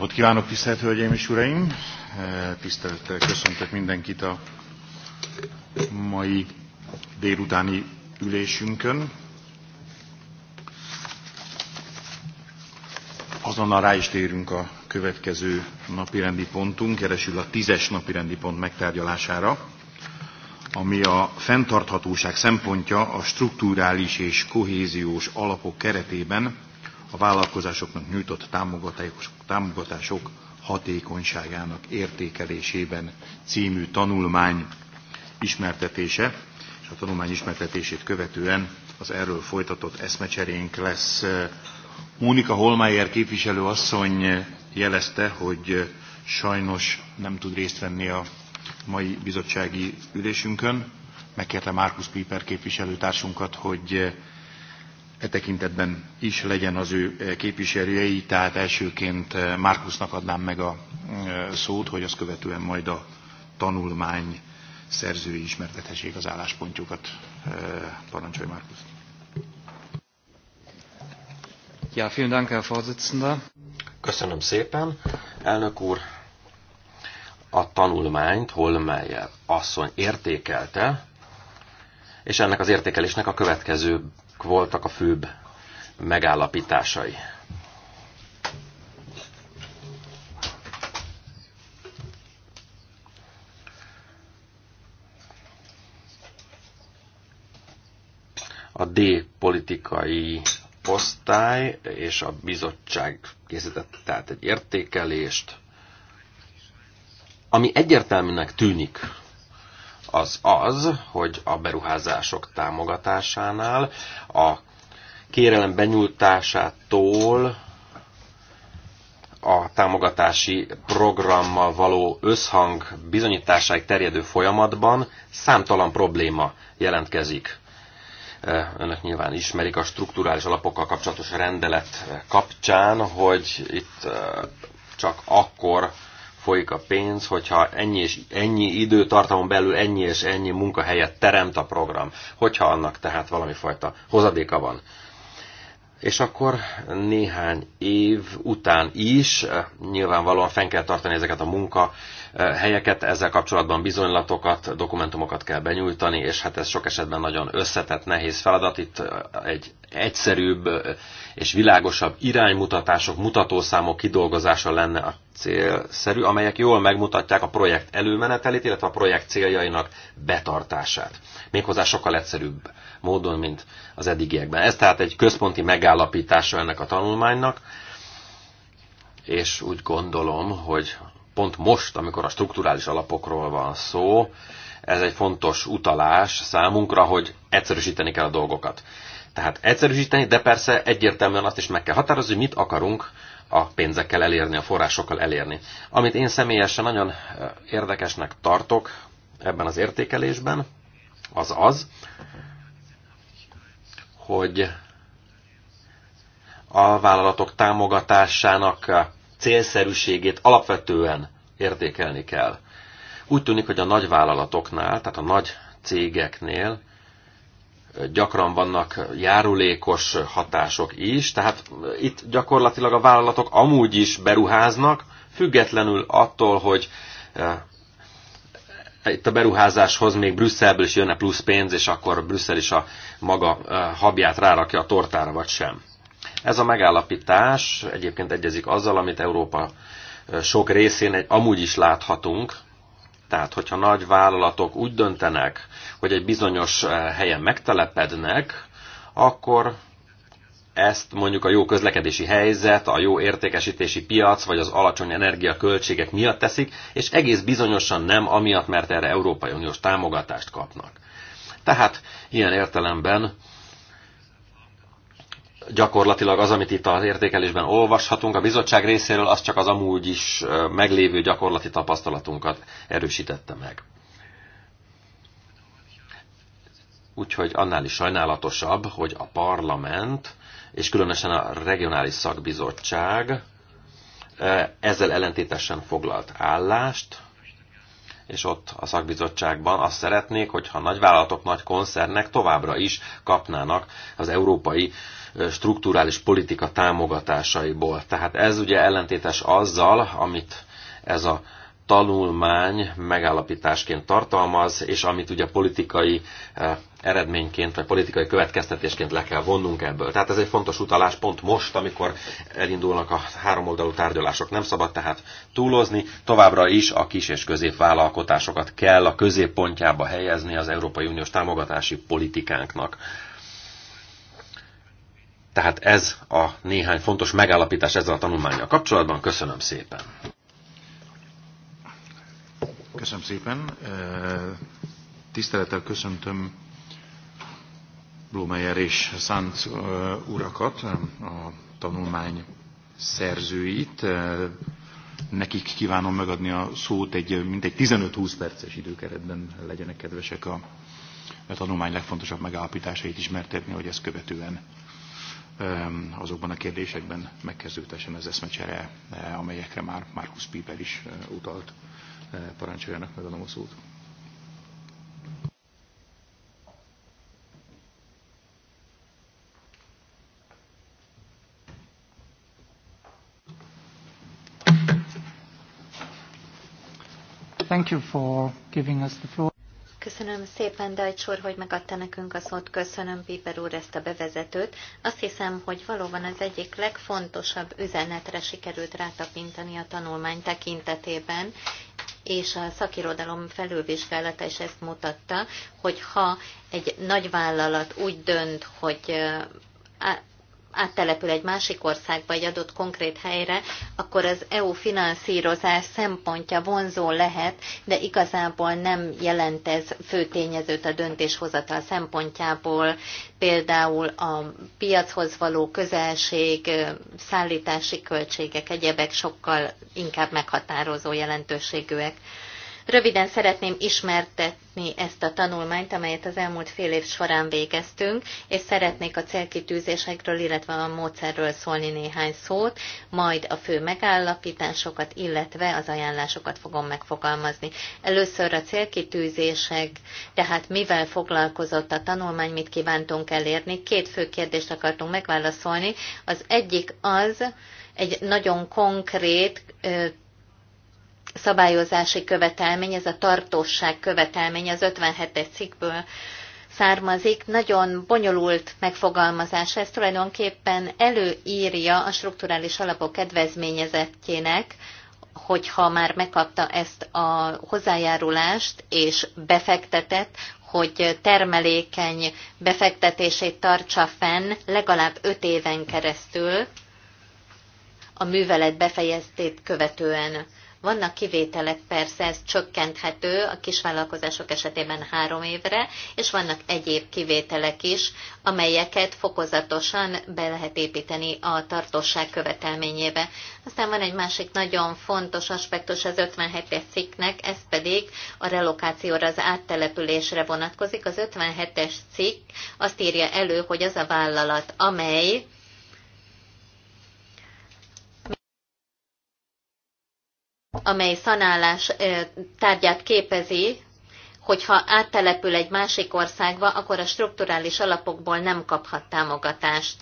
napot kívánok, tisztelt Hölgyeim és Uraim! Eh, tisztelettel köszöntök mindenkit a mai délutáni ülésünkön. Azonnal rá is térünk a következő napirendi pontunk, keresül a tízes napirendi pont megtárgyalására, ami a fenntarthatóság szempontja a strukturális és kohéziós alapok keretében a vállalkozásoknak nyújtott támogatások hatékonyságának értékelésében című tanulmány ismertetése, és a tanulmány ismertetését követően az erről folytatott eszmecserénk lesz. Mónika Holmeyer képviselő asszony jelezte, hogy sajnos nem tud részt venni a mai bizottsági ülésünkön. Megkérte Márkusz Piper képviselőtársunkat, hogy e tekintetben is legyen az ő e, képviselői, tehát elsőként e, Márkusznak adnám meg a e, szót, hogy azt követően majd a tanulmány szerzői ismertethessék az álláspontjukat. Parancsolj Márkusz! Ja, vielen Dank, Herr Vorsitzender. Köszönöm szépen. Elnök úr, a tanulmányt Holmeyer asszony értékelte, és ennek az értékelésnek a következő voltak a főbb megállapításai. A D politikai osztály és a bizottság készített tehát egy értékelést, ami egyértelműnek tűnik az az, hogy a beruházások támogatásánál a kérelem benyújtásától a támogatási programmal való összhang bizonyításáig terjedő folyamatban számtalan probléma jelentkezik. Önök nyilván ismerik a strukturális alapokkal kapcsolatos rendelet kapcsán, hogy itt csak akkor folyik a pénz, hogyha ennyi, és, ennyi időtartamon belül ennyi és ennyi munkahelyet teremt a program, hogyha annak tehát valami fajta hozadéka van. És akkor néhány év után is nyilvánvalóan fenn kell tartani ezeket a munka helyeket, ezzel kapcsolatban bizonylatokat, dokumentumokat kell benyújtani, és hát ez sok esetben nagyon összetett, nehéz feladat. Itt egy egyszerűbb és világosabb iránymutatások, mutatószámok kidolgozása lenne a célszerű, amelyek jól megmutatják a projekt előmenetelét, illetve a projekt céljainak betartását. Méghozzá sokkal egyszerűbb módon, mint az eddigiekben. Ez tehát egy központi megállapítása ennek a tanulmánynak, és úgy gondolom, hogy pont most, amikor a strukturális alapokról van szó, ez egy fontos utalás számunkra, hogy egyszerűsíteni kell a dolgokat. Tehát egyszerűsíteni, de persze egyértelműen azt is meg kell határozni, hogy mit akarunk a pénzekkel elérni, a forrásokkal elérni. Amit én személyesen nagyon eh, érdekesnek tartok ebben az értékelésben, az az, hogy a vállalatok támogatásának eh, célszerűségét alapvetően értékelni kell. Úgy tűnik, hogy a nagyvállalatoknál, tehát a nagy cégeknél gyakran vannak járulékos hatások is, tehát itt gyakorlatilag a vállalatok amúgy is beruháznak, függetlenül attól, hogy itt a beruházáshoz még Brüsszelből is jönne plusz pénz, és akkor Brüsszel is a maga habját rárakja a tortára, vagy sem. Ez a megállapítás egyébként egyezik azzal, amit Európa sok részén egy, amúgy is láthatunk, tehát, hogyha nagy vállalatok úgy döntenek, hogy egy bizonyos helyen megtelepednek, akkor ezt mondjuk a jó közlekedési helyzet, a jó értékesítési piac, vagy az alacsony energiaköltségek miatt teszik, és egész bizonyosan nem amiatt, mert erre Európai Uniós támogatást kapnak. Tehát ilyen értelemben gyakorlatilag az, amit itt az értékelésben olvashatunk, a bizottság részéről az csak az amúgy is meglévő gyakorlati tapasztalatunkat erősítette meg. Úgyhogy annál is sajnálatosabb, hogy a parlament, és különösen a regionális szakbizottság ezzel ellentétesen foglalt állást, és ott a szakbizottságban azt szeretnék, hogyha nagyvállalatok, nagy koncernek továbbra is kapnának az európai strukturális politika támogatásaiból. Tehát ez ugye ellentétes azzal, amit ez a tanulmány megállapításként tartalmaz, és amit ugye politikai eh, eredményként, vagy politikai következtetésként le kell vonnunk ebből. Tehát ez egy fontos utalás pont most, amikor elindulnak a háromoldalú tárgyalások. Nem szabad tehát túlozni, továbbra is a kis és középvállalkotásokat kell a középpontjába helyezni az Európai Uniós támogatási politikánknak. Tehát ez a néhány fontos megállapítás ezzel a tanulmányjal kapcsolatban. Köszönöm szépen. Köszönöm szépen. Tisztelettel köszöntöm Blumeyer és Szánc urakat, a tanulmány szerzőit. Nekik kívánom megadni a szót, egy mintegy 15-20 perces időkeretben legyenek kedvesek a, a tanulmány legfontosabb megállapításait ismertetni, hogy ezt követően azokban a kérdésekben megkezdődhessen az eszmecsere, eh, amelyekre már Markus Piper is eh, utalt. Eh, parancsoljanak, megadom a szót. Thank you for giving us the floor. Köszönöm szépen, dajcsor, hogy megadta nekünk a szót. Köszönöm, Piper úr, ezt a bevezetőt. Azt hiszem, hogy valóban az egyik legfontosabb üzenetre sikerült rátapintani a tanulmány tekintetében, és a szakirodalom felülvizsgálata is ezt mutatta, hogy ha egy nagyvállalat úgy dönt, hogy áttelepül egy másik országba, egy adott konkrét helyre, akkor az EU finanszírozás szempontja vonzó lehet, de igazából nem jelent ez fő tényezőt a döntéshozatal szempontjából, például a piachoz való közelség, szállítási költségek, egyebek sokkal inkább meghatározó jelentőségűek. Röviden szeretném ismertetni ezt a tanulmányt, amelyet az elmúlt fél év során végeztünk, és szeretnék a célkitűzésekről, illetve a módszerről szólni néhány szót, majd a fő megállapításokat, illetve az ajánlásokat fogom megfogalmazni. Először a célkitűzések, tehát mivel foglalkozott a tanulmány, mit kívántunk elérni, két fő kérdést akartunk megválaszolni. Az egyik az, egy nagyon konkrét szabályozási követelmény, ez a tartóság követelmény az 57-es cikkből származik. Nagyon bonyolult megfogalmazás, ez tulajdonképpen előírja a strukturális alapok kedvezményezettjének, hogyha már megkapta ezt a hozzájárulást és befektetett, hogy termelékeny befektetését tartsa fenn legalább 5 éven keresztül a művelet befejeztét követően. Vannak kivételek, persze ez csökkenthető a kisvállalkozások esetében három évre, és vannak egyéb kivételek is, amelyeket fokozatosan be lehet építeni a tartóság követelményébe. Aztán van egy másik nagyon fontos aspektus az 57-es cikknek, ez pedig a relokációra, az áttelepülésre vonatkozik. Az 57-es cikk azt írja elő, hogy az a vállalat, amely amely szanálás tárgyát képezi, hogyha áttelepül egy másik országba, akkor a strukturális alapokból nem kaphat támogatást.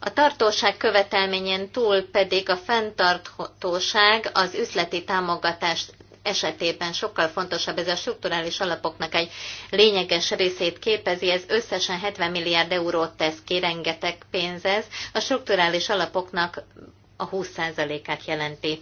A tartóság követelményen túl pedig a fenntartóság az üzleti támogatást esetében sokkal fontosabb, ez a strukturális alapoknak egy lényeges részét képezi, ez összesen 70 milliárd eurót tesz ki, rengeteg pénz ez, a strukturális alapoknak a 20%-át jelenti.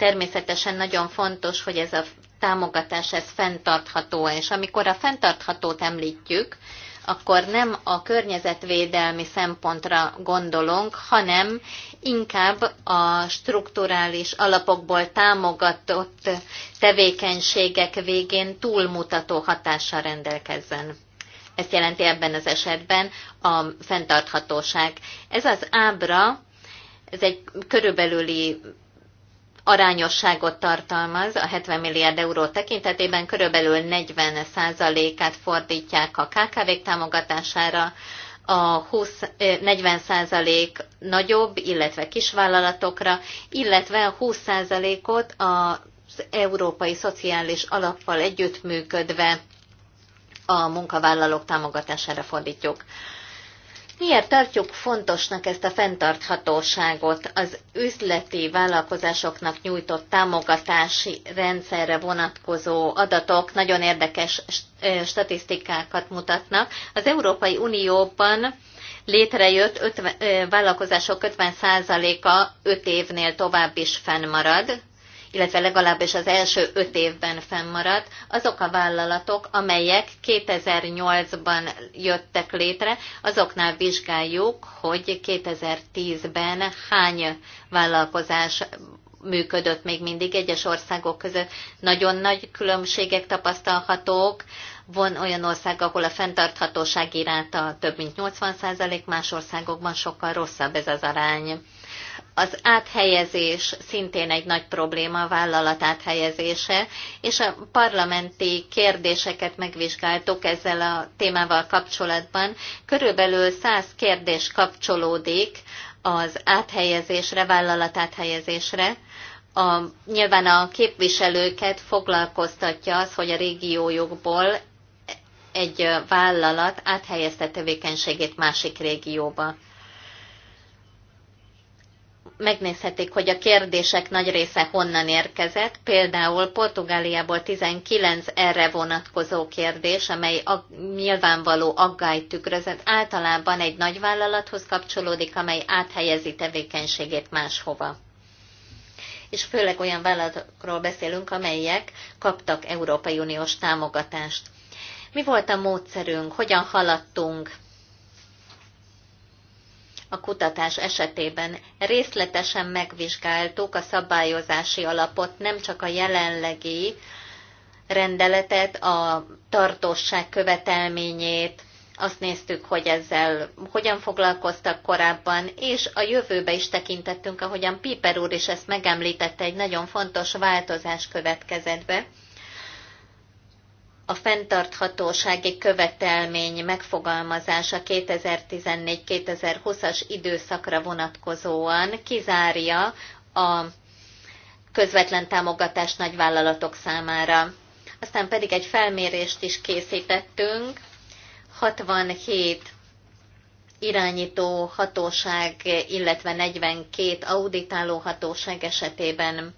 Természetesen nagyon fontos, hogy ez a támogatás ez fenntartható, és amikor a fenntarthatót említjük, akkor nem a környezetvédelmi szempontra gondolunk, hanem inkább a strukturális alapokból támogatott tevékenységek végén túlmutató hatással rendelkezzen. Ezt jelenti ebben az esetben a fenntarthatóság. Ez az ábra, ez egy körülbelüli arányosságot tartalmaz a 70 milliárd euró tekintetében, körülbelül 40 százalékát fordítják a kkv támogatására, a 20, 40 százalék nagyobb, illetve kisvállalatokra, illetve a 20 százalékot az Európai Szociális Alappal együttműködve a munkavállalók támogatására fordítjuk. Miért tartjuk fontosnak ezt a fenntarthatóságot az üzleti vállalkozásoknak nyújtott támogatási rendszerre vonatkozó adatok nagyon érdekes eh, statisztikákat mutatnak. Az Európai Unióban létrejött 50, eh, vállalkozások 50%-a 5 évnél tovább is fennmarad, illetve legalábbis az első öt évben fennmaradt, azok a vállalatok, amelyek 2008-ban jöttek létre, azoknál vizsgáljuk, hogy 2010-ben hány vállalkozás működött még mindig egyes országok között. Nagyon nagy különbségek tapasztalhatók, van olyan ország, ahol a fenntarthatóság iráta több mint 80%, más országokban sokkal rosszabb ez az arány az áthelyezés szintén egy nagy probléma, a vállalat áthelyezése, és a parlamenti kérdéseket megvizsgáltuk ezzel a témával kapcsolatban. Körülbelül 100 kérdés kapcsolódik az áthelyezésre, vállalat áthelyezésre. A, nyilván a képviselőket foglalkoztatja az, hogy a régiójukból egy vállalat áthelyezte tevékenységét másik régióba megnézhetik, hogy a kérdések nagy része honnan érkezett. Például Portugáliából 19 erre vonatkozó kérdés, amely a nyilvánvaló aggályt tükrözött, általában egy nagyvállalathoz kapcsolódik, amely áthelyezi tevékenységét máshova. És főleg olyan vállalatokról beszélünk, amelyek kaptak Európai Uniós támogatást. Mi volt a módszerünk, hogyan haladtunk? a kutatás esetében. Részletesen megvizsgáltuk a szabályozási alapot, nem csak a jelenlegi rendeletet, a tartóság követelményét, azt néztük, hogy ezzel hogyan foglalkoztak korábban, és a jövőbe is tekintettünk, ahogyan Piper úr is ezt megemlítette, egy nagyon fontos változás következett be a fenntarthatósági követelmény megfogalmazása 2014-2020-as időszakra vonatkozóan kizárja a közvetlen támogatást nagyvállalatok számára. Aztán pedig egy felmérést is készítettünk, 67 irányító hatóság, illetve 42 auditáló hatóság esetében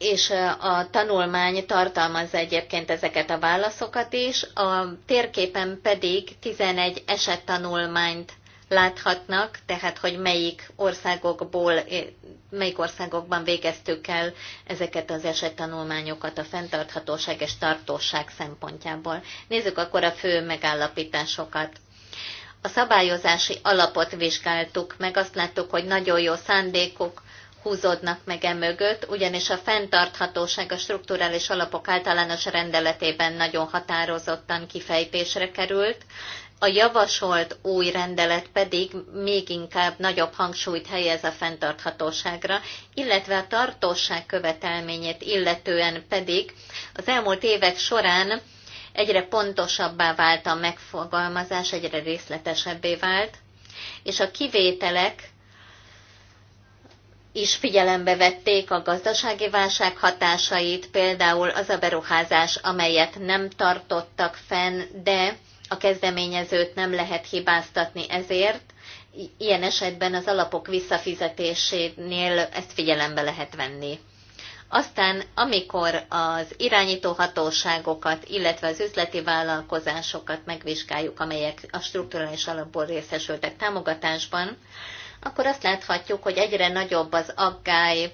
és a tanulmány tartalmazza egyébként ezeket a válaszokat is, a térképen pedig 11 esettanulmányt láthatnak, tehát hogy melyik országokból, melyik országokban végeztük el ezeket az esettanulmányokat a fenntarthatóság és tartóság szempontjából. Nézzük akkor a fő megállapításokat. A szabályozási alapot vizsgáltuk, meg azt láttuk, hogy nagyon jó szándékok, húzódnak meg e mögött, ugyanis a fenntarthatóság a strukturális alapok általános rendeletében nagyon határozottan kifejtésre került, a javasolt új rendelet pedig még inkább nagyobb hangsúlyt helyez a fenntarthatóságra, illetve a tartóság követelményét illetően pedig az elmúlt évek során egyre pontosabbá vált a megfogalmazás, egyre részletesebbé vált, és a kivételek is figyelembe vették a gazdasági válság hatásait, például az a beruházás, amelyet nem tartottak fenn, de a kezdeményezőt nem lehet hibáztatni ezért. Ilyen esetben az alapok visszafizetésénél ezt figyelembe lehet venni. Aztán, amikor az irányító hatóságokat, illetve az üzleti vállalkozásokat megvizsgáljuk, amelyek a strukturális alapból részesültek támogatásban, akkor azt láthatjuk, hogy egyre nagyobb az aggály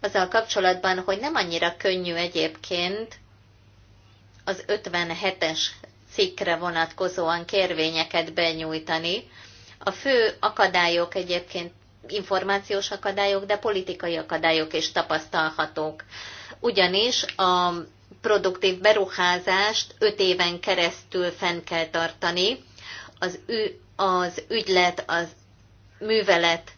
azzal kapcsolatban, hogy nem annyira könnyű egyébként az 57-es cikkre vonatkozóan kérvényeket benyújtani. A fő akadályok egyébként információs akadályok, de politikai akadályok is tapasztalhatók. Ugyanis a produktív beruházást 5 éven keresztül fenn kell tartani, az, ü, az ügylet az művelet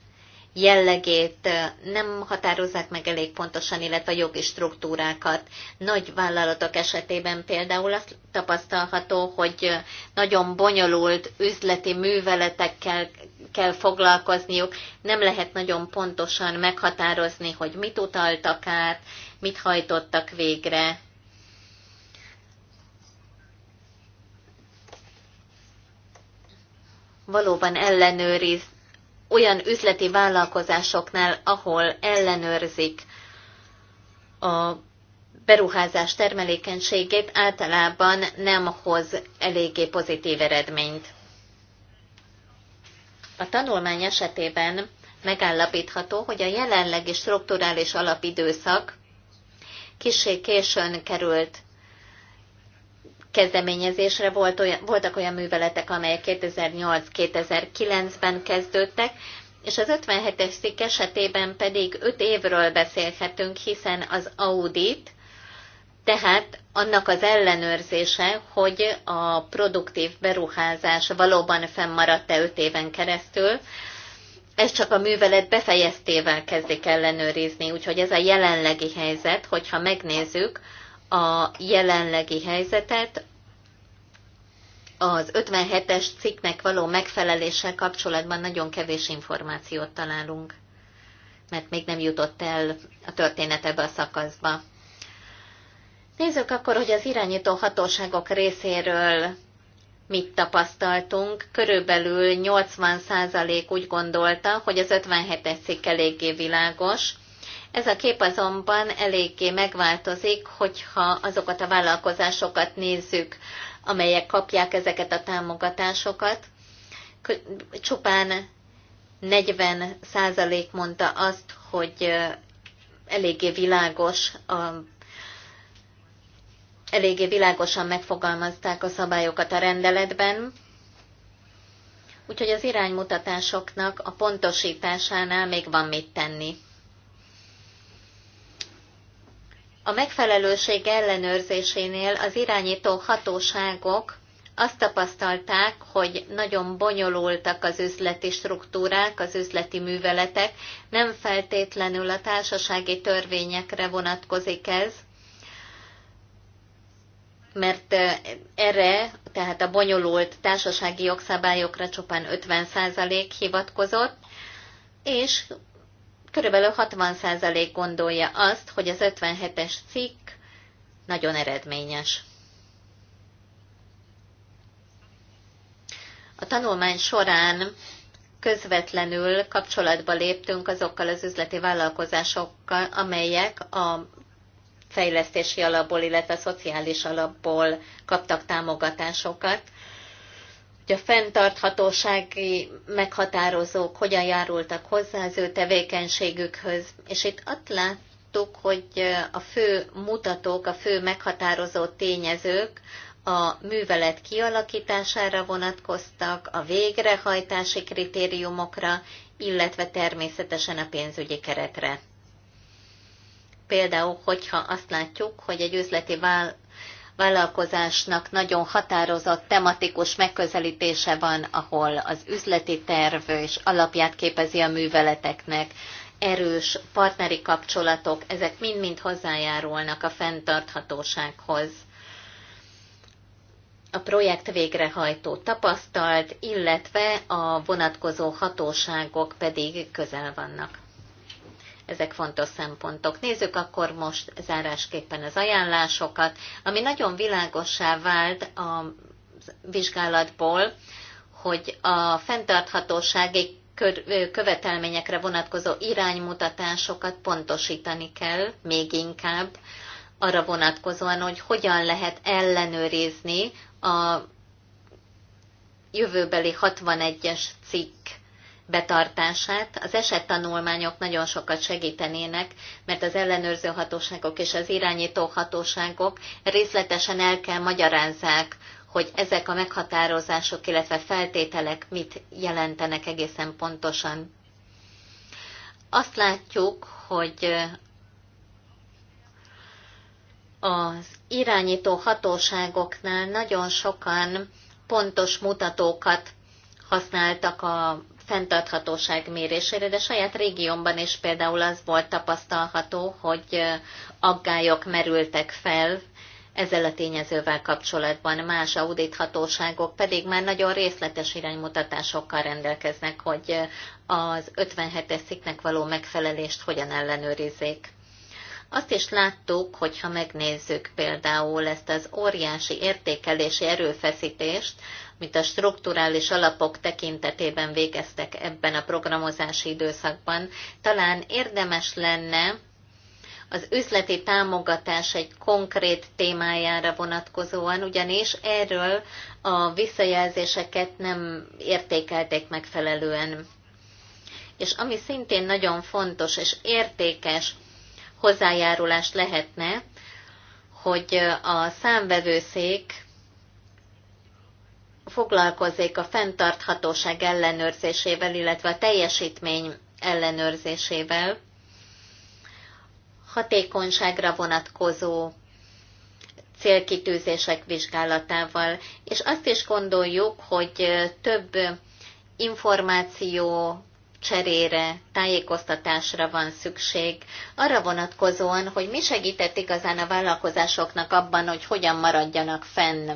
jellegét nem határozzák meg elég pontosan, illetve a jogi struktúrákat. Nagy vállalatok esetében például azt tapasztalható, hogy nagyon bonyolult üzleti műveletekkel kell foglalkozniuk, nem lehet nagyon pontosan meghatározni, hogy mit utaltak át, mit hajtottak végre. Valóban ellenőriz, olyan üzleti vállalkozásoknál, ahol ellenőrzik a beruházás termelékenységét, általában nem hoz eléggé pozitív eredményt. A tanulmány esetében megállapítható, hogy a jelenlegi strukturális alapidőszak kissé későn került kezdeményezésre volt olyan, voltak olyan műveletek, amelyek 2008-2009-ben kezdődtek, és az 57-es cikk esetében pedig 5 évről beszélhetünk, hiszen az audit, tehát annak az ellenőrzése, hogy a produktív beruházás valóban fennmaradt-e 5 éven keresztül, ez csak a művelet befejeztével kezdik ellenőrizni, úgyhogy ez a jelenlegi helyzet, hogyha megnézzük, a jelenlegi helyzetet, az 57-es cikknek való megfeleléssel kapcsolatban nagyon kevés információt találunk, mert még nem jutott el a történet ebbe a szakaszba. Nézzük akkor, hogy az irányító hatóságok részéről mit tapasztaltunk. Körülbelül 80% úgy gondolta, hogy az 57-es cikk eléggé világos, ez a kép azonban eléggé megváltozik, hogyha azokat a vállalkozásokat nézzük, amelyek kapják ezeket a támogatásokat. Csupán 40 százalék mondta azt, hogy eléggé világos a eléggé világosan megfogalmazták a szabályokat a rendeletben, úgyhogy az iránymutatásoknak a pontosításánál még van mit tenni. A megfelelőség ellenőrzésénél az irányító hatóságok azt tapasztalták, hogy nagyon bonyolultak az üzleti struktúrák, az üzleti műveletek, nem feltétlenül a társasági törvényekre vonatkozik ez, mert eh, erre, tehát a bonyolult társasági jogszabályokra csupán 50% hivatkozott, és körülbelül 60% gondolja azt, hogy az 57-es cikk nagyon eredményes. A tanulmány során közvetlenül kapcsolatba léptünk azokkal az üzleti vállalkozásokkal, amelyek a fejlesztési alapból, illetve a szociális alapból kaptak támogatásokat, hogy a fenntarthatósági meghatározók hogyan járultak hozzá az ő tevékenységükhöz. És itt azt láttuk, hogy a fő mutatók, a fő meghatározó tényezők a művelet kialakítására vonatkoztak, a végrehajtási kritériumokra, illetve természetesen a pénzügyi keretre. Például, hogyha azt látjuk, hogy egy üzleti vállalkozásnak nagyon határozott tematikus megközelítése van, ahol az üzleti terv és alapját képezi a műveleteknek, erős partneri kapcsolatok, ezek mind-mind hozzájárulnak a fenntarthatósághoz. A projekt végrehajtó tapasztalt, illetve a vonatkozó hatóságok pedig közel vannak. Ezek fontos szempontok. Nézzük akkor most zárásképpen az ajánlásokat, ami nagyon világossá vált a vizsgálatból, hogy a fenntarthatósági követelményekre vonatkozó iránymutatásokat pontosítani kell még inkább, arra vonatkozóan, hogy hogyan lehet ellenőrizni a jövőbeli 61-es cikk betartását. Az esettanulmányok nagyon sokat segítenének, mert az ellenőrző hatóságok és az irányító hatóságok részletesen el kell magyarázzák, hogy ezek a meghatározások, illetve feltételek mit jelentenek egészen pontosan. Azt látjuk, hogy az irányító hatóságoknál nagyon sokan pontos mutatókat használtak a fenntarthatóság mérésére, de saját régiómban is például az volt tapasztalható, hogy aggályok merültek fel ezzel a tényezővel kapcsolatban. Más audíthatóságok pedig már nagyon részletes iránymutatásokkal rendelkeznek, hogy az 57-es sziknek való megfelelést hogyan ellenőrizzék. Azt is láttuk, hogy ha megnézzük például ezt az óriási értékelési erőfeszítést, amit a strukturális alapok tekintetében végeztek ebben a programozási időszakban, talán érdemes lenne az üzleti támogatás egy konkrét témájára vonatkozóan, ugyanis erről a visszajelzéseket nem értékelték megfelelően. És ami szintén nagyon fontos és értékes hozzájárulás lehetne, hogy a számvevőszék foglalkozik a fenntarthatóság ellenőrzésével, illetve a teljesítmény ellenőrzésével, hatékonyságra vonatkozó célkitűzések vizsgálatával, és azt is gondoljuk, hogy több információ cserére, tájékoztatásra van szükség, arra vonatkozóan, hogy mi segített igazán a vállalkozásoknak abban, hogy hogyan maradjanak fenn.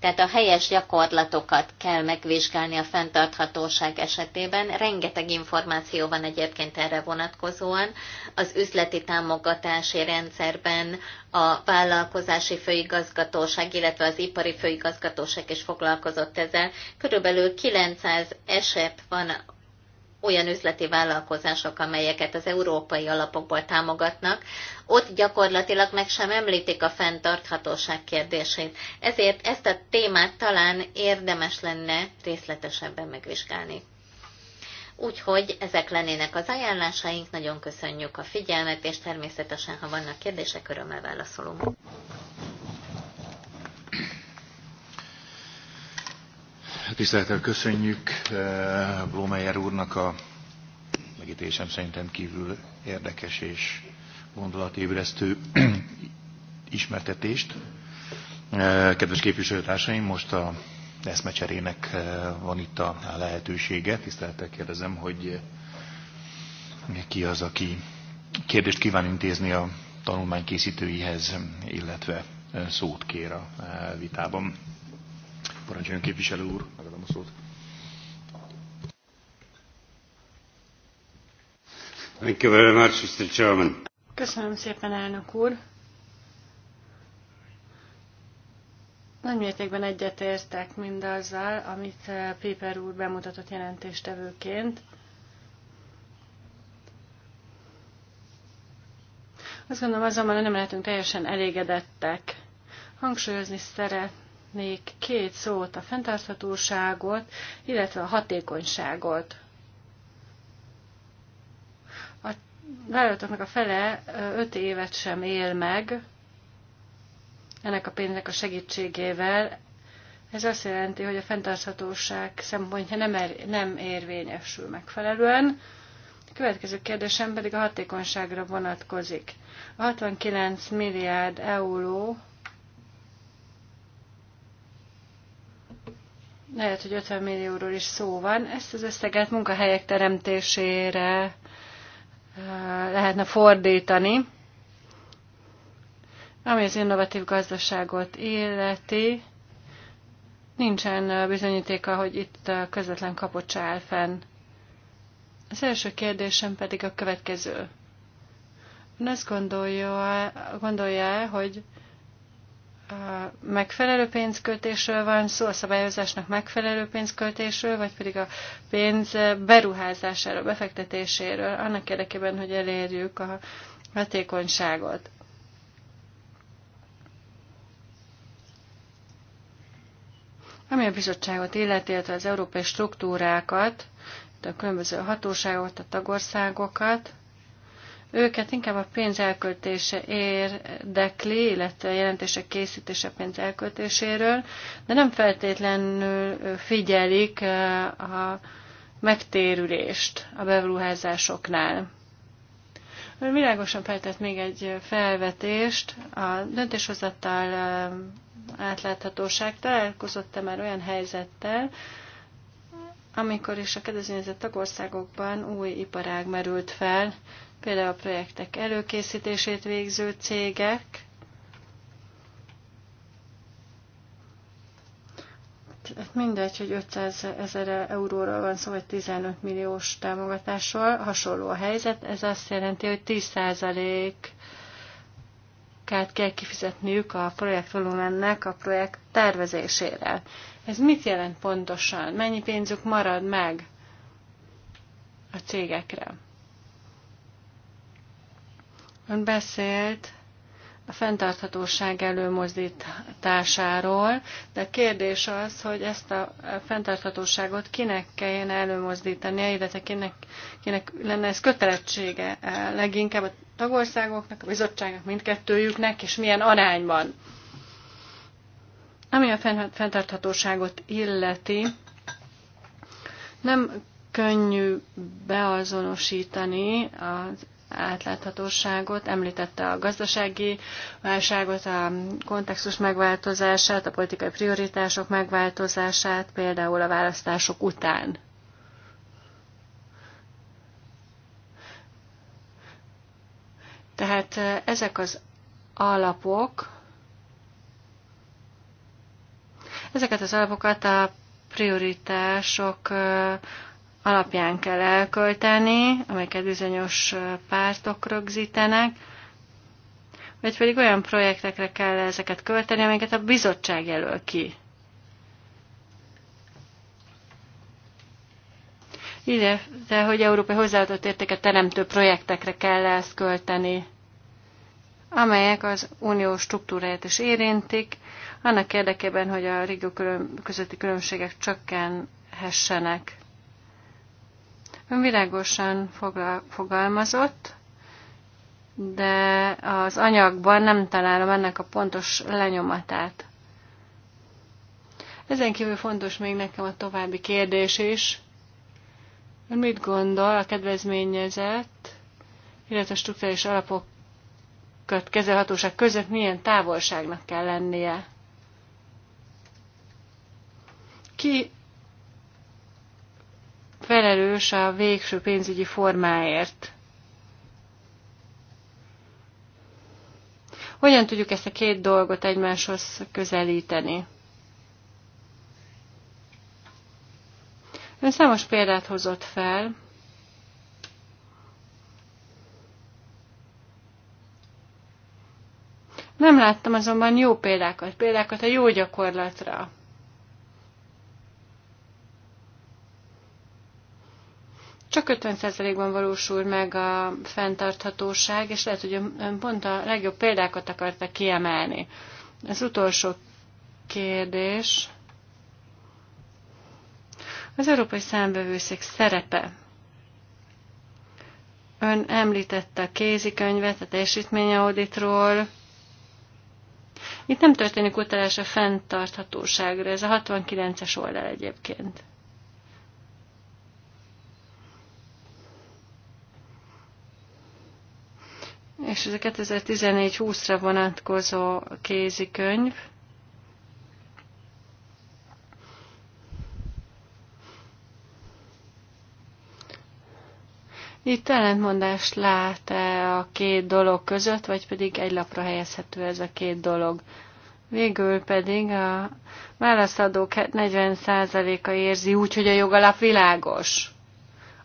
Tehát a helyes gyakorlatokat kell megvizsgálni a fenntarthatóság esetében. Rengeteg információ van egyébként erre vonatkozóan. Az üzleti támogatási rendszerben a vállalkozási főigazgatóság, illetve az ipari főigazgatóság is foglalkozott ezzel. Körülbelül 900 eset van olyan üzleti vállalkozások, amelyeket az európai alapokból támogatnak, ott gyakorlatilag meg sem említik a fenntarthatóság kérdését. Ezért ezt a témát talán érdemes lenne részletesebben megvizsgálni. Úgyhogy ezek lennének az ajánlásaink, nagyon köszönjük a figyelmet, és természetesen, ha vannak kérdések, örömmel válaszolunk. Tisztelettel köszönjük eh, Blomeyer úrnak a megítésem szerintem kívül érdekes és gondolatébresztő ismertetést. Eh, kedves képviselőtársaim, most a eszmecserének eh, van itt a lehetősége. Tisztelettel kérdezem, hogy ki az, aki kérdést kíván intézni a tanulmány készítőihez, illetve szót kér a vitában. Parancsoljon képviselő úr, megadom a szót. Köszönöm szépen, elnök úr. Nagy mértékben egyetértek mindazzal, amit eh, Péper úr bemutatott jelentéstevőként. Azt gondolom azonban, hogy nem lehetünk teljesen elégedettek. Hangsúlyozni szeretném, még két szót, a fenntarthatóságot, illetve a hatékonyságot. A vállalatoknak a fele öt évet sem él meg ennek a pénznek a segítségével. Ez azt jelenti, hogy a fenntarthatóság szempontja nem, er, nem érvényesül megfelelően. A következő kérdésem pedig a hatékonyságra vonatkozik. A 69 milliárd euró lehet, hogy 50 millióról is szó van. Ezt az összeget munkahelyek teremtésére lehetne fordítani. Ami az innovatív gazdaságot illeti, nincsen bizonyítéka, hogy itt közvetlen kapocsa áll fenn. Az első kérdésem pedig a következő. Ön azt gondolja, gondolja hogy megfelelő pénzköltésről van szó, a szabályozásnak megfelelő pénzköltésről, vagy pedig a pénz beruházásáról, befektetéséről, annak érdekében, hogy elérjük a hatékonyságot. Ami a bizottságot illeti, illetve az európai struktúrákat, a különböző hatóságokat, a tagországokat, őket inkább a pénz elköltése érdekli, illetve a jelentések készítése pénz elköltéséről, de nem feltétlenül figyelik a megtérülést a beruházásoknál. világosan feltett még egy felvetést. A döntéshozattal átláthatóság találkozott-e már olyan helyzettel, amikor is a kedvezményezett tagországokban új iparág merült fel, például a projektek előkészítését végző cégek, hát mindegy, hogy 500 ezer euróról van szó, vagy 15 milliós támogatásról, hasonló a helyzet, ez azt jelenti, hogy 10%-át kell kifizetniük a projektvolumennek a projekt tervezésére. Ez mit jelent pontosan? Mennyi pénzük marad meg a cégekre? Ön beszélt a fenntarthatóság előmozdításáról, de kérdés az, hogy ezt a fenntarthatóságot kinek kellene előmozdítani, illetve kinek, kinek lenne ez kötelessége leginkább a tagországoknak, a bizottságnak, mindkettőjüknek, és milyen arányban. Ami a fenntarthatóságot illeti, nem könnyű beazonosítani az átláthatóságot, említette a gazdasági válságot, a kontextus megváltozását, a politikai prioritások megváltozását, például a választások után. Tehát eh, ezek az alapok, ezeket az alapokat a prioritások eh, alapján kell elkölteni, amelyeket bizonyos pártok rögzítenek, vagy pedig olyan projektekre kell ezeket költeni, amelyeket a bizottság jelöl ki. Ide, de hogy európai hozzáadott értéket teremtő projektekre kell ezt költeni, amelyek az unió struktúráját is érintik, annak érdekében, hogy a régió közötti különbségek csökkenhessenek. Ön világosan fogalmazott, de az anyagban nem találom ennek a pontos lenyomatát. Ezen kívül fontos még nekem a további kérdés is. Ön mit gondol a kedvezményezett, illetve struktúrális alapokat kezelhatóság között milyen távolságnak kell lennie? Ki felelős a végső pénzügyi formáért. Hogyan tudjuk ezt a két dolgot egymáshoz közelíteni? Ön számos példát hozott fel. Nem láttam azonban jó példákat, példákat a jó gyakorlatra. Csak 50%-ban valósul meg a fenntarthatóság, és lehet, hogy ön pont a legjobb példákat akarta kiemelni. Ez utolsó kérdés. Az Európai Számbevőszék szerepe. Ön említette a kézikönyvet, a teljesítményauditról. Itt nem történik utalás a fenntarthatóságra, ez a 69-es oldal egyébként. és ez a 2014-20-ra vonatkozó kézikönyv. Itt ellentmondást lát -e a két dolog között, vagy pedig egy lapra helyezhető ez a két dolog? Végül pedig a válaszadók 40%-a érzi úgy, hogy a jogalap világos.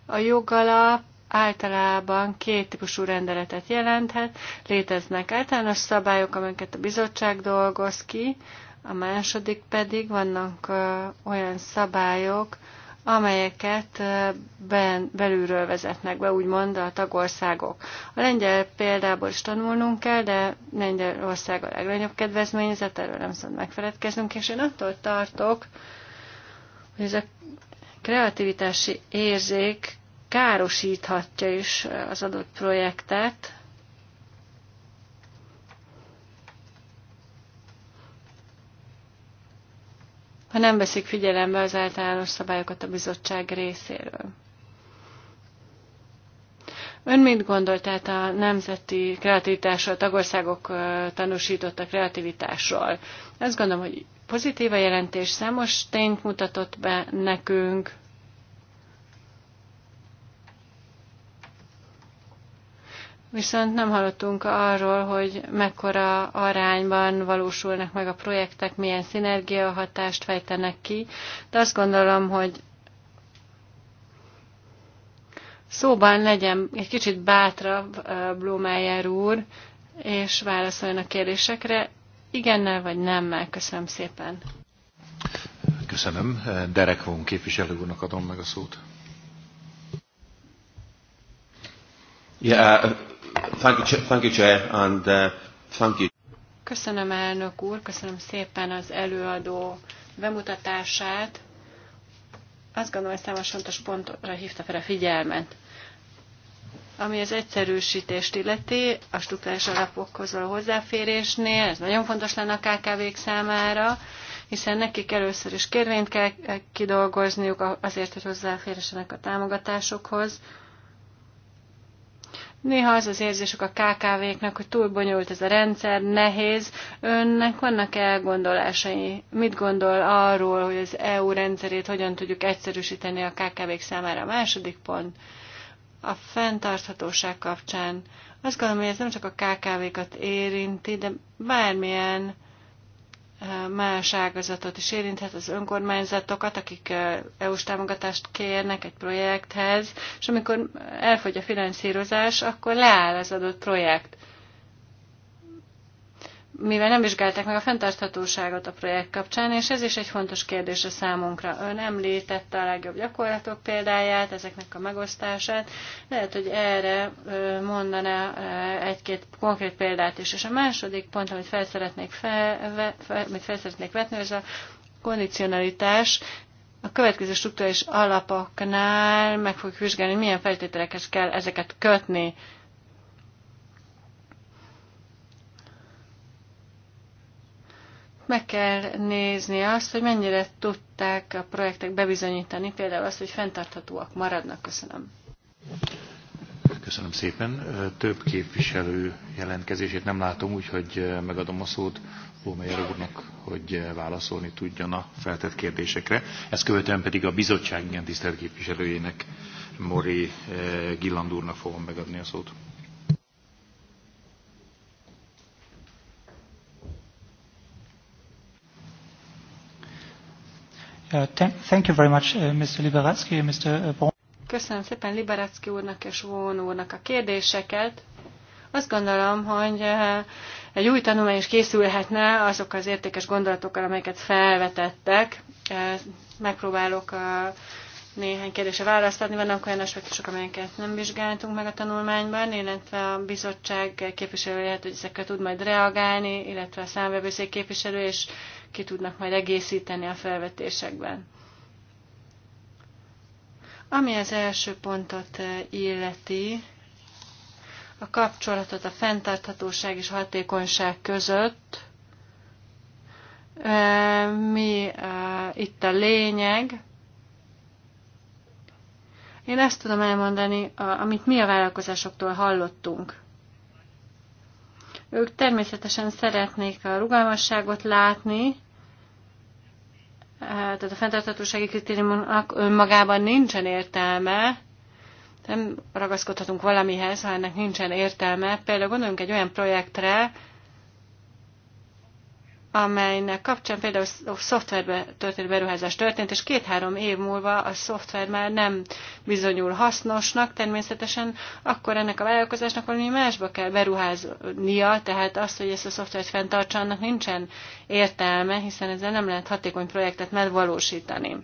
A jogalap általában két típusú rendeletet jelenthet. Léteznek általános szabályok, amelyeket a bizottság dolgoz ki, a második pedig vannak olyan szabályok, amelyeket ben, belülről vezetnek be, úgymond a tagországok. A lengyel példából is tanulnunk kell, de Lengyelország a legnagyobb kedvezményezet, erről nem szabad megfeledkeznünk, és én attól tartok, hogy ez a kreativitási érzék károsíthatja is az adott projektet. ha nem veszik figyelembe az általános szabályokat a bizottság részéről. Ön mit gondolt tehát a nemzeti kreativitásról, a tagországok tanúsított a kreativitásról? Azt gondolom, hogy pozitív a jelentés, számos tényt mutatott be nekünk, viszont nem hallottunk arról, hogy mekkora arányban valósulnak meg a projektek, milyen szinergiahatást fejtenek ki, de azt gondolom, hogy szóban legyen egy kicsit bátrabb Blumeyer úr, és válaszoljon a kérdésekre. Igennel vagy nemmel. Köszönöm szépen. Köszönöm. Derek von képviselő úrnak adom meg a szót. Yeah, Thank you, thank you Chair, and uh, thank you. Köszönöm, elnök úr, köszönöm szépen az előadó bemutatását. Azt gondolom, hogy számos fontos pontra hívta fel a figyelmet. Ami az egyszerűsítést illeti, a struktúrás alapokhoz való hozzáférésnél, ez nagyon fontos lenne a KKV-k számára, hiszen nekik először is kérvényt kell eh, kidolgozniuk azért, hogy hozzáférjenek a támogatásokhoz. Néha az az érzésük a kkv knek hogy túl bonyolult ez a rendszer, nehéz. Önnek vannak -e elgondolásai? Mit gondol arról, hogy az EU rendszerét hogyan tudjuk egyszerűsíteni a KKV-k számára? A második pont a fenntarthatóság kapcsán. Azt gondolom, hogy ez nem csak a KKV-kat érinti, de bármilyen más ágazatot is érinthet, az önkormányzatokat, akik EU-s támogatást kérnek egy projekthez, és amikor elfogy a finanszírozás, akkor leáll az adott projekt mivel nem vizsgálták meg a fenntarthatóságot a projekt kapcsán, és ez is egy fontos kérdés a számunkra. Ön említette a legjobb gyakorlatok példáját, ezeknek a megosztását. Lehet, hogy erre mondaná egy-két konkrét példát is. És a második pont, amit fel szeretnék, fel, amit fel szeretnék vetni, ez a kondicionalitás. A következő struktúrális alapoknál meg fogjuk vizsgálni, milyen feltételekhez kell ezeket kötni meg kell nézni azt, hogy mennyire tudták a projektek bebizonyítani, például azt, hogy fenntarthatóak maradnak. Köszönöm. Köszönöm szépen. Több képviselő jelentkezését nem látom, úgyhogy megadom a szót Lómeyer úrnak, hogy válaszolni tudjon a feltett kérdésekre. Ezt követően pedig a bizottság igen tisztelt képviselőjének, Mori Gilland úrnak fogom megadni a szót. Köszönöm szépen Liberacki úrnak és Vón úrnak a kérdéseket. Azt gondolom, hogy uh, egy új tanulmány is készülhetne azok az értékes gondolatokkal, amelyeket felvetettek. Uh, megpróbálok a uh, néhány kérdése választ adni. Vannak olyan aspektusok, amelyeket nem vizsgáltunk meg a tanulmányban, illetve a bizottság képviselője lehet, hogy ezekre tud majd reagálni, illetve a számvevőszék képviselő és ki tudnak majd egészíteni a felvetésekben. Ami az első pontot eh, illeti, a kapcsolatot a fenntarthatóság és hatékonyság között, eh, mi eh, itt a lényeg. Én ezt tudom elmondani, amit mi a vállalkozásoktól hallottunk. Ők természetesen szeretnék a rugalmasságot látni, tehát a fenntarthatósági kritériumnak önmagában nincsen értelme, nem ragaszkodhatunk valamihez, ha ennek nincsen értelme. Például gondoljunk egy olyan projektre, amelynek kapcsán például a szoftverbe történő beruházás történt, és két-három év múlva a szoftver már nem bizonyul hasznosnak, természetesen akkor ennek a vállalkozásnak valami másba kell beruháznia, tehát az, hogy ezt a szoftvert fenntartsa, annak nincsen értelme, hiszen ezzel nem lehet hatékony projektet megvalósítani.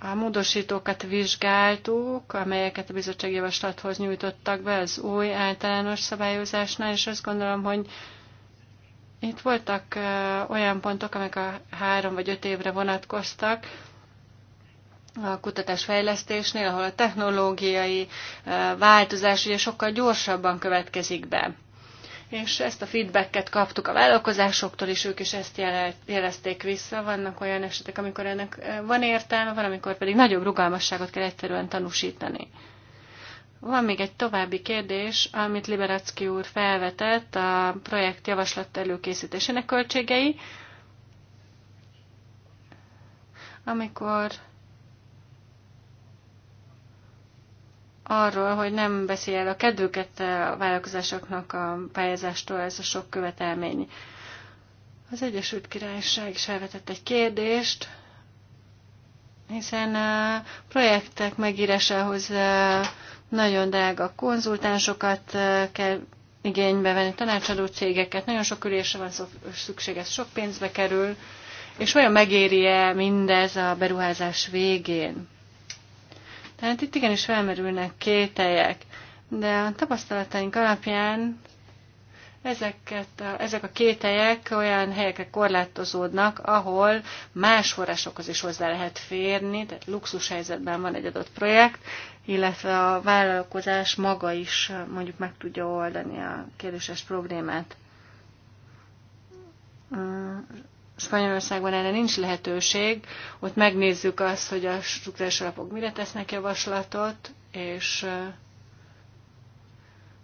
A módosítókat vizsgáltuk, amelyeket a bizottságjavaslathoz nyújtottak be az új általános szabályozásnál, és azt gondolom, hogy itt voltak olyan pontok, amik a három vagy öt évre vonatkoztak, a kutatásfejlesztésnél, ahol a technológiai változás ugye sokkal gyorsabban következik be. És ezt a feedbacket kaptuk a vállalkozásoktól, is ők is ezt jelezték vissza. Vannak olyan esetek, amikor ennek van értelme, van, amikor pedig nagyobb rugalmasságot kell egyszerűen tanúsítani. Van még egy további kérdés, amit Liberacki úr felvetett, a projekt javaslat előkészítésének költségei. Amikor arról, hogy nem veszi el a kedvüket a vállalkozásoknak a pályázástól ez a sok követelmény. Az Egyesült Királyság is felvetett egy kérdést, hiszen a projektek megírásához nagyon drága konzultánsokat kell igénybe venni, tanácsadó cégeket, nagyon sok ülésre van szükség, ez sok pénzbe kerül, és vajon megéri-e mindez a beruházás végén? Tehát itt igenis felmerülnek kételjek, de a tapasztalataink alapján ezeket a, ezek a kételjek olyan helyekre korlátozódnak, ahol más forrásokhoz is hozzá lehet férni, tehát luxus helyzetben van egy adott projekt, illetve a vállalkozás maga is eh, mondjuk meg tudja oldani a kérdéses problémát. Spanyolországban erre nincs lehetőség, ott megnézzük azt, hogy a struktúrás alapok mire tesznek javaslatot, és eh,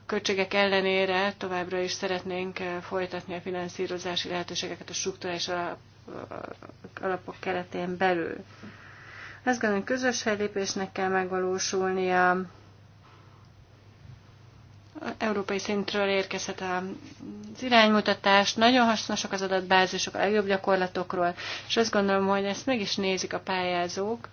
a költségek ellenére továbbra is szeretnénk eh, folytatni a finanszírozási lehetőségeket a struktúrás alapok keretén belül. Azt gondolom, közös fellépésnek kell megvalósulnia. Európai szintről érkezhet az iránymutatás, nagyon hasznosak az adatbázisok, a legjobb gyakorlatokról, és azt gondolom, hogy ezt meg is nézik a pályázók,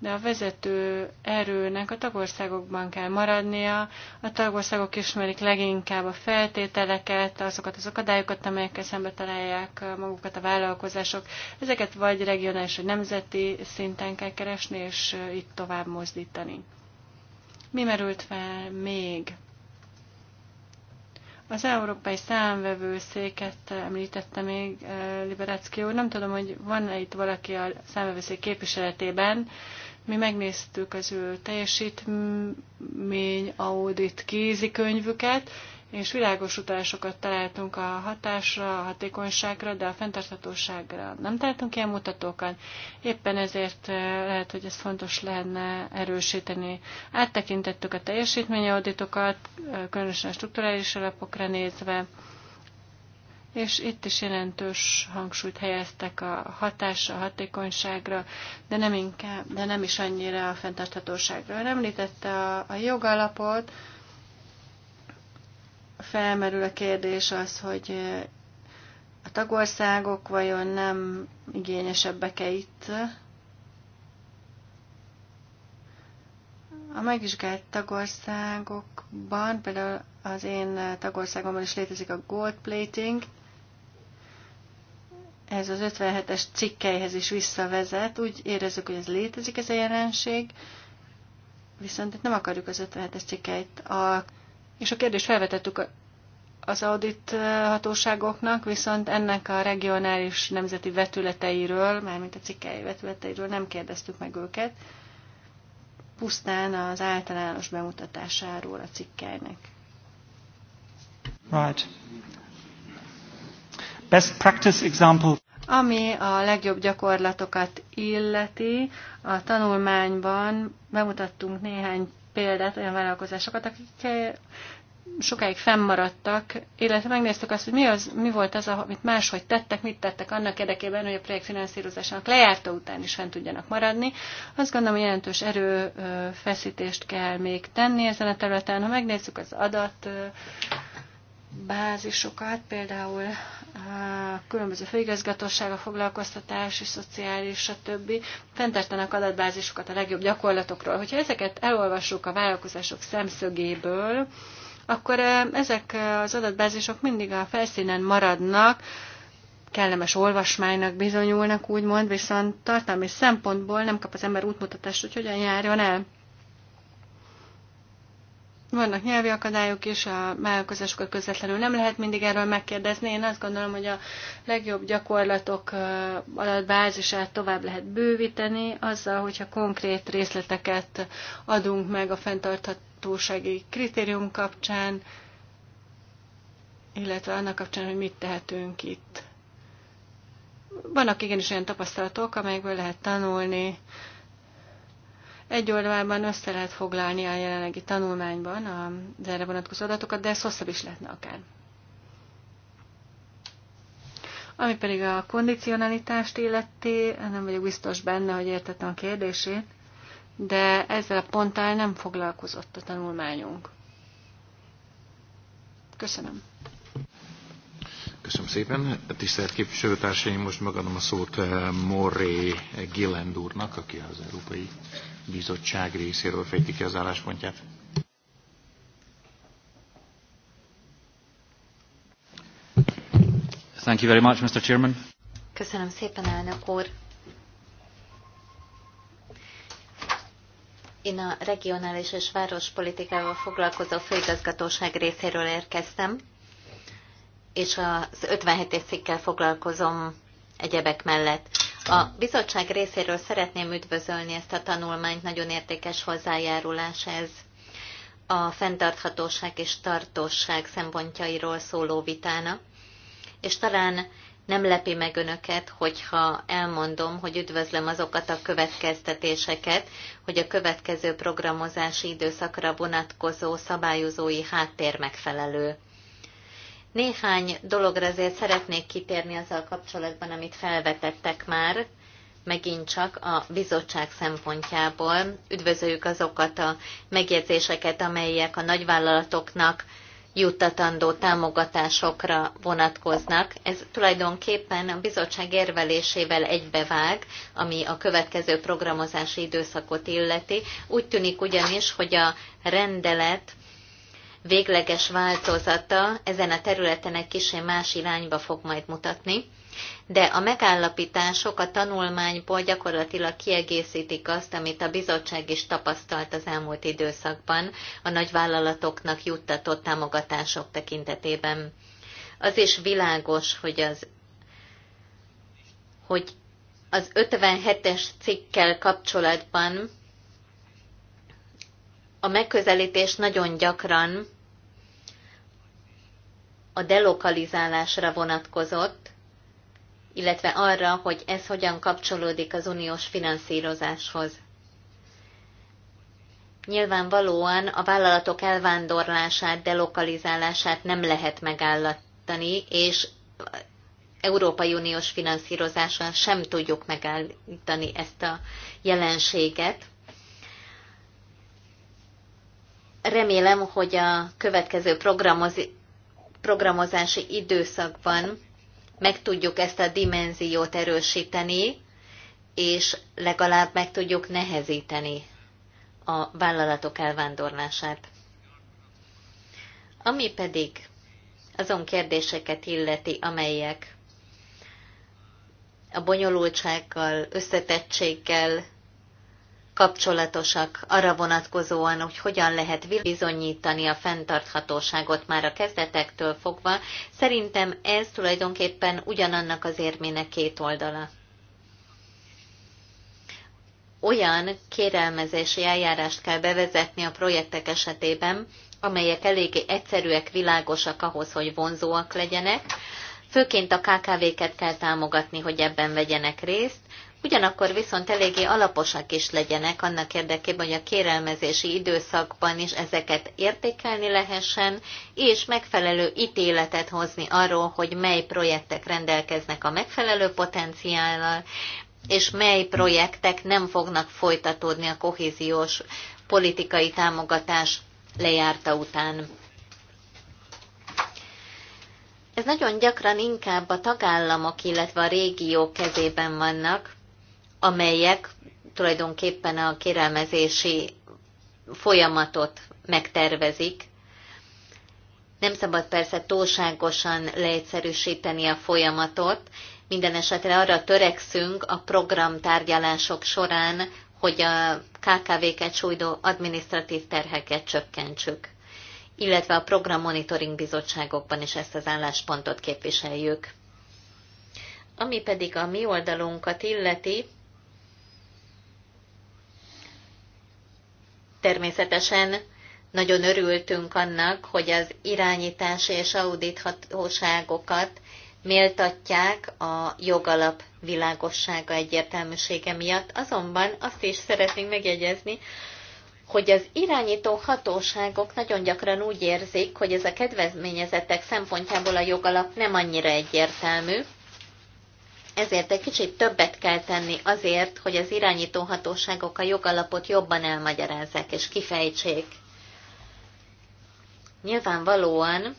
de a vezető erőnek a tagországokban kell maradnia. A tagországok ismerik leginkább a feltételeket, azokat az akadályokat, amelyekkel szembe találják magukat a vállalkozások. Ezeket vagy regionális, vagy nemzeti szinten kell keresni, és itt tovább mozdítani. Mi merült fel még? Az Európai Számvevőszéket említette még eh, Liberácki úr. Nem tudom, hogy van-e itt valaki a számvevőszék képviseletében. Mi megnéztük az ő teljesítmény audit kézikönyvüket, és világos utalásokat találtunk a hatásra, a hatékonyságra, de a fenntarthatóságra nem találtunk ilyen mutatókat. Éppen ezért eh, lehet, hogy ez fontos lenne erősíteni. Áttekintettük a teljesítményauditokat, eh, különösen a strukturális alapokra nézve, és itt is jelentős hangsúlyt helyeztek a hatásra, a hatékonyságra, de nem, inkább, de nem is annyira a fenntarthatóságra. Említette a, a jogalapot, felmerül a kérdés az, hogy a tagországok vajon nem igényesebbek-e itt? A megvizsgált tagországokban, például az én tagországomban is létezik a gold plating, ez az 57-es cikkeihez is visszavezet, úgy érezzük, hogy ez létezik ez a jelenség, viszont itt nem akarjuk az 57-es cikkeit alkalmazni és a kérdést felvetettük az audit eh, hatóságoknak, viszont ennek a regionális nemzeti vetületeiről, mármint a cikkei vetületeiről nem kérdeztük meg őket, pusztán az általános bemutatásáról a cikkeinek. Right. Best practice example. Ami a legjobb gyakorlatokat illeti, a tanulmányban bemutattunk néhány példát, olyan vállalkozásokat, akik eh, sokáig fennmaradtak, illetve megnéztük azt, hogy mi, az, mi volt az, amit máshogy tettek, mit tettek annak érdekében, hogy a projekt lejárta után is fent tudjanak maradni. Azt gondolom, hogy jelentős erőfeszítést eh, kell még tenni ezen a területen. Ha megnézzük az adat bázisokat, például különböző főigazgatóság, a foglalkoztatás és szociális, stb. fenntartanak adatbázisokat a legjobb gyakorlatokról. Hogyha ezeket elolvassuk a vállalkozások szemszögéből, akkor ezek az adatbázisok mindig a felszínen maradnak, kellemes olvasmánynak bizonyulnak, úgymond, viszont tartalmi szempontból nem kap az ember útmutatást, hogy hogyan járjon el. Vannak nyelvi akadályok is, a vállalkozásokat közvetlenül nem lehet mindig erről megkérdezni. Én azt gondolom, hogy a legjobb gyakorlatok bázisát tovább lehet bővíteni azzal, hogyha konkrét részleteket adunk meg a fenntarthatósági kritérium kapcsán, illetve annak kapcsán, hogy mit tehetünk itt. Vannak igenis olyan tapasztalatok, amelyekből lehet tanulni, egy oldalában össze lehet foglalni a jelenlegi tanulmányban az erre vonatkozó adatokat, de ez hosszabb is lehetne akár. Ami pedig a kondicionalitást illeti, nem vagyok biztos benne, hogy értettem a kérdését, de ezzel a ponttal nem foglalkozott a tanulmányunk. Köszönöm. Köszönöm szépen. Tisztelt képviselőtársaim, most megadom a szót eh, Moré Gillend úrnak, aki az Európai bizottság részéről fejti ki az álláspontját. Thank you very much, Mr. Chairman. Köszönöm szépen, elnök úr. Én a regionális és várospolitikával foglalkozó főigazgatóság részéről érkeztem, és az 57-es cikkel foglalkozom egyebek mellett. A bizottság részéről szeretném üdvözölni ezt a tanulmányt, nagyon értékes hozzájárulás ez a fenntarthatóság és tartóság szempontjairól szóló vitána, és talán nem lepi meg önöket, hogyha elmondom, hogy üdvözlöm azokat a következtetéseket, hogy a következő programozási időszakra vonatkozó szabályozói háttér megfelelő. Néhány dologra azért szeretnék kitérni azzal kapcsolatban, amit felvetettek már, megint csak a bizottság szempontjából. Üdvözöljük azokat a megjegyzéseket, amelyek a nagyvállalatoknak juttatandó támogatásokra vonatkoznak. Ez tulajdonképpen a bizottság érvelésével egybevág, ami a következő programozási időszakot illeti. Úgy tűnik ugyanis, hogy a rendelet végleges változata ezen a területen egy kicsi más irányba fog majd mutatni, de a megállapítások a tanulmányból gyakorlatilag kiegészítik azt, amit a bizottság is tapasztalt az elmúlt időszakban a nagyvállalatoknak juttatott támogatások tekintetében. Az is világos, hogy az hogy az 57-es cikkkel kapcsolatban a megközelítés nagyon gyakran a delokalizálásra vonatkozott, illetve arra, hogy ez hogyan kapcsolódik az uniós finanszírozáshoz. Nyilvánvalóan a vállalatok elvándorlását, delokalizálását nem lehet megállítani, és Európai Uniós finanszírozással sem tudjuk megállítani ezt a jelenséget remélem, hogy a következő programozási időszakban meg tudjuk ezt a dimenziót erősíteni, és legalább meg tudjuk nehezíteni a vállalatok elvándorlását. Ami pedig azon kérdéseket illeti, amelyek a bonyolultsággal, összetettséggel, kapcsolatosak arra vonatkozóan, hogy hogyan lehet bizonyítani a fenntarthatóságot már a kezdetektől fogva. Szerintem ez tulajdonképpen ugyanannak az érmének két oldala olyan kérelmezési eljárást kell bevezetni a projektek esetében, amelyek eléggé egyszerűek, világosak ahhoz, hogy vonzóak legyenek. Főként a KKV-ket kell támogatni, hogy ebben vegyenek részt, ugyanakkor viszont eléggé alaposak is legyenek annak érdekében, hogy a kérelmezési időszakban is ezeket értékelni lehessen, és megfelelő ítéletet hozni arról, hogy mely projektek rendelkeznek a megfelelő potenciállal, és mely projektek nem fognak folytatódni a kohéziós politikai támogatás lejárta után. Ez nagyon gyakran inkább a tagállamok, illetve a régiók kezében vannak, amelyek tulajdonképpen a kérelmezési folyamatot megtervezik. Nem szabad persze túlságosan leegyszerűsíteni a folyamatot, minden esetre arra törekszünk a program tárgyalások során, hogy a KKV-ket sújdó adminisztratív terheket csökkentsük, illetve a program monitoring bizottságokban is ezt az álláspontot képviseljük. Ami pedig a mi oldalunkat illeti, Természetesen nagyon örültünk annak, hogy az irányítási és audíthatóságokat méltatják a jogalap világossága egyértelműsége miatt, azonban azt is szeretnénk megjegyezni, hogy az irányító hatóságok nagyon gyakran úgy érzik, hogy ez a kedvezményezettek szempontjából a jogalap nem annyira egyértelmű, ezért egy kicsit többet kell tenni azért, hogy az irányító hatóságok a jogalapot jobban elmagyarázzák és kifejtsék. Nyilvánvalóan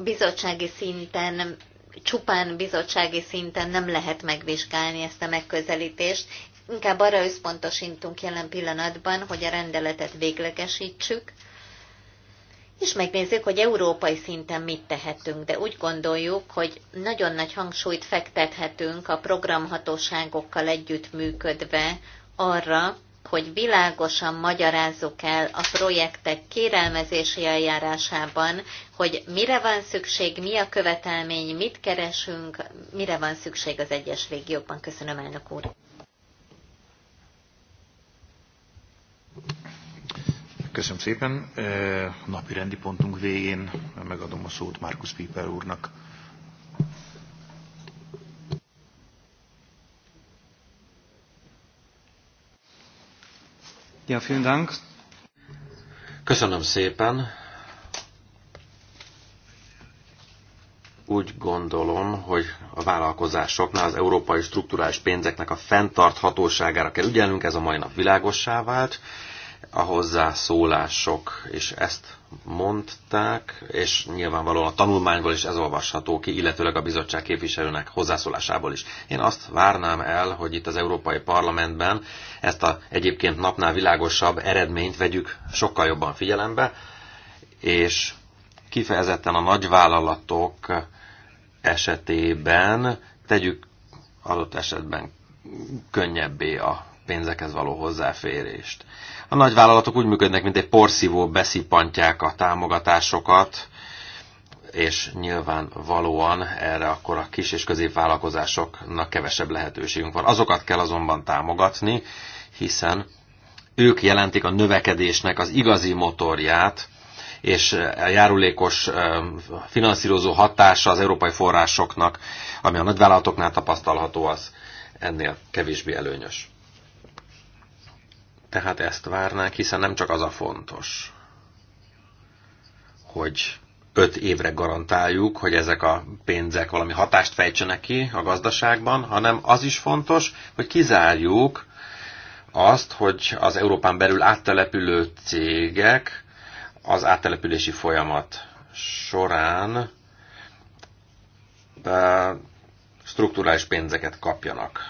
bizottsági szinten, csupán bizottsági szinten nem lehet megvizsgálni ezt a megközelítést, inkább arra összpontosítunk jelen pillanatban, hogy a rendeletet véglegesítsük, és megnézzük, hogy európai szinten mit tehetünk, de úgy gondoljuk, hogy nagyon nagy hangsúlyt fektethetünk a programhatóságokkal együttműködve arra, hogy világosan magyarázzuk el a projektek kérelmezési eljárásában, hogy mire van szükség, mi a követelmény, mit keresünk, mire van szükség az egyes régiókban. Köszönöm, elnök úr! Köszönöm szépen. A napi rendi pontunk végén megadom a szót Markus Piper úrnak. Ja, vielen Dank. Köszönöm szépen. Úgy gondolom, hogy a vállalkozásoknál az európai strukturális pénzeknek a fenntarthatóságára kell ügyelnünk, ez a mai nap világossá vált a hozzászólások, és ezt mondták, és nyilvánvalóan a tanulmányból is ez olvasható ki, illetőleg a bizottság képviselőnek hozzászólásából is. Én azt várnám el, hogy itt az Európai Parlamentben ezt a egyébként napnál világosabb eredményt vegyük sokkal jobban figyelembe, és kifejezetten a nagyvállalatok esetében tegyük adott esetben könnyebbé a pénzekhez való hozzáférést. A nagyvállalatok úgy működnek, mint egy porszívó, beszipantják a támogatásokat, és nyilván valóan erre akkor a kis és középvállalkozásoknak kevesebb lehetőségünk van. Azokat kell azonban támogatni, hiszen ők jelentik a növekedésnek az igazi motorját, és a járulékos finanszírozó hatása az európai forrásoknak, ami a nagyvállalatoknál tapasztalható, az ennél kevésbé előnyös. Tehát ezt várnánk, hiszen nem csak az a fontos, hogy öt évre garantáljuk, hogy ezek a pénzek valami hatást fejtsenek ki a gazdaságban, hanem az is fontos, hogy kizárjuk azt, hogy az Európán belül áttelepülő cégek az áttelepülési folyamat során strukturális pénzeket kapjanak.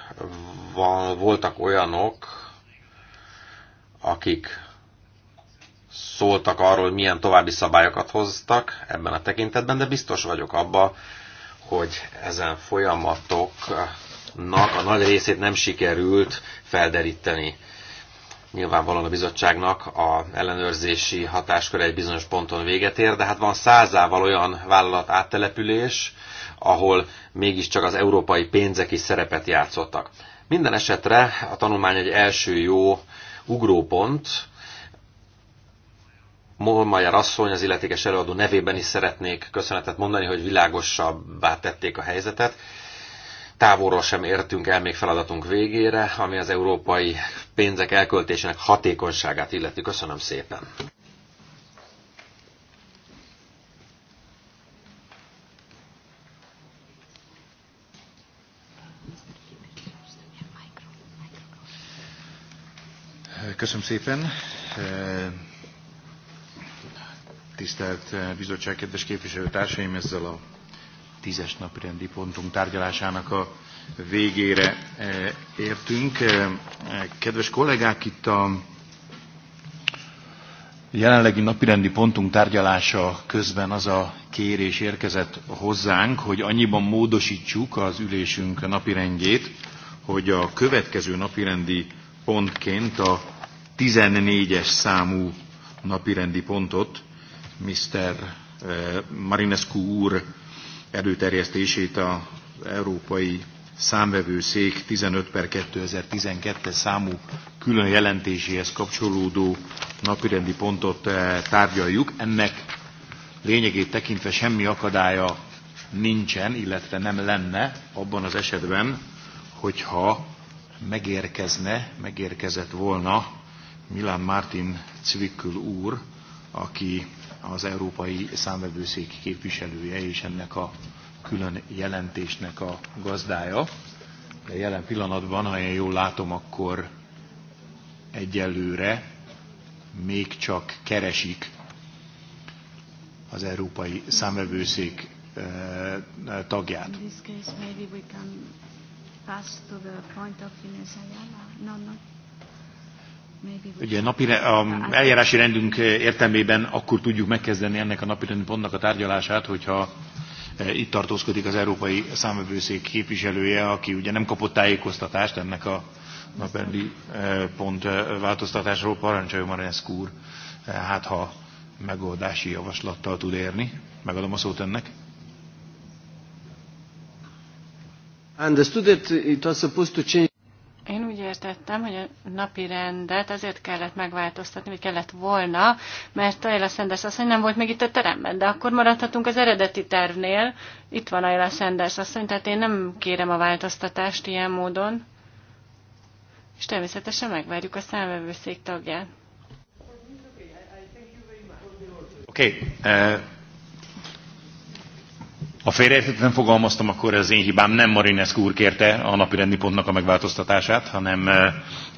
Voltak olyanok, akik szóltak arról, hogy milyen további szabályokat hoztak ebben a tekintetben, de biztos vagyok abba, hogy ezen folyamatoknak a nagy részét nem sikerült felderíteni. Nyilvánvalóan a bizottságnak a ellenőrzési hatásköre egy bizonyos ponton véget ér, de hát van százával olyan vállalat áttelepülés, ahol mégiscsak az európai pénzek is szerepet játszottak. Minden esetre a tanulmány egy első jó ugrópont. Molmajer asszony, az illetékes előadó nevében is szeretnék köszönetet mondani, hogy világosabbá tették a helyzetet. Távolról sem értünk el még feladatunk végére, ami az európai pénzek elköltésének hatékonyságát illeti. Köszönöm szépen! Köszönöm szépen. E, tisztelt e, bizottság, kedves képviselőtársaim, ezzel a tízes napi rendi pontunk tárgyalásának a végére e, értünk. Kedves kollégák, itt a jelenlegi napirendi pontunk tárgyalása közben az a kérés érkezett hozzánk, hogy annyiban módosítsuk az ülésünk napirendjét, hogy a következő napirendi pontként a 14-es számú napirendi pontot, Mr. Eh, Marinescu úr előterjesztését az Európai Számvevőszék 15 per 2012 számú külön jelentéséhez kapcsolódó napirendi pontot eh, tárgyaljuk. Ennek lényegét tekintve semmi akadálya nincsen, illetve nem lenne abban az esetben, hogyha megérkezne, megérkezett volna Milán Martin Cvikül úr, aki az Európai Számvevőszék képviselője és ennek a külön jelentésnek a gazdája. De jelen pillanatban, ha én jól látom, akkor egyelőre még csak keresik az Európai Számvevőszék tagját. No, no. Ugye napi, a eljárási rendünk eh, értelmében akkor tudjuk megkezdeni ennek a napirendi pontnak a tárgyalását, hogyha eh, itt tartózkodik az Európai Számövőszék képviselője, aki ugye nem kapott tájékoztatást ennek a napi eh, pont változtatásról. Parancsoljon Marenszk úr, hát ha megoldási javaslattal tud érni. Megadom a szót ennek. Understood that it was supposed to change értettem, hogy a napi rendet azért kellett megváltoztatni, vagy kellett volna, mert Ayla Sanders asszony nem volt még itt a teremben, de akkor maradhatunk az eredeti tervnél. Itt van Ayla Sanders asszony, tehát én nem kérem a változtatást ilyen módon. És természetesen megvárjuk a számvevőszék tagját. Okay. Uh... Ha félreértetlen fogalmaztam, akkor ez én hibám. Nem Marinescu úr kérte a napi rendi pontnak a megváltoztatását, hanem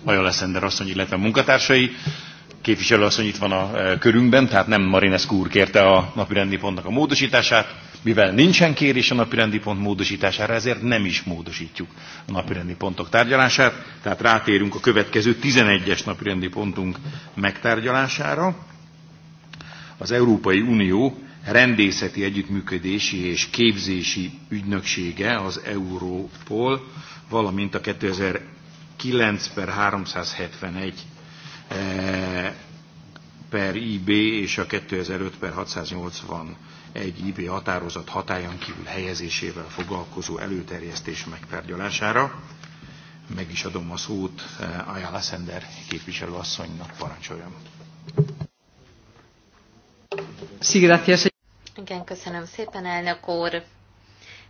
Maja eh, leszender asszony, illetve a munkatársai. Képviselő asszony itt van a eh, körünkben, tehát nem Marinescu úr kérte a napi rendi pontnak a módosítását. Mivel nincsen kérés a napirendi pont módosítására, ezért nem is módosítjuk a napirendi pontok tárgyalását, tehát rátérünk a következő 11-es napirendi pontunk megtárgyalására. Az Európai Unió rendészeti együttműködési és képzési ügynöksége, az Európol, valamint a 2009 per 371 eh, per IB és a 2005 per 680 egy IB határozat hatályon kívül helyezésével foglalkozó előterjesztés megtárgyalására. Meg is adom a szót eh, Ayala Sender képviselőasszonynak, parancsoljon. Igen, köszönöm szépen, elnök úr.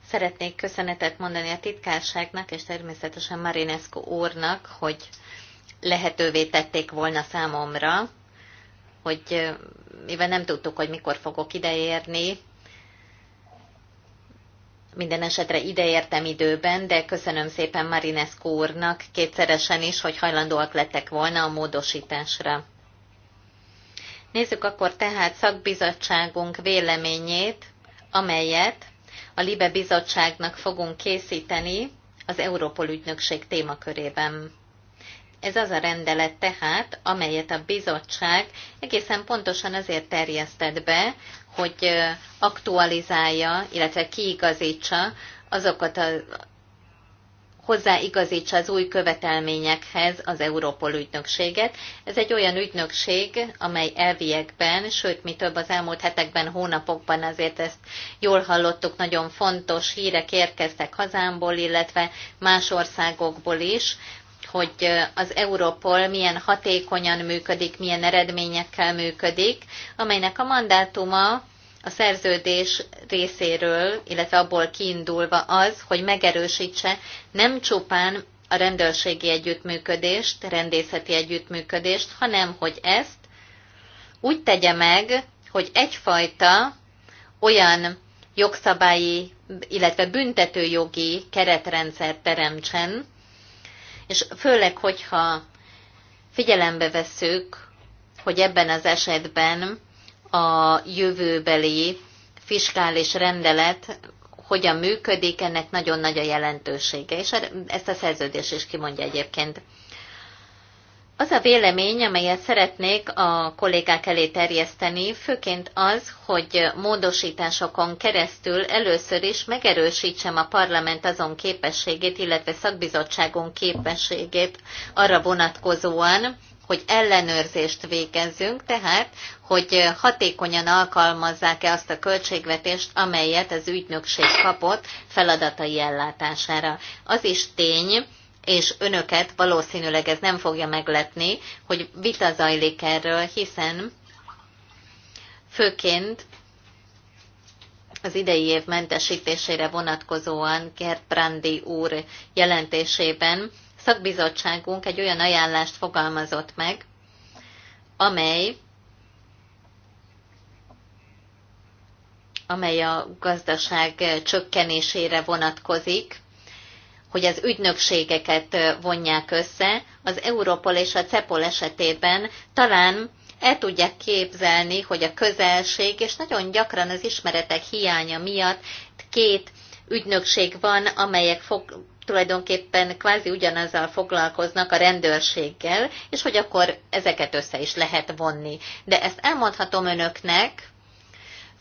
Szeretnék köszönetet mondani a titkárságnak, és természetesen Marinescu úrnak, hogy lehetővé tették volna számomra, hogy mivel nem tudtuk, hogy mikor fogok ideérni, minden esetre ideértem időben, de köszönöm szépen Marinescu úrnak kétszeresen is, hogy hajlandóak lettek volna a módosításra. Nézzük akkor tehát szakbizottságunk véleményét, amelyet a Libe Bizottságnak fogunk készíteni az Európol ügynökség témakörében. Ez az a rendelet tehát, amelyet a bizottság egészen pontosan azért terjesztett be, hogy aktualizálja, illetve kiigazítsa azokat a hozzáigazítsa az új követelményekhez az Europol ügynökséget. Ez egy olyan ügynökség, amely elviekben, sőt, mi több az elmúlt hetekben, hónapokban azért ezt jól hallottuk, nagyon fontos hírek érkeztek hazámból, illetve más országokból is, hogy az Europol milyen hatékonyan működik, milyen eredményekkel működik, amelynek a mandátuma a szerződés részéről, illetve abból kiindulva az, hogy megerősítse nem csupán a rendőrségi együttműködést, rendészeti együttműködést, hanem hogy ezt úgy tegye meg, hogy egyfajta olyan jogszabályi, illetve büntetőjogi keretrendszer teremtsen, és főleg, hogyha figyelembe vesszük, hogy ebben az esetben a jövőbeli fiskális rendelet hogyan működik, ennek nagyon nagy a jelentősége, és hát ezt a szerződés is kimondja egyébként. Az a vélemény, amelyet szeretnék a kollégák elé terjeszteni, főként az, hogy módosításokon keresztül először is megerősítsem a parlament azon képességét, illetve szakbizottságunk képességét arra vonatkozóan, hogy ellenőrzést végezzünk, tehát, hogy hatékonyan alkalmazzák-e azt a költségvetést, amelyet az ügynökség kapott feladatai ellátására. Az is tény, és önöket valószínűleg ez nem fogja meglepni, hogy vita zajlik erről, hiszen főként az idei év mentesítésére vonatkozóan Gert Brandi úr jelentésében szakbizottságunk egy olyan ajánlást fogalmazott meg, amely amely a gazdaság csökkenésére vonatkozik, hogy az ügynökségeket vonják össze, az Európol és a CEPOL esetében talán el tudják képzelni, hogy a közelség és nagyon gyakran az ismeretek hiánya miatt két ügynökség van, amelyek fog, tulajdonképpen kvázi ugyanazzal foglalkoznak a rendőrséggel, és hogy akkor ezeket össze is lehet vonni. De ezt elmondhatom önöknek,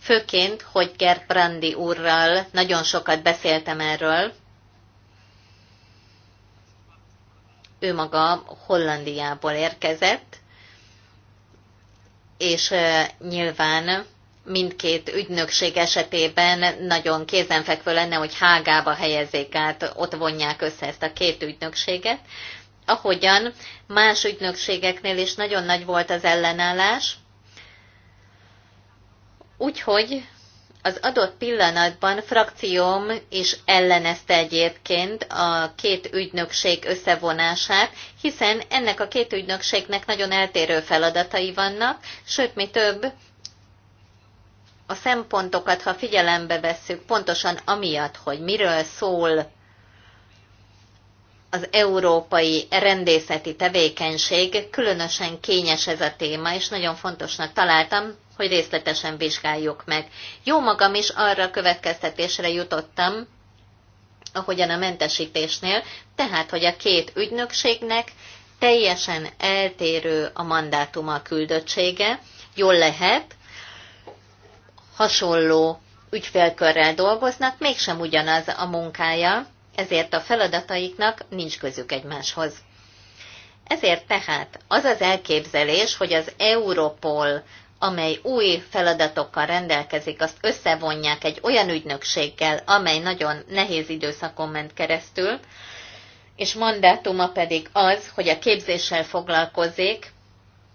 főként, hogy Brandi úrral nagyon sokat beszéltem erről. Ő maga Hollandiából érkezett, és eh, nyilván mindkét ügynökség esetében nagyon kézenfekvő lenne, hogy Hágába helyezzék át, ott vonják össze ezt a két ügynökséget. Ahogyan más ügynökségeknél is nagyon nagy volt az ellenállás, úgyhogy az adott pillanatban frakcióm is ellenezte egyébként a két ügynökség összevonását, hiszen ennek a két ügynökségnek nagyon eltérő feladatai vannak, sőt, mi több, a szempontokat, ha figyelembe vesszük, pontosan amiatt, hogy miről szól az európai rendészeti tevékenység, különösen kényes ez a téma, és nagyon fontosnak találtam, hogy részletesen vizsgáljuk meg. Jó magam is arra a következtetésre jutottam, ahogyan a mentesítésnél, tehát, hogy a két ügynökségnek teljesen eltérő a mandátuma küldöttsége, jól lehet, hasonló ügyfélkörrel dolgoznak, mégsem ugyanaz a munkája, ezért a feladataiknak nincs közük egymáshoz. Ezért tehát az az elképzelés, hogy az Europol, amely új feladatokkal rendelkezik, azt összevonják egy olyan ügynökséggel, amely nagyon nehéz időszakon ment keresztül, és mandátuma pedig az, hogy a képzéssel foglalkozik,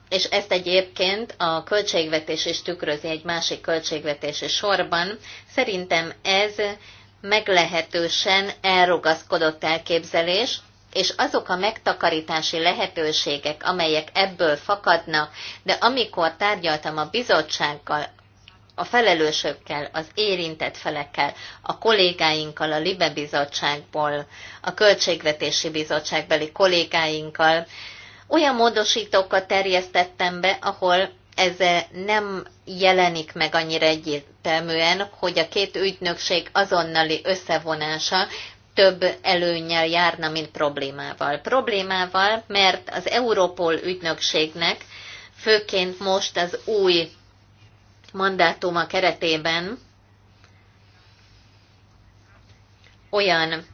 és ezt egyébként a költségvetés is tükrözi egy másik költségvetési sorban. Szerintem ez meglehetősen elrugaszkodott elképzelés, és azok a megtakarítási lehetőségek, amelyek ebből fakadnak, de amikor tárgyaltam a bizottsággal, a felelősökkel, az érintett felekkel, a kollégáinkkal a Libe Bizottságból, a Költségvetési Bizottságbeli kollégáinkkal, olyan módosítókat terjesztettem be, ahol ez nem jelenik meg annyira egyértelműen, hogy a két ügynökség azonnali összevonása több előnyel járna, mint problémával. Problémával, mert az Európol ügynökségnek főként most az új mandátuma keretében olyan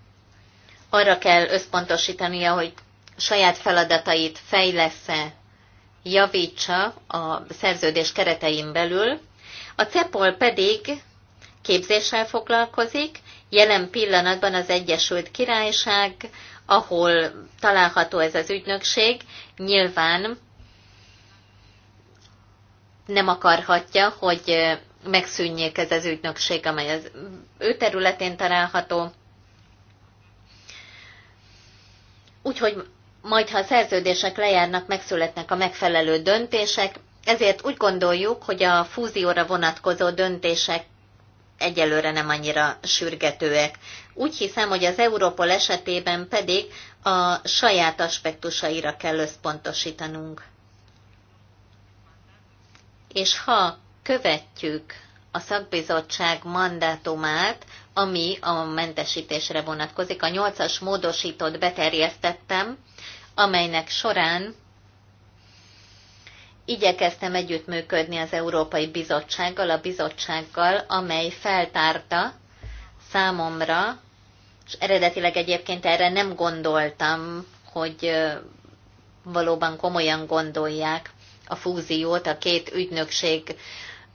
arra kell összpontosítania, hogy saját feladatait fejlesz-e, javítsa a szerződés keretein belül. A CEPOL pedig képzéssel foglalkozik, jelen pillanatban az Egyesült Királyság, ahol található ez az ügynökség, nyilván nem akarhatja, hogy megszűnjék ez az ügynökség, amely az ő területén található. Úgyhogy majd ha a szerződések lejárnak, megszületnek a megfelelő döntések, ezért úgy gondoljuk, hogy a fúzióra vonatkozó döntések egyelőre nem annyira sürgetőek. Úgy hiszem, hogy az Európol esetében pedig a saját aspektusaira kell összpontosítanunk. És ha követjük a szakbizottság mandátumát, ami a mentesítésre vonatkozik, a nyolcas módosított beterjesztettem, amelynek során igyekeztem együttműködni az Európai Bizottsággal, a bizottsággal, amely feltárta számomra, és eredetileg egyébként erre nem gondoltam, hogy valóban komolyan gondolják a fúziót, a két ügynökség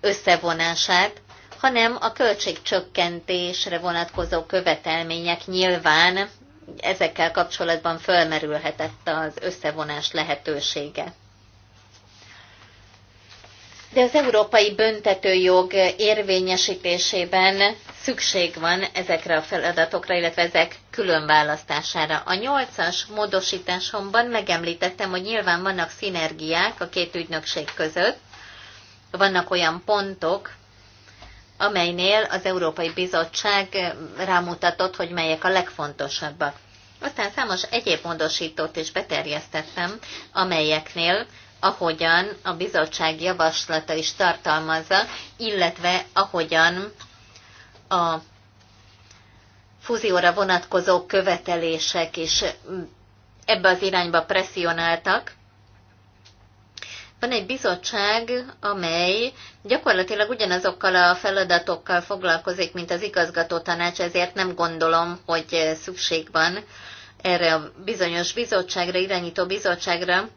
összevonását, hanem a költségcsökkentésre vonatkozó követelmények nyilván ezekkel kapcsolatban fölmerülhetett az összevonás lehetősége. De az európai büntetőjog érvényesítésében szükség van ezekre a feladatokra, illetve ezek különválasztására. A nyolcas módosításomban megemlítettem, hogy nyilván vannak szinergiák a két ügynökség között, vannak olyan pontok, amelynél az Európai Bizottság rámutatott, hogy melyek a legfontosabbak. Aztán számos egyéb módosítót is beterjesztettem, amelyeknél ahogyan a bizottság javaslata is tartalmazza, illetve ahogyan a fúzióra vonatkozó követelések is ebbe az irányba presszionáltak, van egy bizottság, amely gyakorlatilag ugyanazokkal a feladatokkal foglalkozik, mint az igazgató tanács, ezért nem gondolom, hogy szükség van erre a bizonyos bizottságra, irányító bizottságra.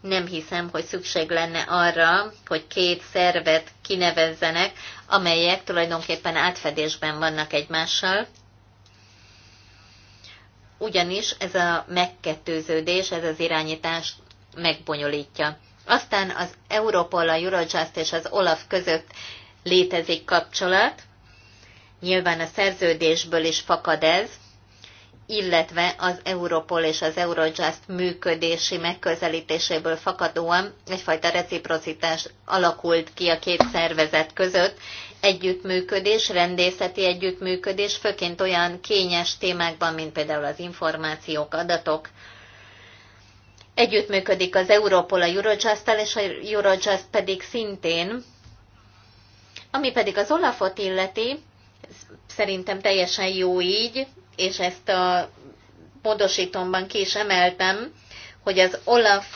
Nem hiszem, hogy szükség lenne arra, hogy két szervet kinevezzenek, amelyek tulajdonképpen átfedésben vannak egymással ugyanis ez a megkettőződés, ez az irányítás megbonyolítja. Aztán az Europol, a Eurojust és az Olaf között létezik kapcsolat, nyilván a szerződésből is fakad ez, illetve az Europol és az Eurojust működési megközelítéséből fakadóan egyfajta reciprocitás alakult ki a két szervezet között, együttműködés, rendészeti együttműködés, főként olyan kényes témákban, mint például az információk, adatok, Együttműködik az Europol a eurojust és a Eurojust pedig szintén. Ami pedig az Olafot illeti, szerintem teljesen jó így, és ezt a módosítomban ki is emeltem, hogy az Olaf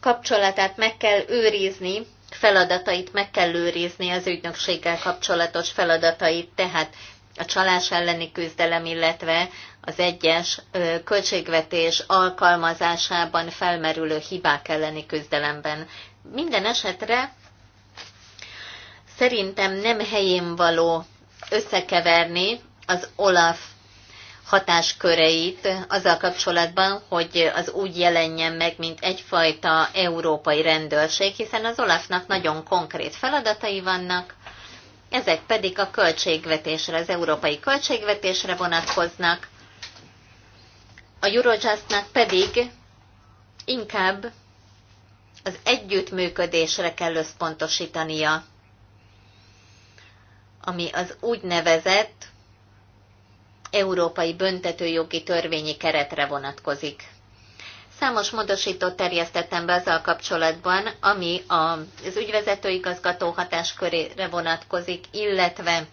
kapcsolatát meg kell őrizni, feladatait meg kell őrizni az ügynökséggel kapcsolatos feladatait, tehát a csalás elleni küzdelem, illetve az egyes költségvetés alkalmazásában felmerülő hibák elleni küzdelemben. Minden esetre szerintem nem helyén való összekeverni az OLAF hatásköreit azzal kapcsolatban, hogy az úgy jelenjen meg, mint egyfajta európai rendőrség, hiszen az Olafnak nagyon konkrét feladatai vannak, ezek pedig a költségvetésre, az európai költségvetésre vonatkoznak, a Eurojustnak pedig inkább az együttműködésre kell összpontosítania, ami az úgynevezett európai büntetőjogi törvényi keretre vonatkozik. Számos módosítót terjesztettem be azzal kapcsolatban, ami az ügyvezető igazgató hatáskörére vonatkozik, illetve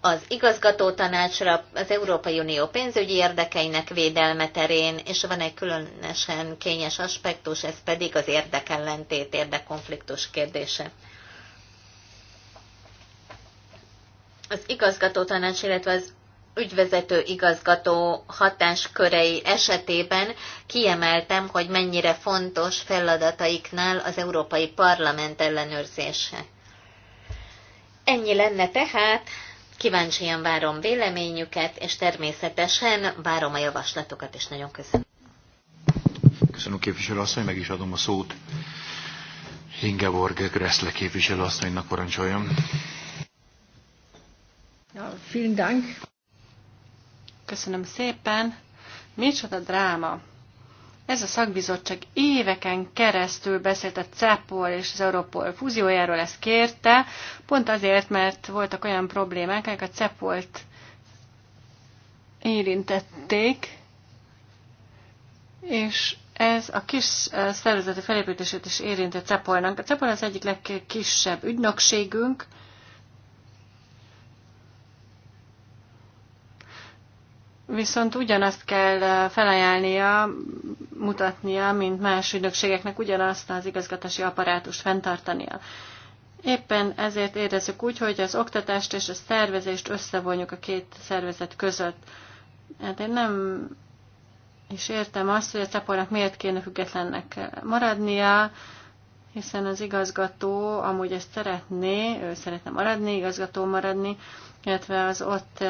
az igazgató tanácsra az Európai Unió pénzügyi érdekeinek védelme terén, és van egy különösen kényes aspektus, ez pedig az érdekellentét, érdekkonfliktus kérdése. Az igazgató tanács, illetve az ügyvezető igazgató hatáskörei esetében kiemeltem, hogy mennyire fontos feladataiknál az Európai Parlament ellenőrzése. Ennyi lenne tehát, kíváncsian várom véleményüket, és természetesen várom a javaslatokat, és nagyon köszönöm. Köszönöm képviselő asszony, meg is adom a szót. Ingeborg Gressle képviselő asszonynak parancsoljam. Ja, vielen Dank. Köszönöm szépen. Micsoda dráma! Ez a szakbizottság éveken keresztül beszélt a CEPOL és az Europol fúziójáról, ezt kérte, pont azért, mert voltak olyan problémák, amik a CEPOL-t érintették, és ez a kis szervezeti felépítését is érintett CEPOL-nak. A CEPOL az egyik legkisebb ügynökségünk, viszont ugyanazt kell eh, felajánlnia, mutatnia, mint más ügynökségeknek ugyanazt az igazgatási apparátust fenntartania. Éppen ezért érezzük úgy, hogy az oktatást és a szervezést összevonjuk a két szervezet között. Hát én nem is értem azt, hogy a cepolnak miért kéne függetlennek eh, maradnia, hiszen az igazgató amúgy ezt szeretné, ő szeretne maradni, igazgató maradni, illetve az ott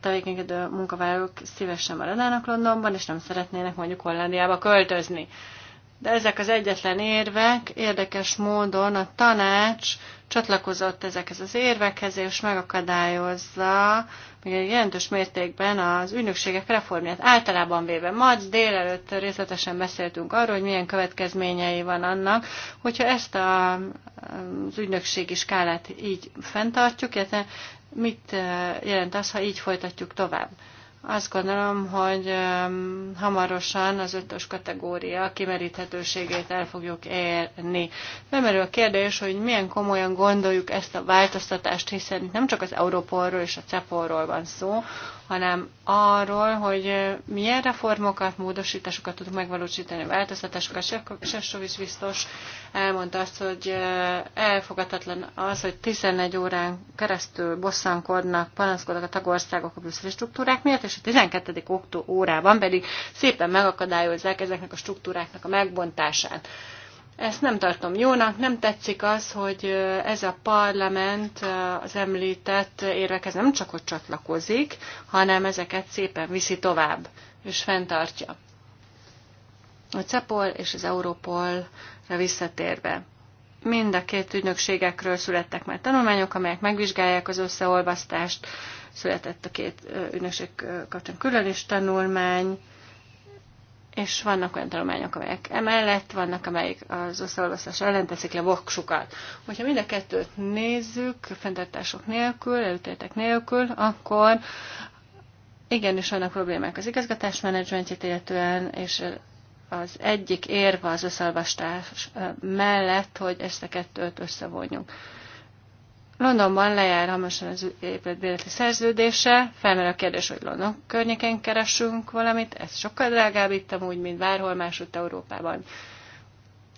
tevékenykedő munkavállalók szívesen maradnának Londonban, és nem szeretnének mondjuk Hollandiába költözni. De ezek az egyetlen érvek érdekes módon a tanács csatlakozott ezekhez az érvekhez, és megakadályozza még egy jelentős mértékben az ügynökségek reformját. Általában véve ma délelőtt részletesen beszéltünk arról, hogy milyen következményei van annak, hogyha ezt a, az ügynökségi skálát így fenntartjuk, illetve Mit jelent az, ha így folytatjuk tovább? Azt gondolom, hogy hamarosan az ötös kategória kimeríthetőségét el fogjuk érni. Bemerül a kérdés, hogy milyen komolyan gondoljuk ezt a változtatást, hiszen nem csak az Európolról és a Cepolról van szó, hanem arról, hogy milyen reformokat, módosításokat tudunk megvalósítani, változtatásokat. Sefcovics biztos elmondta azt, hogy elfogadhatatlan az, hogy 11 órán keresztül bosszankodnak, panaszkodnak a tagországok a brüsszeli struktúrák miatt, és a 12. órában pedig szépen megakadályozzák ezeknek a struktúráknak a megbontását. Ezt nem tartom jónak, nem tetszik az, hogy ez a parlament az említett érvekhez nem csak ott csatlakozik, hanem ezeket szépen viszi tovább, és fenntartja. A CEPOL és az Europolra visszatérve. Mind a két ügynökségekről születtek már tanulmányok, amelyek megvizsgálják az összeolvasztást. Született a két ügynökség kapcsán külön is tanulmány és vannak olyan tanulmányok, amelyek emellett, vannak, amelyek az összeolvasztás ellen teszik le voksukat. Hogyha mind a kettőt nézzük, fenntartások nélkül, előtétek nélkül, akkor igenis vannak problémák az igazgatás menedzsmentjét illetően, és az egyik érve az összeolvastás mellett, hogy ezt a kettőt összevonjuk. Londonban lejár hamarosan az épületbérleti szerződése, felmerül a kérdés, hogy London környéken keresünk valamit, ez sokkal drágább itt amúgy, mint bárhol másutt Európában.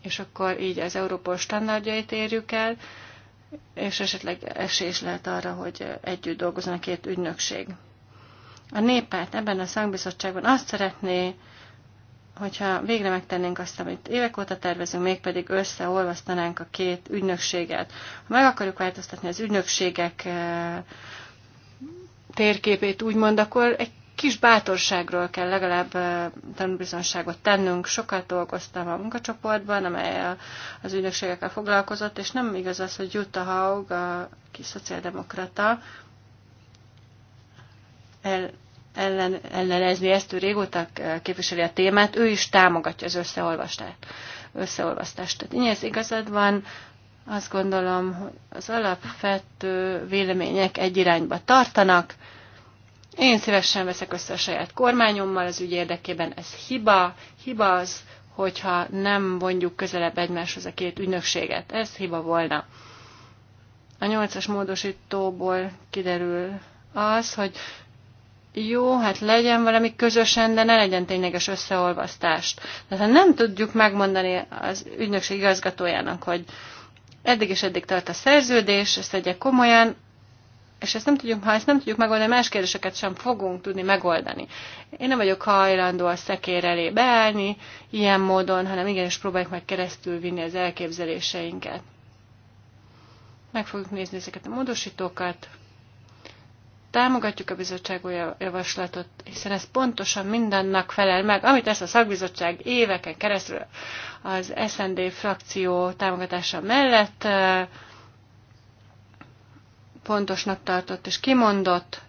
És akkor így az Európol standardjait érjük el, és esetleg esély is lehet arra, hogy együtt dolgoznak két ügynökség. A néppárt ebben a szangbizottságban azt szeretné, hogyha végre megtennénk azt, amit évek óta tervezünk, mégpedig összeolvasztanánk a két ügynökséget. Ha meg akarjuk változtatni az ügynökségek eh, térképét, úgymond, akkor egy kis bátorságról kell legalább eh, tanulbizonságot tennünk. Sokat dolgoztam a munkacsoportban, amely az ügynökségekkel foglalkozott, és nem igaz az, hogy Jutta Haug, a kis szociáldemokrata, el ellen, ellenezni, ezt ő régóta képviseli a témát, ő is támogatja az összeolvasást. összeolvasztást. Tehát így ez igazad van, azt gondolom, hogy az alapvető vélemények egy irányba tartanak. Én szívesen veszek össze a saját kormányommal az ügy érdekében. Ez hiba, hiba az, hogyha nem vonjuk közelebb egymáshoz a két ügynökséget. Ez hiba volna. A nyolcas módosítóból kiderül az, hogy jó, hát legyen valami közösen, de ne legyen tényleges összeolvasztást. Tehát ha nem tudjuk megmondani az ügynökség igazgatójának, hogy eddig és eddig tart a szerződés, ezt vegyek komolyan, és ezt nem tudjuk, ha ezt nem tudjuk megoldani, más kérdéseket sem fogunk tudni megoldani. Én nem vagyok hajlandó a szekér elé beállni ilyen módon, hanem igenis próbáljuk meg keresztül vinni az elképzeléseinket. Meg fogjuk nézni ezeket a módosítókat, támogatjuk a bizottság javaslatot, hiszen ez pontosan mindannak felel meg, amit ezt a szakbizottság éveken keresztül az SND frakció támogatása mellett pontosnak tartott és kimondott,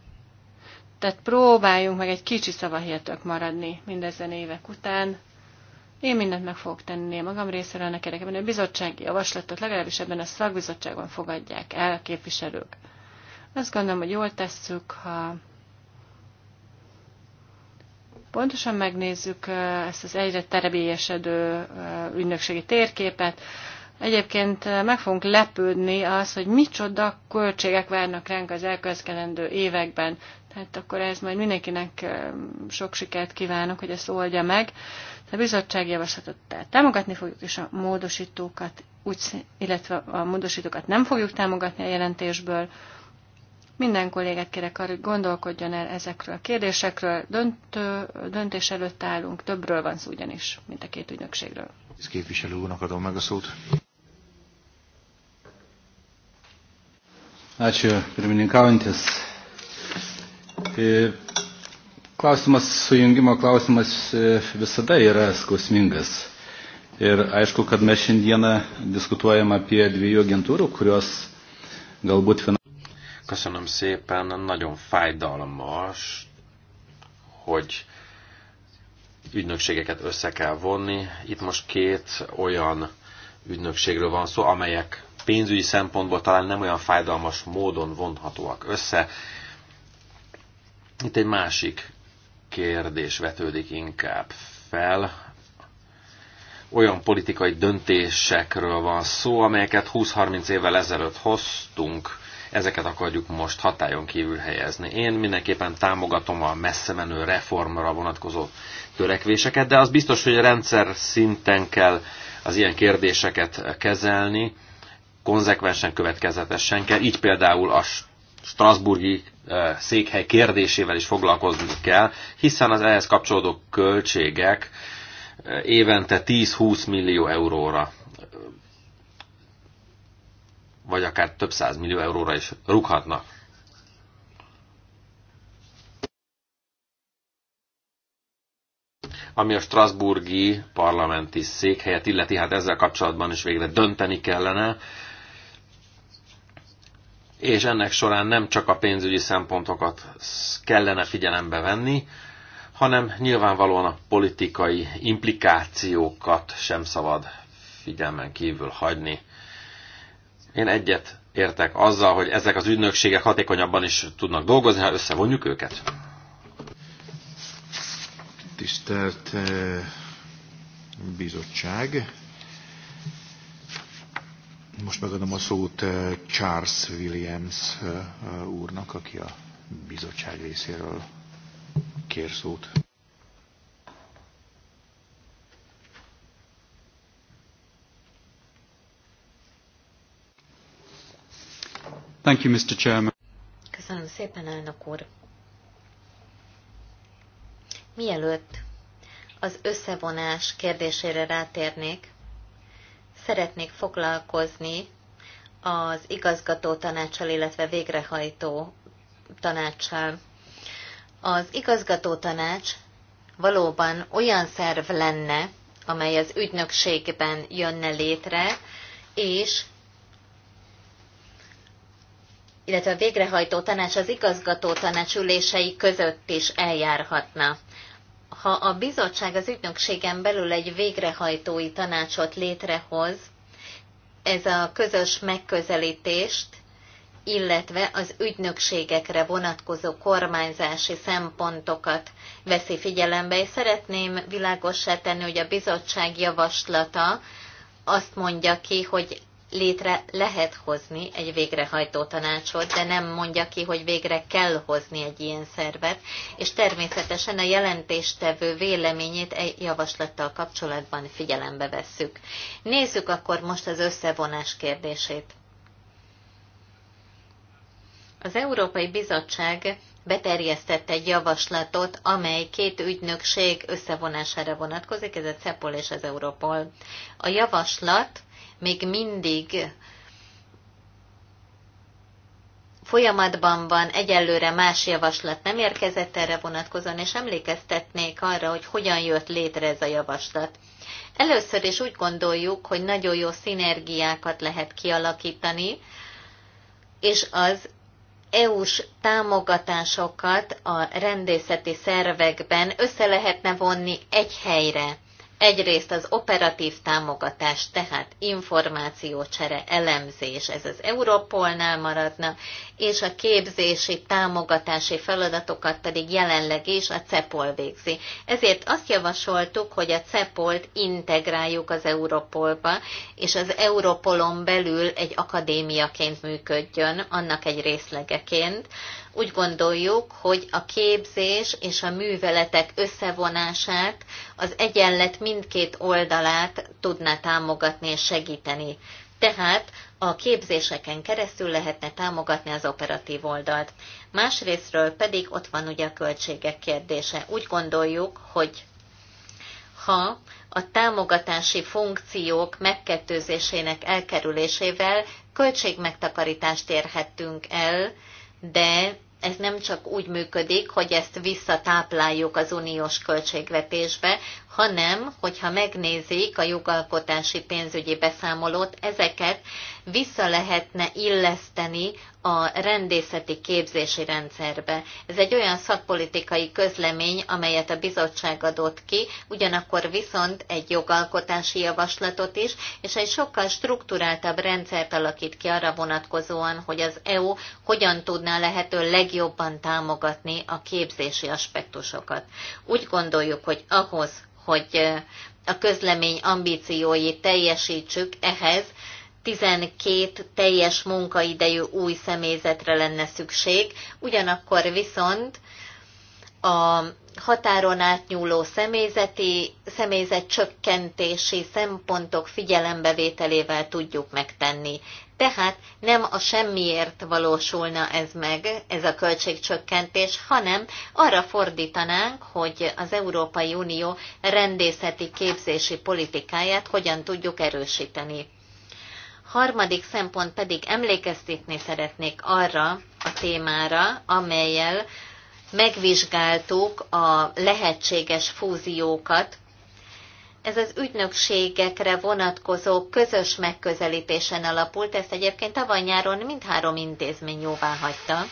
tehát próbáljunk meg egy kicsi szavahihetők maradni mindezen évek után. Én mindent meg fogok tenni magam részéről, neked, érdekében, a bizottsági javaslatot legalábbis ebben a szakbizottságban fogadják el a képviselők. Azt gondolom, hogy jól tesszük, ha pontosan megnézzük ezt az egyre terebélyesedő ügynökségi térképet. Egyébként meg fogunk lepődni az, hogy micsoda költségek várnak ránk az elkövetkezendő években. Tehát akkor ez majd mindenkinek sok sikert kívánok, hogy ezt oldja meg. A bizottság javaslatot tehát támogatni fogjuk, és a módosítókat, úgy, illetve a módosítókat nem fogjuk támogatni a jelentésből. Minden kollégát kérek hogy gondolkodjon el ezekről a kérdésekről. Dönt, döntés előtt állunk, többről van szó ugyanis, mint a két ügynökségről. Képviselő úrnak adom meg a szót. Ačiū, pirmininkaujantis. E, klausimas, sujungimo klausimas e, visada yra skausmingas. Ir aišku, kad mes šiandieną diskutuojam apie dviejų agentūrų, kurios galbūt finansuoja. Köszönöm szépen, nagyon fájdalmas, hogy ügynökségeket össze kell vonni. Itt most két olyan ügynökségről van szó, amelyek pénzügyi szempontból talán nem olyan fájdalmas módon vonhatóak össze. Itt egy másik kérdés vetődik inkább fel. Olyan politikai döntésekről van szó, amelyeket 20-30 évvel ezelőtt hoztunk, ezeket akarjuk most hatályon kívül helyezni. Én mindenképpen támogatom a messze menő reformra vonatkozó törekvéseket, de az biztos, hogy a rendszer szinten kell az ilyen kérdéseket kezelni, konzekvensen, következetesen kell. Így például a Strasburgi székhely kérdésével is foglalkozni kell, hiszen az ehhez kapcsolódó költségek évente 10-20 millió euróra vagy akár több száz millió euróra is rúghatnak. Ami a Strasburgi parlamenti székhelyet illeti, hát ezzel kapcsolatban is végre dönteni kellene, és ennek során nem csak a pénzügyi szempontokat kellene figyelembe venni, hanem nyilvánvalóan a politikai implikációkat sem szabad figyelmen kívül hagyni. Én egyet értek azzal, hogy ezek az ügynökségek hatékonyabban is tudnak dolgozni, ha összevonjuk őket. Tisztelt eh, bizottság, most megadom a szót eh, Charles Williams eh, úrnak, aki a bizottság részéről kér szót. Thank you, Mr. Chairman. Köszönöm szépen, elnök úr. Mielőtt az összevonás kérdésére rátérnék, szeretnék foglalkozni az igazgató tanácsal, illetve végrehajtó tanácsal. Az igazgató tanács valóban olyan szerv lenne, amely az ügynökségben jönne létre, és illetve a végrehajtó tanács az igazgató tanács ülései között is eljárhatna. Ha a bizottság az ügynökségen belül egy végrehajtói tanácsot létrehoz, ez a közös megközelítést, illetve az ügynökségekre vonatkozó kormányzási szempontokat veszi figyelembe, és szeretném világossá tenni, hogy a bizottság javaslata azt mondja ki, hogy létre lehet hozni egy végrehajtó tanácsot, de nem mondja ki, hogy végre kell hozni egy ilyen szervet, és természetesen a jelentéstevő véleményét egy javaslattal kapcsolatban figyelembe vesszük. Nézzük akkor most az összevonás kérdését. Az Európai Bizottság beterjesztett egy javaslatot, amely két ügynökség összevonására vonatkozik, ez a CEPOL és az Európol. A javaslat még mindig folyamatban van, egyelőre más javaslat nem érkezett erre vonatkozóan, és emlékeztetnék arra, hogy hogyan jött létre ez a javaslat. Először is úgy gondoljuk, hogy nagyon jó szinergiákat lehet kialakítani, és az EU-s támogatásokat a rendészeti szervekben össze lehetne vonni egy helyre. Egyrészt az operatív támogatás, tehát információcsere, elemzés, ez az Európolnál maradna, és a képzési, támogatási feladatokat pedig jelenleg is a CEPOL végzi. Ezért azt javasoltuk, hogy a CEPOL-t integráljuk az Európolba, és az Európolon belül egy akadémiaként működjön, annak egy részlegeként, úgy gondoljuk, hogy a képzés és a műveletek összevonását az egyenlet mindkét oldalát tudná támogatni és segíteni. Tehát a képzéseken keresztül lehetne támogatni az operatív oldalt. Másrésztről pedig ott van ugye a költségek kérdése. Úgy gondoljuk, hogy ha a támogatási funkciók megkettőzésének elkerülésével költségmegtakarítást érhettünk el, de ez nem csak úgy működik, hogy ezt visszatápláljuk az uniós költségvetésbe, hanem hogyha megnézik a jogalkotási pénzügyi beszámolót, ezeket vissza lehetne illeszteni a rendészeti képzési rendszerbe. Ez egy olyan szakpolitikai közlemény, amelyet a bizottság adott ki, ugyanakkor viszont egy jogalkotási javaslatot is, és egy sokkal strukturáltabb rendszert alakít ki arra vonatkozóan, hogy az EU hogyan tudná lehető legjobban támogatni a képzési aspektusokat. Úgy gondoljuk, hogy ahhoz, hogy a közlemény ambícióit teljesítsük, ehhez 12 teljes munkaidejű új személyzetre lenne szükség, ugyanakkor viszont a határon átnyúló személyzeti, személyzet csökkentési szempontok figyelembevételével tudjuk megtenni. Tehát nem a semmiért valósulna ez meg, ez a költségcsökkentés, hanem arra fordítanánk, hogy az Európai Unió rendészeti képzési politikáját hogyan tudjuk erősíteni. Harmadik szempont pedig emlékeztetni szeretnék arra a témára, amelyel megvizsgáltuk a lehetséges fúziókat, ez az ügynökségekre vonatkozó közös megközelítésen alapult, ezt egyébként tavaly nyáron mindhárom intézmény jóvá hagyta,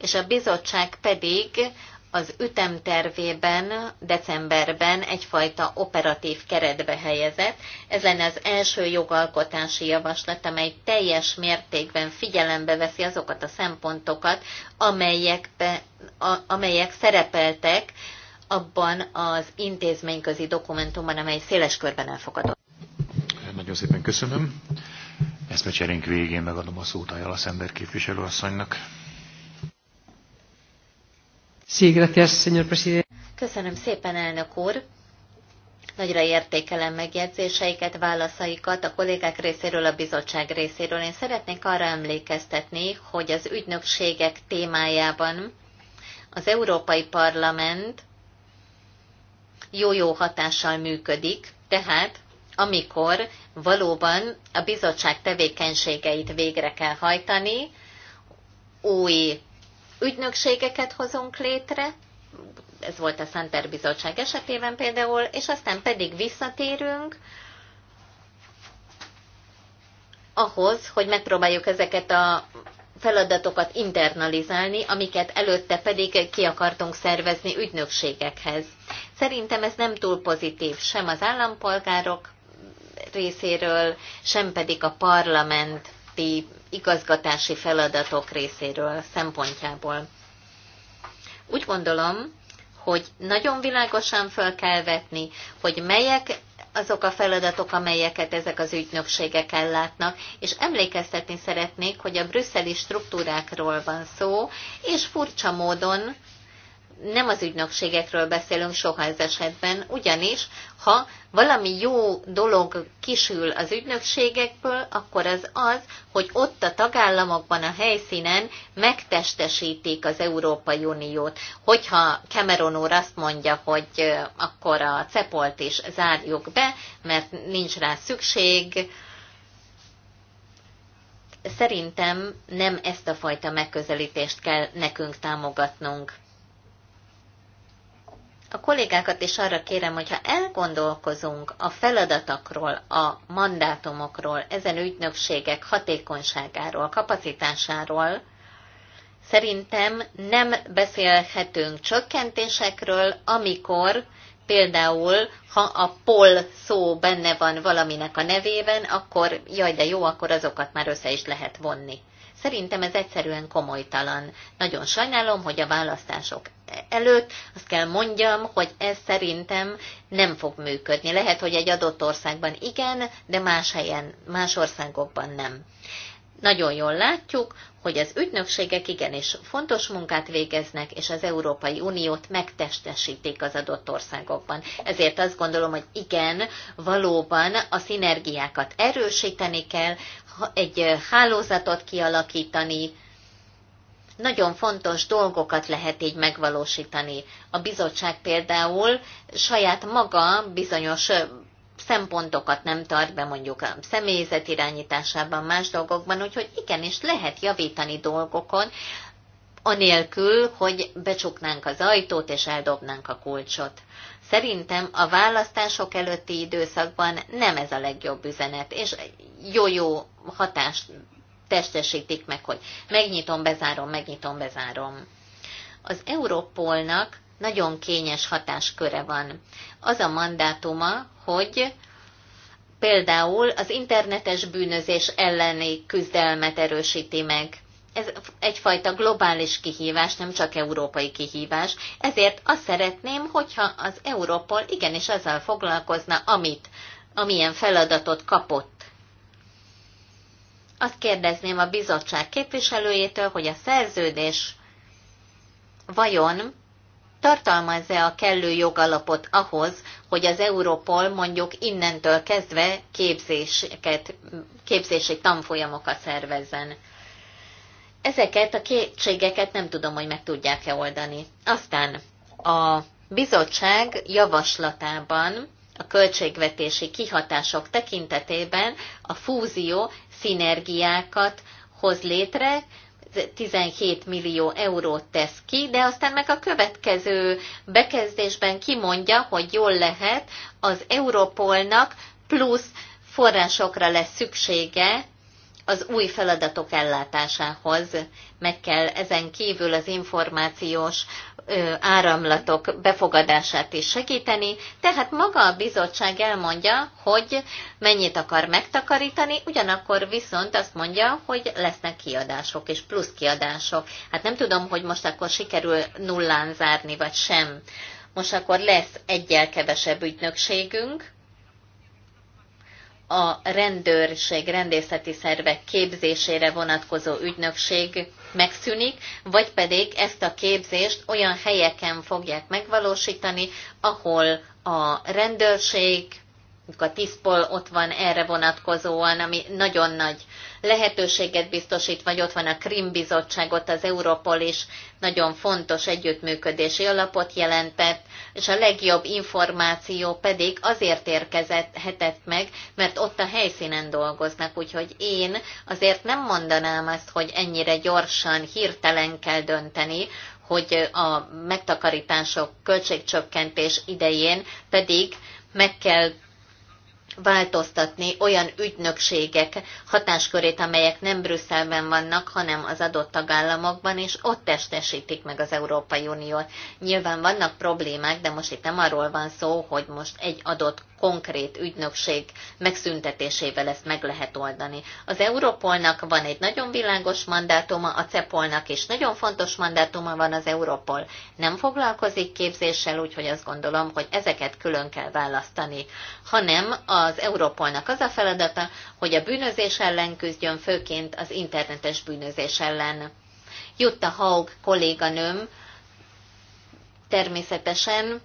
és a bizottság pedig az ütemtervében decemberben egyfajta operatív keretbe helyezett. Ez lenne az első jogalkotási javaslat, amely teljes mértékben figyelembe veszi azokat a szempontokat, amelyek, be, a, amelyek szerepeltek abban az intézményközi dokumentumban, amely széles körben elfogadott. Nagyon szépen köszönöm. Ezt cserénk végén megadom a szót a Szender képviselőasszonynak. Köszönöm szépen, elnök úr. Nagyra értékelem megjegyzéseiket, válaszaikat a kollégák részéről, a bizottság részéről. Én szeretnék arra emlékeztetni, hogy az ügynökségek témájában az Európai Parlament jó-jó hatással működik, tehát amikor valóban a bizottság tevékenységeit végre kell hajtani, új ügynökségeket hozunk létre, ez volt a Szenter Bizottság esetében például, és aztán pedig visszatérünk ahhoz, hogy megpróbáljuk ezeket a feladatokat internalizálni, amiket előtte pedig ki akartunk szervezni ügynökségekhez. Szerintem ez nem túl pozitív sem az állampolgárok részéről, sem pedig a parlamenti igazgatási feladatok részéről szempontjából. Úgy gondolom, hogy nagyon világosan fel kell vetni, hogy melyek azok a feladatok, amelyeket ezek az ügynökségek ellátnak, és emlékeztetni szeretnék, hogy a brüsszeli struktúrákról van szó, és furcsa módon nem az ügynökségekről beszélünk soha ez esetben, ugyanis ha valami jó dolog kisül az ügynökségekből, akkor az az, hogy ott a tagállamokban, a helyszínen megtestesítik az Európai Uniót. Hogyha Cameron úr azt mondja, hogy akkor a cepolt is zárjuk be, mert nincs rá szükség, szerintem nem ezt a fajta megközelítést kell nekünk támogatnunk a kollégákat is arra kérem, hogyha elgondolkozunk a feladatokról, a mandátumokról, ezen ügynökségek hatékonyságáról, kapacitásáról, szerintem nem beszélhetünk csökkentésekről, amikor például, ha a pol szó benne van valaminek a nevében, akkor jaj, de jó, akkor azokat már össze is lehet vonni. Szerintem ez egyszerűen komolytalan. Nagyon sajnálom, hogy a választások előtt azt kell mondjam, hogy ez szerintem nem fog működni. Lehet, hogy egy adott országban igen, de más helyen, más országokban nem. Nagyon jól látjuk, hogy az ügynökségek igenis fontos munkát végeznek, és az Európai Uniót megtestesítik az adott országokban. Ezért azt gondolom, hogy igen, valóban a szinergiákat erősíteni kell, egy hálózatot kialakítani, nagyon fontos dolgokat lehet így megvalósítani. A bizottság például saját maga bizonyos szempontokat nem tart be mondjuk a személyzet irányításában, más dolgokban, úgyhogy igenis lehet javítani dolgokon, anélkül, hogy becsuknánk az ajtót és eldobnánk a kulcsot. Szerintem a választások előtti időszakban nem ez a legjobb üzenet, és jó-jó hatást testesítik meg, hogy megnyitom, bezárom, megnyitom, bezárom. Az Európolnak nagyon kényes hatásköre van. Az a mandátuma, hogy például az internetes bűnözés elleni küzdelmet erősíti meg. Ez egyfajta globális kihívás, nem csak európai kihívás, ezért azt szeretném, hogyha az Európol igenis azzal foglalkozna, amit, amilyen feladatot kapott azt kérdezném a bizottság képviselőjétől, hogy a szerződés vajon tartalmaz-e a kellő jogalapot ahhoz, hogy az Europol mondjuk innentől kezdve képzéseket, képzési tanfolyamokat szervezzen. Ezeket a kétségeket nem tudom, hogy meg tudják-e oldani. Aztán a bizottság javaslatában a költségvetési kihatások tekintetében a fúzió szinergiákat hoz létre, 17 millió eurót tesz ki, de aztán meg a következő bekezdésben kimondja, hogy jól lehet, az Europolnak plusz forrásokra lesz szüksége az új feladatok ellátásához. Meg kell ezen kívül az információs áramlatok befogadását is segíteni, tehát maga a bizottság elmondja, hogy mennyit akar megtakarítani, ugyanakkor viszont azt mondja, hogy lesznek kiadások és plusz kiadások. Hát nem tudom, hogy most akkor sikerül nullán zárni, vagy sem. Most akkor lesz egyel kevesebb ügynökségünk, a rendőrség, rendészeti szervek képzésére vonatkozó ügynökség megszűnik, vagy pedig ezt a képzést olyan helyeken fogják megvalósítani, ahol a rendőrség, a TISZPOL ott van erre vonatkozóan, ami nagyon nagy lehetőséget biztosít, vagy ott van a Krim Bizottság, ott az Europol is nagyon fontos együttműködési alapot jelentett, és a legjobb információ pedig azért érkezett hetett meg, mert ott a helyszínen dolgoznak, úgyhogy én azért nem mondanám azt, hogy ennyire gyorsan, hirtelen kell dönteni, hogy a megtakarítások, költségcsökkentés idején pedig meg kell változtatni olyan ügynökségek hatáskörét, amelyek nem Brüsszelben vannak, hanem az adott tagállamokban, és ott testesítik meg az Európai Uniót. Nyilván vannak problémák, de most itt nem arról van szó, hogy most egy adott konkrét ügynökség megszüntetésével ezt meg lehet oldani. Az Európolnak van egy nagyon világos mandátuma, a CEPOLnak is nagyon fontos mandátuma van az Európol. Nem foglalkozik képzéssel, úgyhogy azt gondolom, hogy ezeket külön kell választani, hanem az Európolnak az a feladata, hogy a bűnözés ellen küzdjön, főként az internetes bűnözés ellen. Jutta Haug kolléganőm természetesen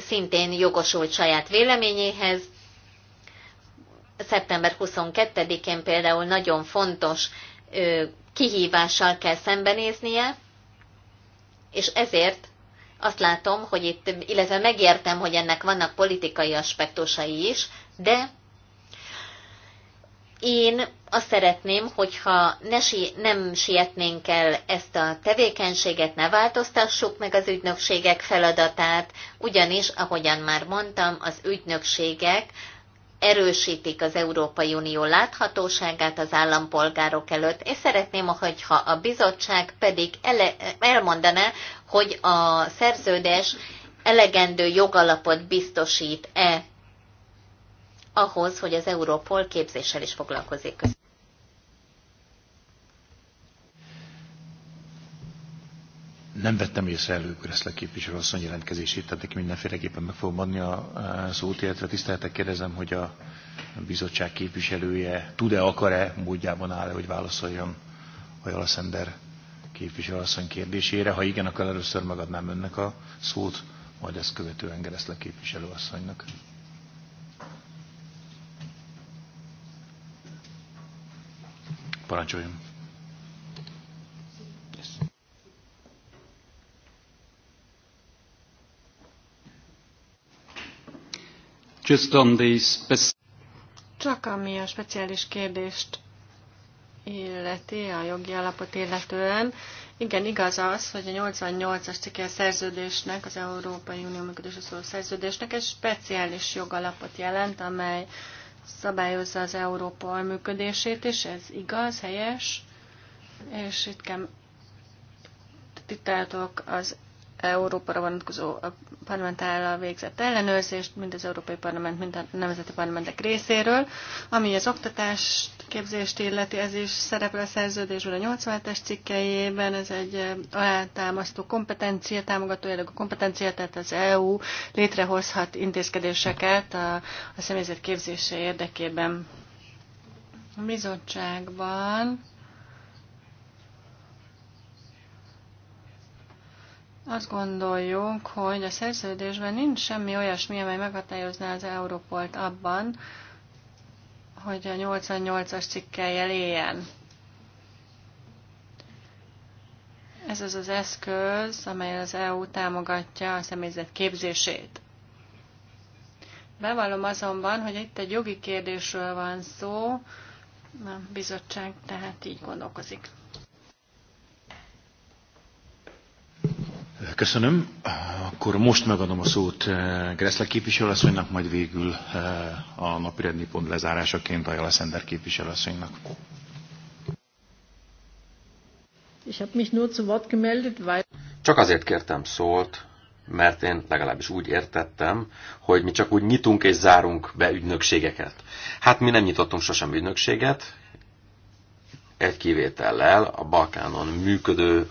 szintén jogosult saját véleményéhez. Szeptember 22-én például nagyon fontos kihívással kell szembenéznie, és ezért azt látom, hogy itt, illetve megértem, hogy ennek vannak politikai aspektusai is, de én azt szeretném, hogyha ne si- nem sietnénk el ezt a tevékenységet, ne változtassuk meg az ügynökségek feladatát, ugyanis, ahogyan már mondtam, az ügynökségek erősítik az Európai Unió láthatóságát az állampolgárok előtt, és szeretném, hogyha a bizottság pedig ele- elmondaná, hogy a szerződés elegendő jogalapot biztosít-e ahhoz, hogy az Európol képzéssel is foglalkozik. Nem vettem észre elő Greszle képviselő asszony jelentkezését, tehát neki mindenféleképpen meg fogom adni a szót, illetve tiszteltek kérdezem, hogy a bizottság képviselője tud-e, akar-e, módjában áll-e, hogy válaszoljon a Jalaszender képviselőasszony kérdésére. Ha igen, akkor először megadnám önnek a szót, majd ezt követően Greszle képviselő asszonynak. Parancsoljon! Csak ami a speciális kérdést illeti, a jogi alapot illetően. Igen, igaz az, hogy a 88-as cikkel szerződésnek, az Európai Unió működésre szóló szerződésnek egy speciális jogalapot jelent, amely szabályozza az Európol működését, és ez igaz, helyes, és itt kell itt az Európára vonatkozó parlament által végzett ellenőrzést, mind az Európai Parlament, mind a nemzeti parlamentek részéről, ami az oktatást, képzést illeti, ez is szerepel a szerződésben a 87-es cikkejében, ez egy eh, alátámasztó kompetencia, támogató a kompetencia, tehát az EU létrehozhat intézkedéseket a, a személyzet képzése érdekében. A bizottságban azt gondoljuk, hogy a szerződésben nincs semmi olyasmi, amely meghatározná az Európolt abban, hogy a 88-as cikkel éljen. Ez az az eszköz, amely az EU támogatja a személyzet képzését. Bevallom azonban, hogy itt egy jogi kérdésről van szó, a bizottság tehát így gondolkozik. Köszönöm. Akkor most megadom a szót eh, Greszle képviselőasszonynak, majd végül eh, a napirendi pont lezárásaként a Jaleszender képviselőasszonynak. Csak azért kértem szót, mert én legalábbis úgy értettem, hogy mi csak úgy nyitunk és zárunk be ügynökségeket. Hát mi nem nyitottunk sosem ügynökséget, egy kivétellel a Balkánon működő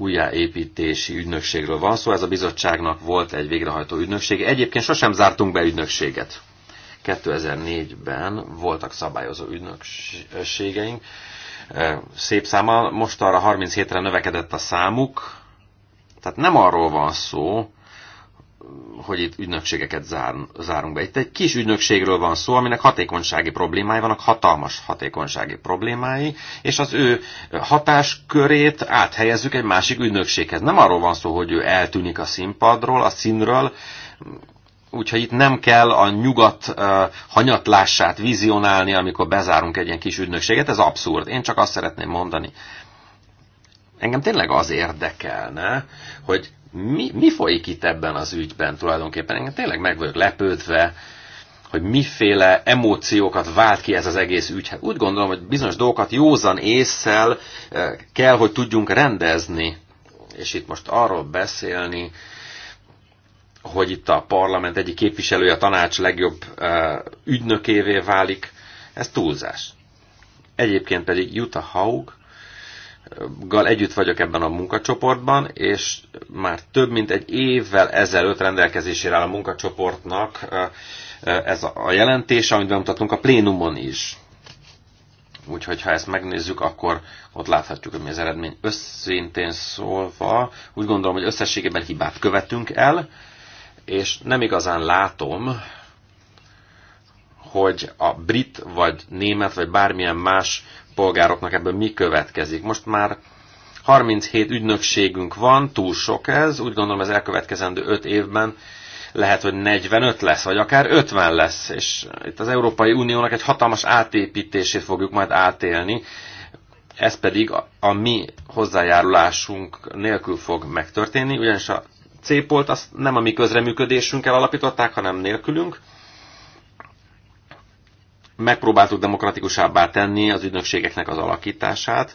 újjáépítési ügynökségről van szó. Ez a bizottságnak volt egy végrehajtó ügynöksége. Egyébként sosem zártunk be ügynökséget. 2004-ben voltak szabályozó ügynökségeink. Szép száma, most arra 37-re növekedett a számuk. Tehát nem arról van szó, hogy itt ügynökségeket zár, zárunk be. Itt egy kis ügynökségről van szó, aminek hatékonysági problémái vannak, hatalmas hatékonysági problémái, és az ő hatáskörét áthelyezzük egy másik ügynökséghez. Nem arról van szó, hogy ő eltűnik a színpadról, a színről, úgyhogy itt nem kell a nyugat hanyatlását vizionálni, amikor bezárunk egy ilyen kis ügynökséget, ez abszurd. Én csak azt szeretném mondani, engem tényleg az érdekelne, hogy mi, mi folyik itt ebben az ügyben tulajdonképpen. Engem tényleg meg vagyok lepődve, hogy miféle emóciókat vált ki ez az egész ügy. Hát úgy gondolom, hogy bizonyos dolgokat józan észsel eh, kell, hogy tudjunk rendezni. És itt most arról beszélni, hogy itt a parlament egyik képviselője a tanács legjobb eh, ügynökévé válik, ez túlzás. Egyébként pedig Jutta Haug gal együtt vagyok ebben a munkacsoportban, és már több mint egy évvel ezelőtt rendelkezésére áll a munkacsoportnak ez a jelentés, amit bemutattunk a plénumon is. Úgyhogy ha ezt megnézzük, akkor ott láthatjuk, hogy mi az eredmény. Összintén szólva, úgy gondolom, hogy összességében hibát követünk el, és nem igazán látom, hogy a brit, vagy német, vagy bármilyen más polgároknak ebből mi következik. Most már 37 ügynökségünk van, túl sok ez, úgy gondolom ez elkövetkezendő 5 évben lehet, hogy 45 lesz, vagy akár 50 lesz, és itt az Európai Uniónak egy hatalmas átépítését fogjuk majd átélni, ez pedig a, a mi hozzájárulásunk nélkül fog megtörténni, ugyanis a c azt nem a mi közreműködésünkkel alapították, hanem nélkülünk, megpróbáltuk demokratikusabbá tenni az ügynökségeknek az alakítását.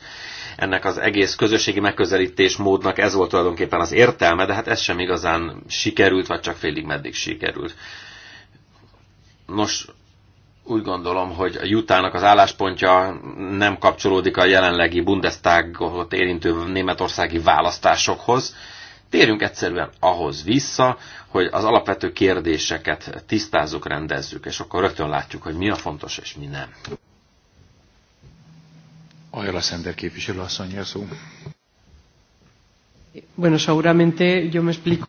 Ennek az egész közösségi megközelítés módnak ez volt tulajdonképpen az értelme, de hát ez sem igazán sikerült, vagy csak félig meddig sikerült. Nos, úgy gondolom, hogy a Jutának az álláspontja nem kapcsolódik a jelenlegi Bundestagot érintő németországi választásokhoz. Térjünk egyszerűen ahhoz vissza, hogy az alapvető kérdéseket tisztázzuk, rendezzük, és akkor rögtön látjuk, hogy mi a fontos és mi nem. Ajala Szender képviselő asszony szó. Bueno, seguramente yo me explico.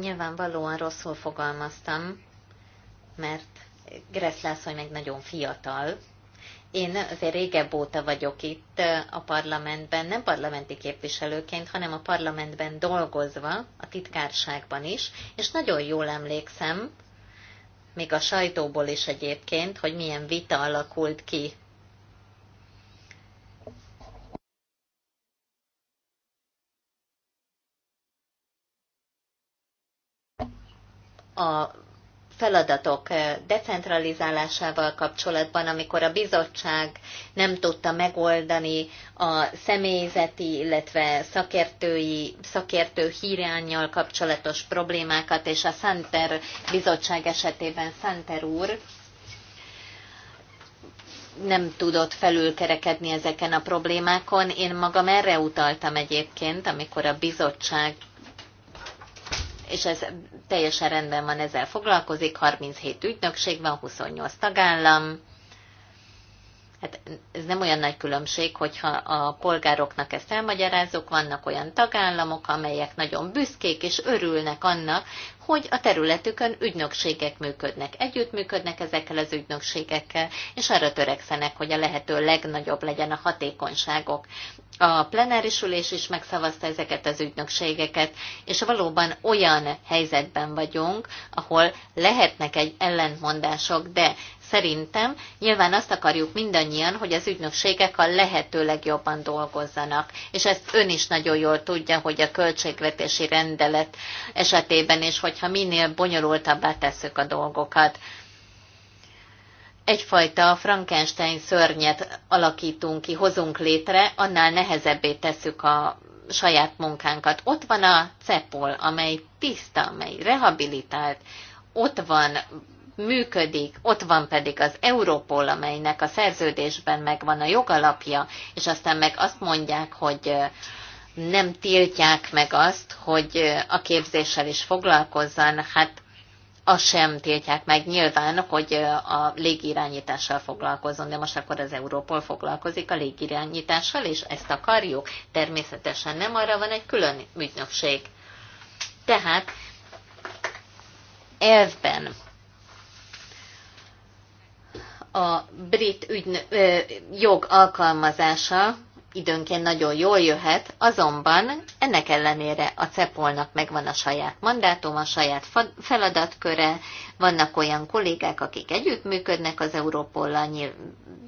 Nyilvánvalóan rosszul fogalmaztam, mert Gressz László meg nagyon fiatal, én azért régebb óta vagyok itt a parlamentben, nem parlamenti képviselőként, hanem a parlamentben dolgozva, a titkárságban is, és nagyon jól emlékszem, még a sajtóból is egyébként, hogy milyen vita alakult ki a feladatok eh, decentralizálásával kapcsolatban, amikor a bizottság nem tudta megoldani a személyzeti, illetve szakértői, szakértő hírányjal kapcsolatos problémákat, és a Szenter bizottság esetében Szenter úr nem tudott felülkerekedni ezeken a problémákon. Én magam erre utaltam egyébként, amikor a bizottság és ez teljesen rendben van, ezzel foglalkozik, 37 ügynökség van, 28 tagállam. Hát ez nem olyan nagy különbség, hogyha a polgároknak ezt elmagyarázok, vannak olyan tagállamok, amelyek nagyon büszkék és örülnek annak, hogy a területükön ügynökségek működnek, együttműködnek ezekkel az ügynökségekkel, és arra törekszenek, hogy a lehető legnagyobb legyen a hatékonyságok a plenáris ülés is megszavazta ezeket az ügynökségeket, és valóban olyan helyzetben vagyunk, ahol lehetnek egy ellentmondások, de szerintem nyilván azt akarjuk mindannyian, hogy az ügynökségek a lehető legjobban dolgozzanak. És ezt ön is nagyon jól tudja, hogy a költségvetési rendelet esetében is, hogyha minél bonyolultabbá tesszük a dolgokat, egyfajta Frankenstein szörnyet alakítunk ki, hozunk létre, annál nehezebbé tesszük a saját munkánkat. Ott van a CEPOL, amely tiszta, amely rehabilitált, ott van, működik, ott van pedig az Európol, amelynek a szerződésben megvan a jogalapja, és aztán meg azt mondják, hogy nem tiltják meg azt, hogy a képzéssel is foglalkozzan, hát azt sem tiltják meg nyilván, hogy a légirányítással foglalkozom, de most akkor az Európol foglalkozik a légirányítással, és ezt akarjuk. Természetesen nem, arra van egy külön ügynökség. Tehát elvben a brit ügyn, ö, jog alkalmazása időnként nagyon jól jöhet, azonban ennek ellenére a Cepolnak megvan a saját mandátum, a saját feladatköre, vannak olyan kollégák, akik együttműködnek az Európollal,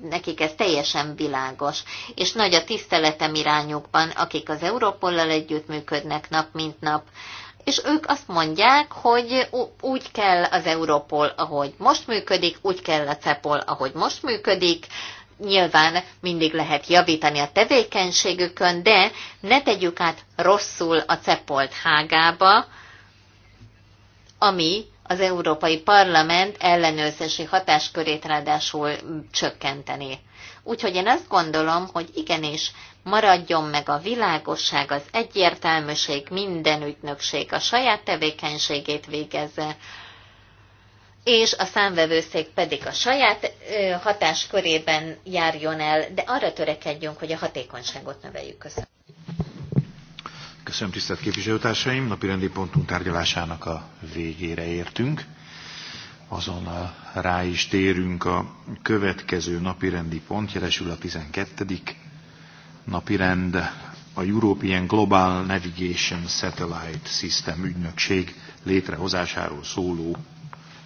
nekik ez teljesen világos, és nagy a tiszteletem irányukban, akik az Európollal együttműködnek nap mint nap, és ők azt mondják, hogy úgy kell az Európol, ahogy most működik, úgy kell a CEPOL, ahogy most működik, nyilván mindig lehet javítani a tevékenységükön, de ne tegyük át rosszul a cepolt hágába, ami az Európai Parlament ellenőrzési hatáskörét ráadásul csökkenteni. Úgyhogy én azt gondolom, hogy igenis maradjon meg a világosság, az egyértelműség, minden ügynökség a saját tevékenységét végezze, és a számvevőszék pedig a saját hatáskörében járjon el, de arra törekedjünk, hogy a hatékonyságot növeljük. Köszönöm. Köszönöm tisztelt képviselőtársaim, napi rendi pontunk tárgyalásának a végére értünk. Azonnal rá is térünk a következő napi rendi pont, jelesül a 12. napi rend, a European Global Navigation Satellite System ügynökség létrehozásáról szóló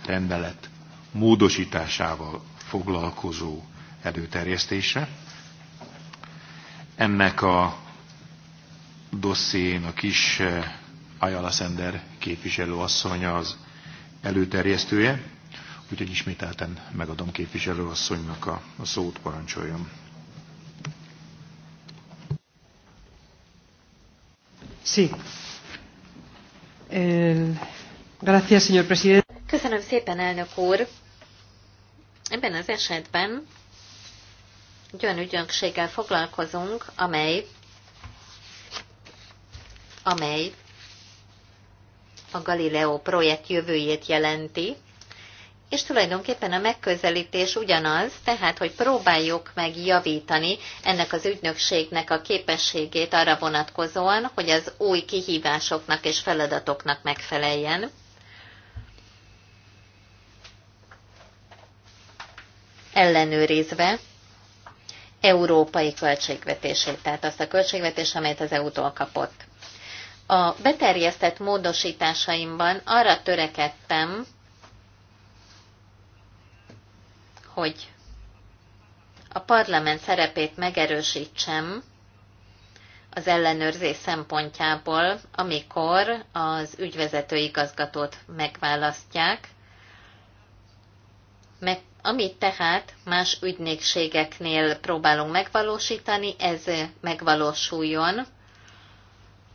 rendelet módosításával foglalkozó előterjesztése. Ennek a dossziénak is eh, Sender képviselő asszony az előterjesztője, úgyhogy ismételten megadom képviselő a, a szót, parancsoljon. Sí. El... Eh, gracias, señor presidente. Köszönöm szépen, elnök úr! Ebben az esetben egy olyan ügyönkséggel foglalkozunk, amely, amely a Galileo projekt jövőjét jelenti, és tulajdonképpen a megközelítés ugyanaz, tehát, hogy próbáljuk meg javítani ennek az ügynökségnek a képességét arra vonatkozóan, hogy az új kihívásoknak és feladatoknak megfeleljen. ellenőrizve európai költségvetését, tehát azt a költségvetést, amelyet az EU-tól kapott. A beterjesztett módosításaimban arra törekedtem, hogy a parlament szerepét megerősítsem az ellenőrzés szempontjából, amikor az ügyvezető igazgatót megválasztják, meg amit tehát más ügynökségeknél próbálunk megvalósítani, ez megvalósuljon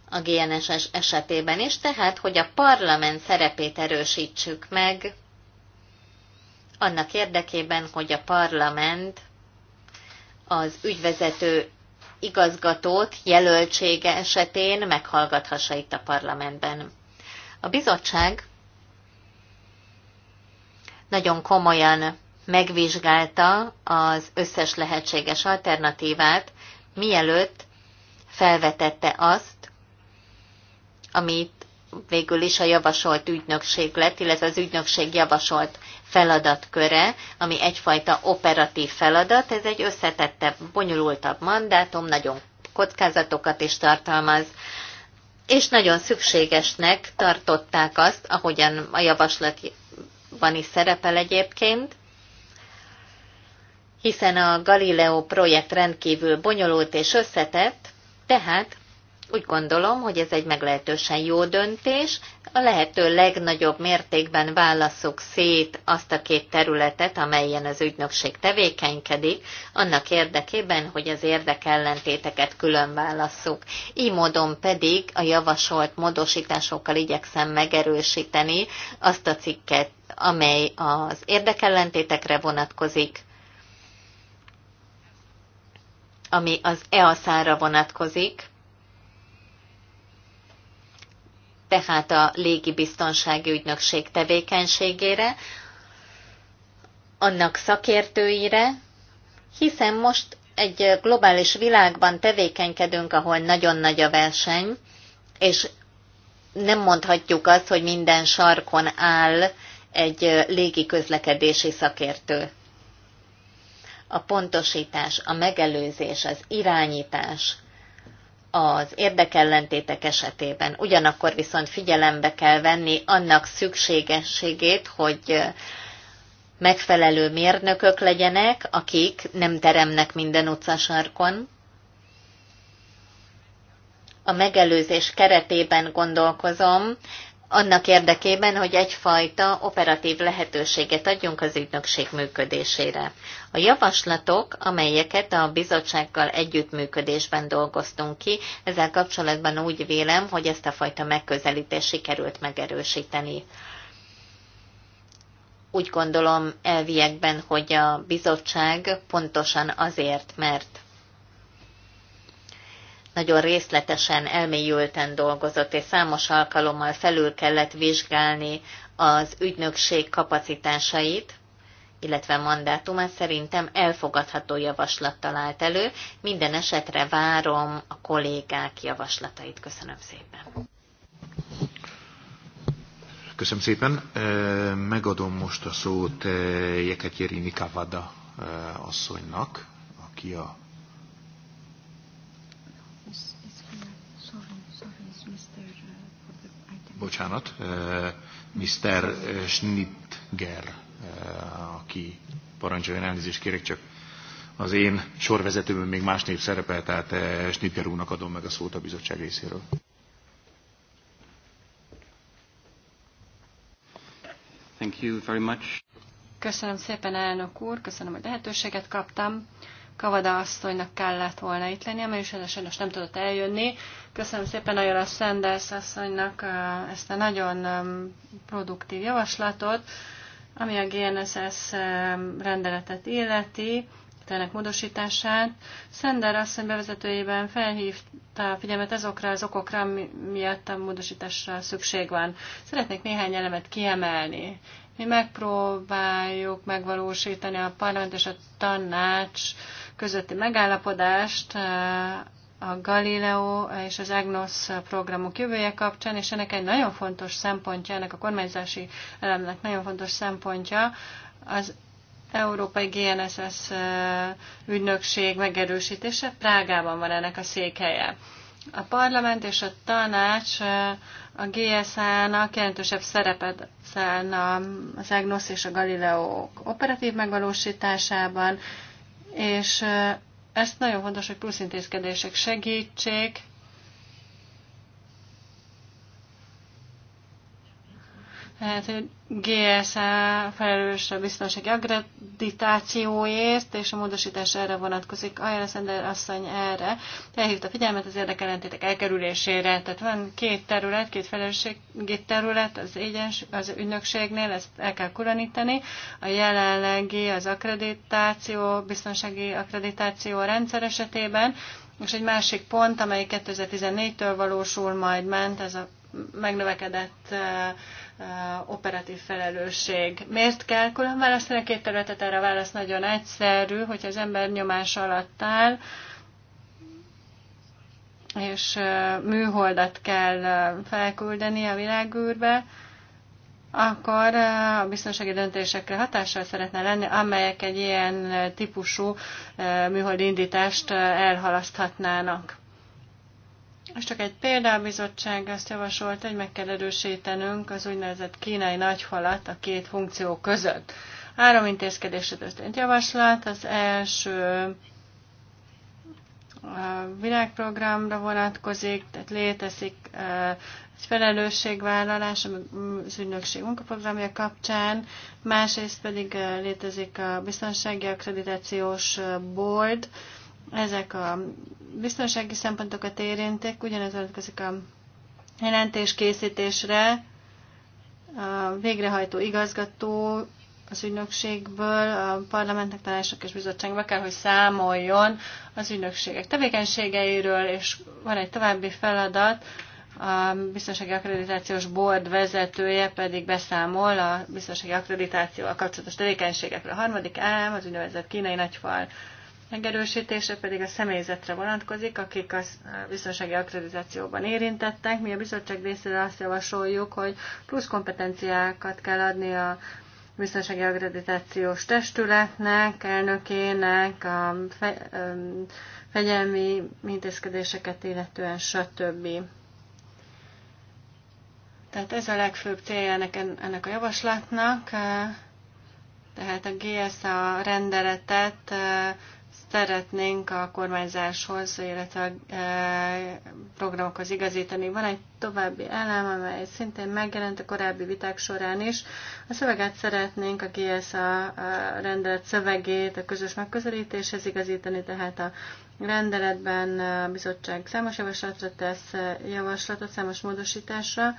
a GNSS esetében is, tehát hogy a parlament szerepét erősítsük meg, annak érdekében, hogy a parlament az ügyvezető igazgatót jelöltsége esetén meghallgathassa itt a parlamentben. A bizottság nagyon komolyan megvizsgálta az összes lehetséges alternatívát, mielőtt felvetette azt, amit végül is a javasolt ügynökség lett, illetve az ügynökség javasolt feladatköre, ami egyfajta operatív feladat. Ez egy összetettebb, bonyolultabb mandátum, nagyon kockázatokat is tartalmaz, és nagyon szükségesnek tartották azt, ahogyan a javaslatban is szerepel egyébként, hiszen a Galileo projekt rendkívül bonyolult és összetett, tehát úgy gondolom, hogy ez egy meglehetősen jó döntés. A lehető legnagyobb mértékben válaszok szét azt a két területet, amelyen az ügynökség tevékenykedik, annak érdekében, hogy az érdekellentéteket külön válasszuk. Így módon pedig a javasolt módosításokkal igyekszem megerősíteni azt a cikket, amely az érdekellentétekre vonatkozik, ami az EASZ-ra vonatkozik, tehát a légibiztonsági ügynökség tevékenységére, annak szakértőire, hiszen most egy globális világban tevékenykedünk, ahol nagyon nagy a verseny, és nem mondhatjuk azt, hogy minden sarkon áll egy légiközlekedési szakértő a pontosítás, a megelőzés, az irányítás az érdekellentétek esetében. Ugyanakkor viszont figyelembe kell venni annak szükségességét, hogy megfelelő mérnökök legyenek, akik nem teremnek minden utcasarkon. A megelőzés keretében gondolkozom, annak érdekében, hogy egyfajta operatív lehetőséget adjunk az ügynökség működésére. A javaslatok, amelyeket a bizottsággal együttműködésben dolgoztunk ki, ezzel kapcsolatban úgy vélem, hogy ezt a fajta megközelítést sikerült megerősíteni. Úgy gondolom elviekben, hogy a bizottság pontosan azért, mert nagyon részletesen, elmélyülten dolgozott, és számos alkalommal felül kellett vizsgálni az ügynökség kapacitásait, illetve mandátumát szerintem elfogadható javaslat talált elő. Minden esetre várom a kollégák javaslatait. Köszönöm szépen. Köszönöm szépen. Megadom most a szót Jekatyerini nikavada asszonynak, aki a bocsánat, Mr. Schnittger, aki parancsoljon elnézést kérek, csak az én sorvezetőmön még más nép szerepel, tehát Schnittger úrnak adom meg a szót a bizottság részéről. Thank you very much. Köszönöm szépen, elnök úr, köszönöm, hogy lehetőséget kaptam. Kavada asszonynak kellett volna itt lennie, mert is sajnos nem tudott eljönni. Köszönöm szépen a Sanders asszonynak ezt a nagyon produktív javaslatot, ami a GNSS rendeletet illeti, ennek módosítását. Szender asszony bevezetőjében felhívta a figyelmet azokra az okokra, miatt a módosításra szükség van. Szeretnék néhány elemet kiemelni. Mi megpróbáljuk megvalósítani a parlament és a tanács közötti megállapodást eh, a Galileo és az EGNOS programok jövője kapcsán, és ennek egy nagyon fontos szempontja, ennek a kormányzási elemnek nagyon fontos szempontja az Európai GNSS eh, ügynökség megerősítése. Prágában van ennek a székhelye. A parlament és a tanács eh, a GSA-nak jelentősebb szerepet szállna az EGNOS és a Galileo operatív megvalósításában, és ezt nagyon fontos, hogy plusz intézkedések segítsék, Hát, hogy GSA felelős a biztonsági agkreditációért, és a módosítás erre vonatkozik. Ajánl Szender asszony erre a figyelmet az érdekelentétek elkerülésére. Tehát van két terület, két felelősségi terület az, égyens, az ügynökségnél, ezt el kell különíteni. A jelenlegi az akkreditáció, biztonsági akkreditáció rendszer esetében, és egy másik pont, amely 2014-től valósul majd ment, ez a megnövekedett operatív felelősség. Miért kell külön választani a két területet? Erre a válasz nagyon egyszerű, hogy az ember nyomás alatt áll, és műholdat kell felküldeni a világűrbe, akkor a biztonsági döntésekre hatással szeretne lenni, amelyek egy ilyen típusú műhold indítást elhalaszthatnának. És csak egy példábizottság azt javasolt, hogy meg kell erősítenünk az úgynevezett kínai nagyfalat a két funkció között. Három intézkedésre történt javaslat. Az első a világprogramra vonatkozik, tehát létezik egy felelősségvállalás az ügynökség munkaprogramja kapcsán, másrészt pedig létezik a biztonsági akkreditációs board, ezek a biztonsági szempontokat érintik, ugyanez adatkozik a jelentés készítésre. A végrehajtó igazgató az ügynökségből a parlamentnek, tanácsnak és bizottságba kell, hogy számoljon az ügynökségek tevékenységeiről, és van egy további feladat, a biztonsági akkreditációs board vezetője pedig beszámol a biztonsági akkreditációval kapcsolatos tevékenységekről. A harmadik elem az úgynevezett kínai nagyfal megerősítése pedig a személyzetre vonatkozik, akik a biztonsági akkreditációban érintettek. Mi a bizottság részéről azt javasoljuk, hogy plusz kompetenciákat kell adni a biztonsági akkreditációs testületnek, elnökének, a fe, fegyelmi intézkedéseket illetően, stb. Tehát ez a legfőbb célja ennek, ennek a javaslatnak, tehát a GSA rendeletet szeretnénk a kormányzáshoz, illetve a e, programokhoz igazítani. Van egy további elem, amely szintén megjelent a korábbi viták során is. A szöveget szeretnénk a GSA rendelet szövegét a közös megközelítéshez igazítani, tehát a rendeletben a bizottság számos javaslatra tesz e, javaslatot, számos módosításra,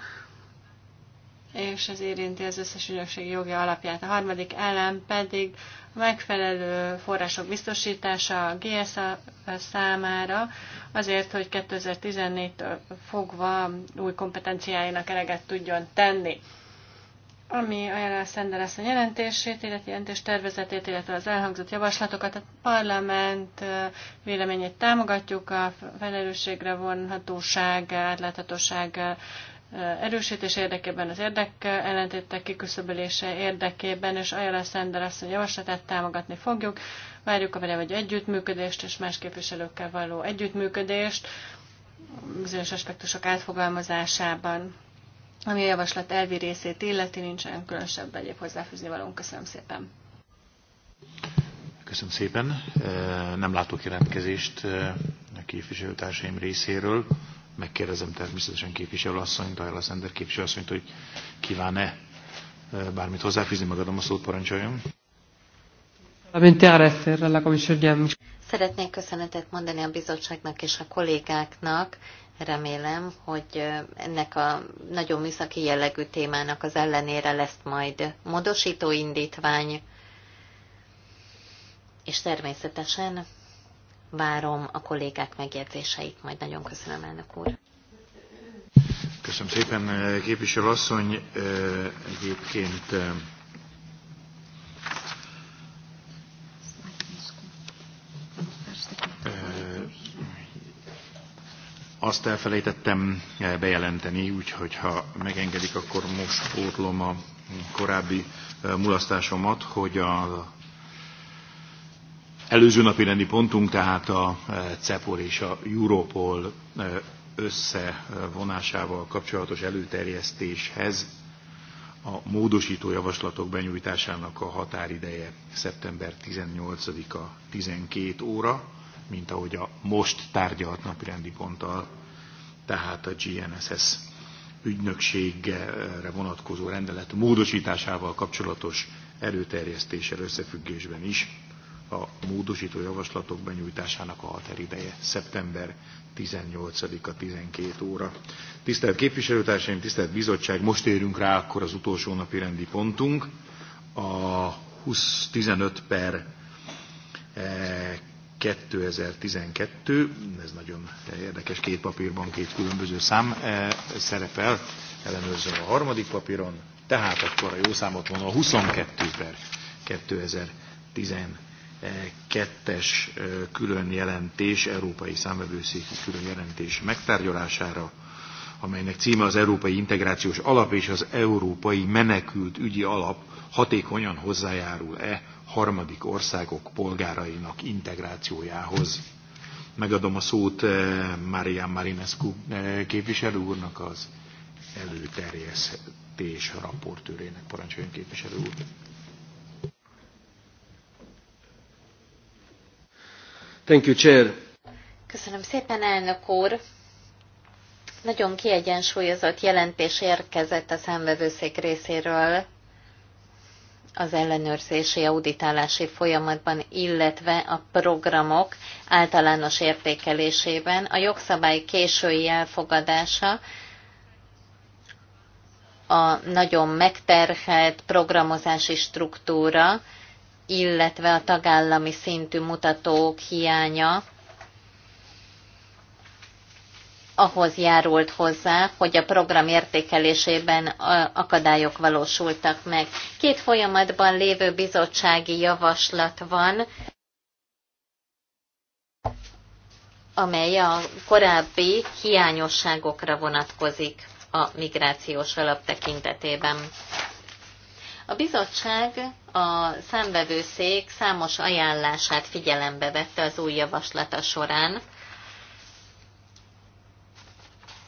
és ez érinti az összes ügynökség jogi alapját. A harmadik elem pedig a megfelelő források biztosítása a GSA számára, azért, hogy 2014-től fogva új kompetenciáinak eleget tudjon tenni. Ami ajánlja a jelentését, illetve jelentés tervezetét, illetve az elhangzott javaslatokat, a parlament véleményét támogatjuk, a felelősségre vonhatóság, átláthatóság Eh, erősítés érdekében, az érdek ellentétek kiküszöbölése érdekében, és Ajala Szender asszony javaslatát támogatni fogjuk. Várjuk a vele vagy együttműködést, és más képviselőkkel való együttműködést bizonyos aspektusok átfogalmazásában. Ami a javaslat elvi részét illeti, nincsen különösebb egyéb hozzáfűzni valónk. Köszönöm szépen. Köszönöm szépen. Eh, nem látok jelentkezést eh, a képviselőtársaim részéről megkérdezem természetesen képviselőasszonyt, Ajla Szender képviselőasszonyt, hogy kíván-e bármit hozzáfűzni, megadom a szót, parancsoljon. Szeretnék köszönetet mondani a bizottságnak és a kollégáknak. Remélem, hogy ennek a nagyon műszaki jellegű témának az ellenére lesz majd módosító indítvány, és természetesen várom a kollégák megjegyzéseit, majd nagyon köszönöm, elnök úr. Köszönöm szépen, képviselő asszony. Egyébként azt elfelejtettem bejelenteni, úgyhogy ha megengedik, akkor most pótlom a korábbi mulasztásomat, hogy a Előző napi rendi pontunk tehát a e, CEPOL és a Europol e, összevonásával kapcsolatos előterjesztéshez a módosító javaslatok benyújtásának a határideje szeptember 18-a 12 óra, mint ahogy a most tárgyalt napirendi ponttal, tehát a GNSS ügynökségre vonatkozó rendelet módosításával kapcsolatos erőterjesztéssel összefüggésben is a módosító javaslatok benyújtásának a határideje szeptember 18-a 12 óra. Tisztelt képviselőtársaim, tisztelt bizottság, most érünk rá akkor az utolsó napi rendi pontunk, a 2015 per 2012, e, ez nagyon érdekes, két papírban két különböző szám e, szerepel, ellenőrzöm a harmadik papíron, tehát akkor a jó számot van a 22 per 2012 kettes külön jelentés, európai számvevőszéki külön jelentés megtárgyalására, amelynek címe az Európai Integrációs Alap és az Európai Menekült Ügyi Alap hatékonyan hozzájárul-e harmadik országok polgárainak integrációjához. Megadom a szót Mária Marinescu képviselő úrnak az előterjesztés raportőrének. Parancsoljon képviselő úr! Thank you, Chair. Köszönöm szépen, elnök úr. Nagyon kiegyensúlyozott jelentés érkezett a számvevőszék részéről az ellenőrzési auditálási folyamatban, illetve a programok általános értékelésében. A jogszabály késői elfogadása a nagyon megterhelt programozási struktúra, illetve a tagállami szintű mutatók hiánya ahhoz járult hozzá, hogy a program értékelésében akadályok valósultak meg. Két folyamatban lévő bizottsági javaslat van, amely a korábbi hiányosságokra vonatkozik a migrációs alap tekintetében. A bizottság a számvevőszék számos ajánlását figyelembe vette az új javaslata során,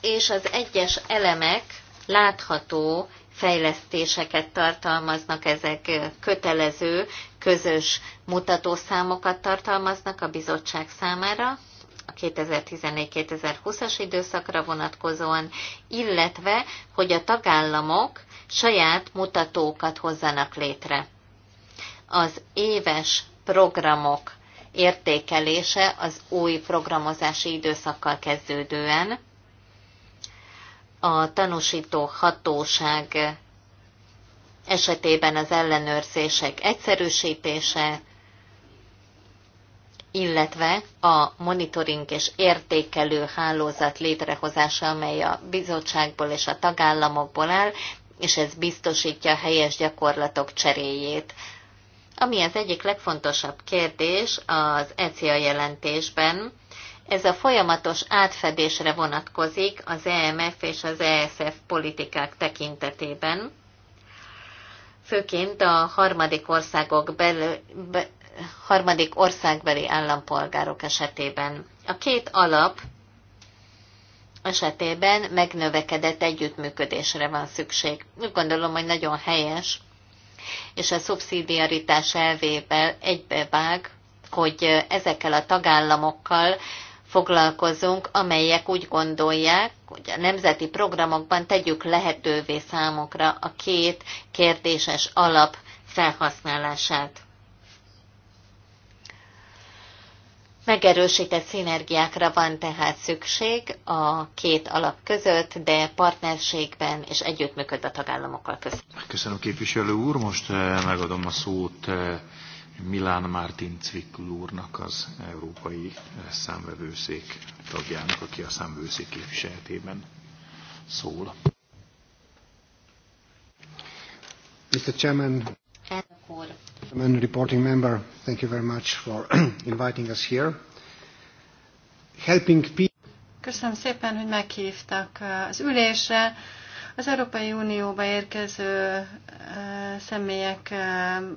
és az egyes elemek látható fejlesztéseket tartalmaznak, ezek kötelező, közös mutatószámokat tartalmaznak a bizottság számára, a 2014-2020-as időszakra vonatkozóan, illetve, hogy a tagállamok saját mutatókat hozzanak létre. Az éves programok értékelése az új programozási időszakkal kezdődően a tanúsító hatóság esetében az ellenőrzések egyszerűsítése, illetve a monitoring és értékelő hálózat létrehozása, amely a bizottságból és a tagállamokból áll, és ez biztosítja a helyes gyakorlatok cseréjét. Ami az egyik legfontosabb kérdés az ECIA jelentésben, ez a folyamatos átfedésre vonatkozik az EMF és az ESF politikák tekintetében, főként a harmadik országok belő be, harmadik országbeli állampolgárok esetében. A két alap esetében megnövekedett együttműködésre van szükség. Úgy gondolom, hogy nagyon helyes, és a szubszidiaritás elvével egybevág, hogy ezekkel a tagállamokkal foglalkozunk, amelyek úgy gondolják, hogy a nemzeti programokban tegyük lehetővé számokra a két kérdéses alap felhasználását. Megerősített szinergiákra van tehát szükség a két alap között, de partnerségben és együttműködve a tagállamokkal között. Köszönöm képviselő úr, most eh, megadom a szót eh, Milán Mártin Cvikl úrnak, az Európai eh, Számvevőszék tagjának, aki a számvevőszék képviseletében szól. Mr. Chairman. Elnök úr reporting member, thank you very much for inviting us here. Helping people. Köszönöm szépen, hogy meghívtak uh, az ülésre. Az Európai Unióba érkező uh, személyek uh,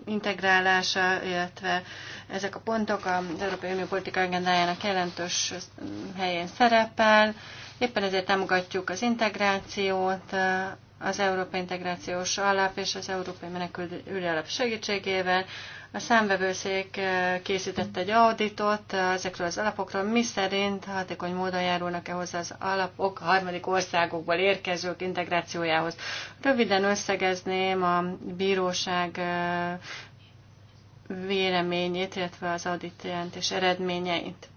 integrálása, illetve ezek a pontok az Európai Unió politikai agendájának jelentős um, helyén szerepel. Éppen ezért támogatjuk az integrációt, az Európai Integrációs Alap és az Európai Menekülő Alap segítségével. A számvevőszék eh, készített egy auditot ezekről az alapokról, mi szerint hatékony módon járulnak-e hozzá az alapok a harmadik országokból érkezők integrációjához. Röviden összegezném a bíróság eh, véleményét, illetve az audit jelentés eredményeit.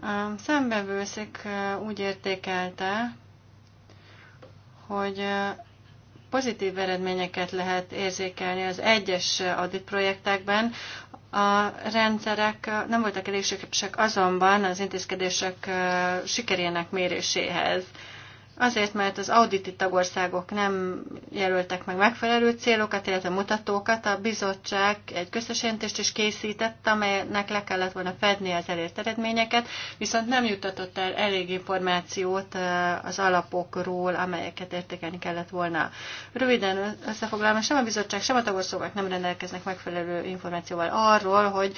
A szembevőszék eh, úgy értékelte, hogy pozitív eredményeket lehet érzékelni az egyes audit projektekben. A rendszerek nem voltak elégségesek azonban az intézkedések sikerének méréséhez. Azért, mert az auditi tagországok nem jelöltek meg megfelelő célokat, illetve mutatókat, a bizottság egy közös jelentést is készített, amelynek le kellett volna fedni az elért eredményeket, viszont nem jutatott el elég információt az alapokról, amelyeket értékelni kellett volna. Röviden összefoglalva, sem a bizottság, sem a tagországok nem rendelkeznek megfelelő információval arról, hogy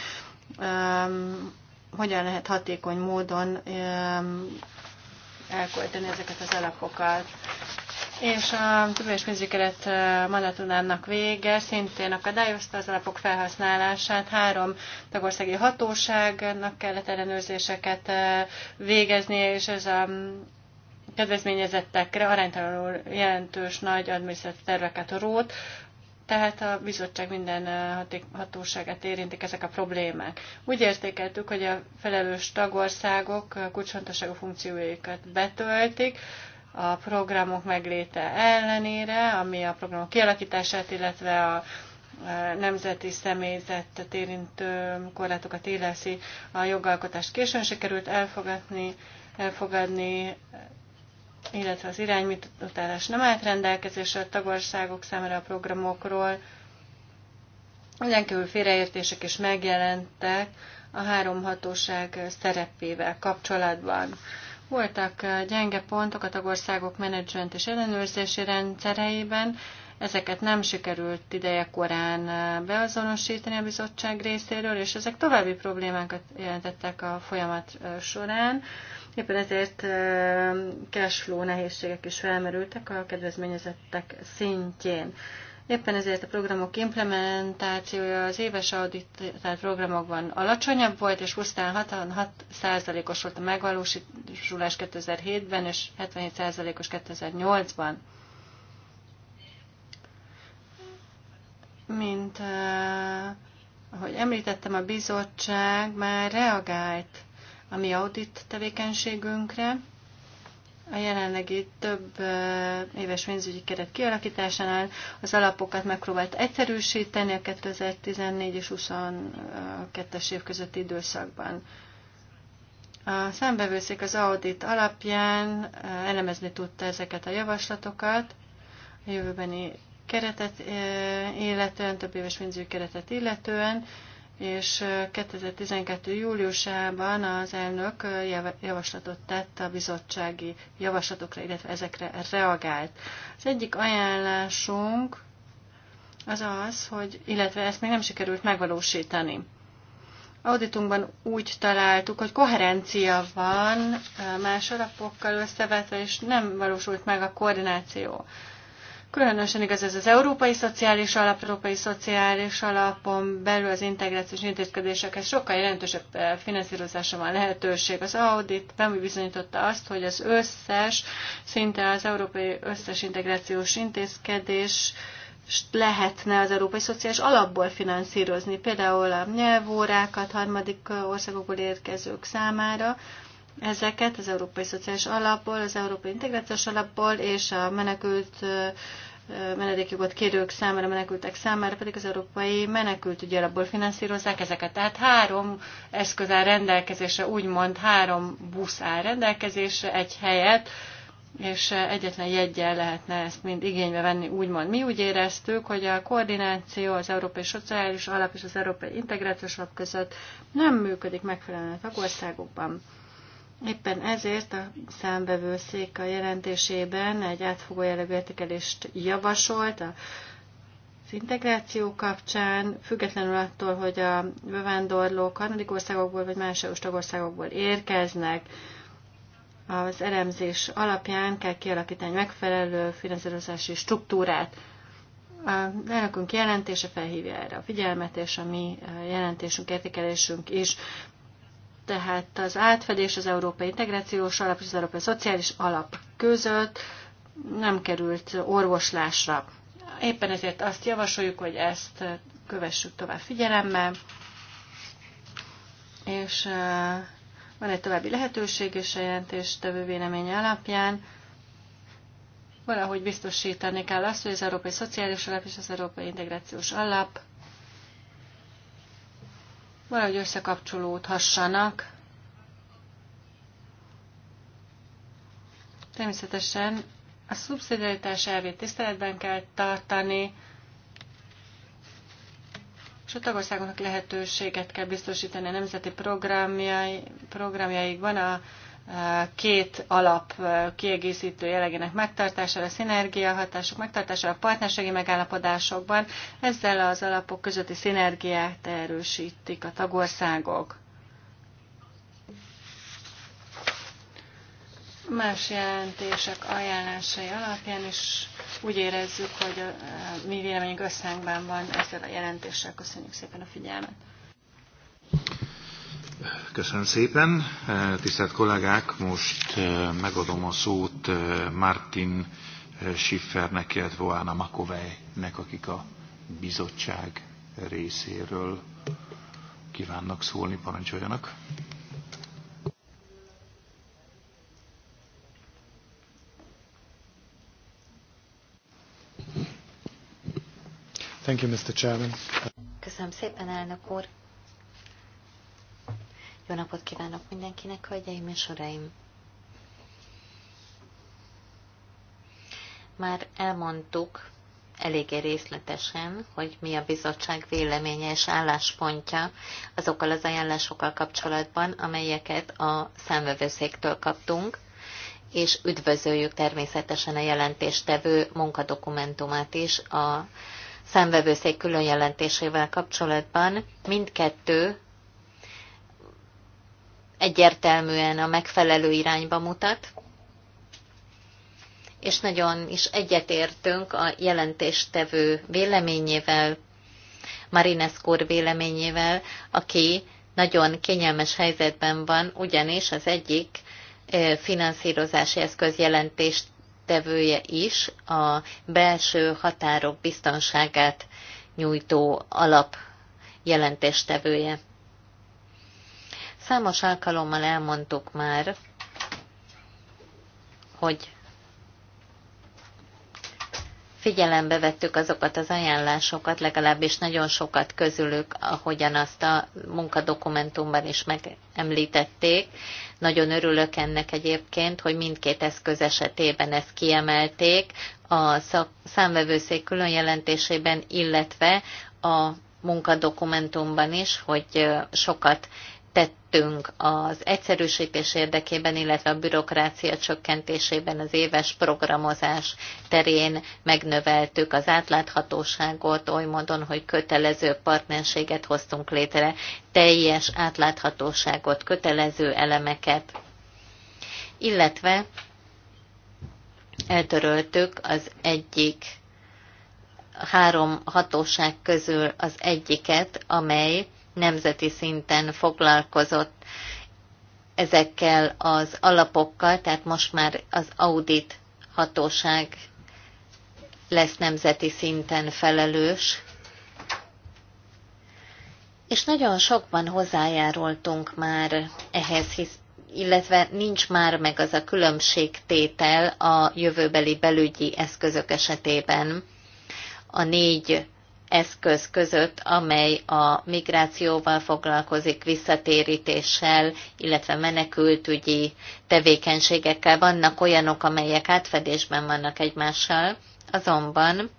um, hogyan lehet hatékony módon um, elkölteni ezeket az alapokat. És a tudományos pénzügykeret mandátumának vége szintén akadályozta az alapok felhasználását. Három tagországi hatóságnak kellett ellenőrzéseket végezni, és ez a mm, kedvezményezettekre aránytalanul jelentős nagy adminisztratív terveket rót, tehát a bizottság minden hatóságát érintik ezek a problémák. Úgy értékeltük, hogy a felelős tagországok kulcsfontosságú funkcióikat betöltik, a programok megléte ellenére, ami a programok kialakítását, illetve a nemzeti személyzetet érintő korlátokat éleszi, a jogalkotást későn sikerült elfogadni, elfogadni illetve az iránymutatás nem állt rendelkezésre a tagországok számára a programokról. kívül félreértések is megjelentek a három hatóság szerepével kapcsolatban. Voltak eh, gyenge pontok a tagországok menedzsment és ellenőrzési rendszereiben, ezeket nem sikerült ideje korán eh, beazonosítani a bizottság részéről, és ezek további problémákat jelentettek a folyamat eh, során. Éppen ezért cashflow nehézségek is felmerültek a kedvezményezettek szintjén. Éppen ezért a programok implementációja az éves auditált programokban alacsonyabb volt, és 26%-os volt a megvalósulás 2007-ben, és 77%-os 2008-ban. Mint ahogy említettem, a bizottság már reagált a mi audit tevékenységünkre. A jelenlegi több éves pénzügyi keret kialakításánál az alapokat megpróbált egyszerűsíteni a 2014 és 2022 es év közötti időszakban. A számbevőszék az audit alapján elemezni tudta ezeket a javaslatokat, a jövőbeni keretet illetően, több éves pénzügyi keretet illetően, és 2012. júliusában az elnök javaslatot tett a bizottsági javaslatokra, illetve ezekre reagált. Az egyik ajánlásunk az az, hogy, illetve ezt még nem sikerült megvalósítani. Auditunkban úgy találtuk, hogy koherencia van más alapokkal összevetve, és nem valósult meg a koordináció. Különösen igaz ez az európai szociális alap, európai szociális alapon belül az integrációs intézkedésekhez sokkal jelentősebb eh, finanszírozása van lehetőség. Az audit nem bizonyította azt, hogy az összes, szinte az európai összes integrációs intézkedés lehetne az európai szociális alapból finanszírozni, például a nyelvórákat harmadik eh, országokból érkezők számára, ezeket az Európai Szociális Alapból, az Európai Integrációs Alapból és a menekült menedékjogot kérők számára, menekültek számára pedig az Európai Menekültügyi Alapból finanszírozzák ezeket. Tehát három eszköz áll rendelkezésre, úgymond három busz áll rendelkezésre egy helyet, és egyetlen jegyel lehetne ezt mind igénybe venni, úgymond. Mi úgy éreztük, hogy a koordináció az Európai Szociális Alap és az Európai Integrációs Alap között nem működik megfelelően a tagországokban. Éppen ezért a számbevőszék a jelentésében egy átfogó jellegű értékelést javasolt az integráció kapcsán, függetlenül attól, hogy a bevándorlók harmadik országokból vagy más EU tagországokból érkeznek, az elemzés alapján kell kialakítani megfelelő finanszírozási struktúrát. A elnökünk jelentése felhívja erre a figyelmet, és a mi jelentésünk, értékelésünk is tehát az átfedés az Európai Integrációs Alap és az Európai Szociális Alap között nem került orvoslásra. Éppen ezért azt javasoljuk, hogy ezt kövessük tovább figyelemmel, és van egy további lehetőség és a tevő véleménye alapján, valahogy biztosítani kell azt, hogy az Európai Szociális Alap és az Európai Integrációs Alap valahogy összekapcsolódhassanak. Természetesen a szubszidiaritás elvét tiszteletben kell tartani, és a tagországoknak lehetőséget kell biztosítani a nemzeti programjai, programjaikban a két alap kiegészítő jellegének megtartására, szinergiahatások megtartására, a partnerségi megállapodásokban. Ezzel az alapok közötti szinergiát erősítik a tagországok. Más jelentések ajánlásai alapján is úgy érezzük, hogy a, a mi véleményünk összhangban van ezzel a jelentéssel. Köszönjük szépen a figyelmet! Köszönöm szépen. Eh, tisztelt kollégák, most eh, megadom a szót eh, Martin Schiffernek, illetve Oana Makovejnek, akik a bizottság részéről kívánnak szólni, parancsoljanak. Thank you, Mr. Chairman. Köszönöm szépen, elnök úr. Jó napot kívánok mindenkinek, hölgyeim és uraim! Már elmondtuk eléggé részletesen, hogy mi a bizottság véleménye és álláspontja azokkal az ajánlásokkal kapcsolatban, amelyeket a számvevőszéktől kaptunk, és üdvözöljük természetesen a jelentéstevő munkadokumentumát is a számvevőszék külön jelentésével kapcsolatban. Mindkettő egyértelműen a megfelelő irányba mutat, és nagyon is egyetértünk a jelentéstevő véleményével, Marines Kór véleményével, aki nagyon kényelmes helyzetben van, ugyanis az egyik finanszírozási eszköz jelentést tevője is a belső határok biztonságát nyújtó alap jelentéstevője. Számos alkalommal elmondtuk már, hogy figyelembe vettük azokat az ajánlásokat, legalábbis nagyon sokat közülük, ahogyan azt a munkadokumentumban is megemlítették. Nagyon örülök ennek egyébként, hogy mindkét eszköz esetében ezt kiemelték a számvevőszék külön jelentésében, illetve a munkadokumentumban is, hogy sokat tettünk az egyszerűsítés érdekében, illetve a bürokrácia csökkentésében az éves programozás terén megnöveltük az átláthatóságot oly módon, hogy kötelező partnerséget hoztunk létre, teljes átláthatóságot, kötelező elemeket, illetve eltöröltük az egyik három hatóság közül az egyiket, amely nemzeti szinten foglalkozott ezekkel az alapokkal, tehát most már az audit hatóság lesz nemzeti szinten felelős, és nagyon sokban hozzájárultunk már ehhez, hisz, illetve nincs már meg az a különbségtétel a jövőbeli belügyi eszközök esetében. A négy eszköz között, amely a migrációval foglalkozik, visszatérítéssel, illetve menekültügyi tevékenységekkel. Vannak olyanok, amelyek átfedésben vannak egymással, azonban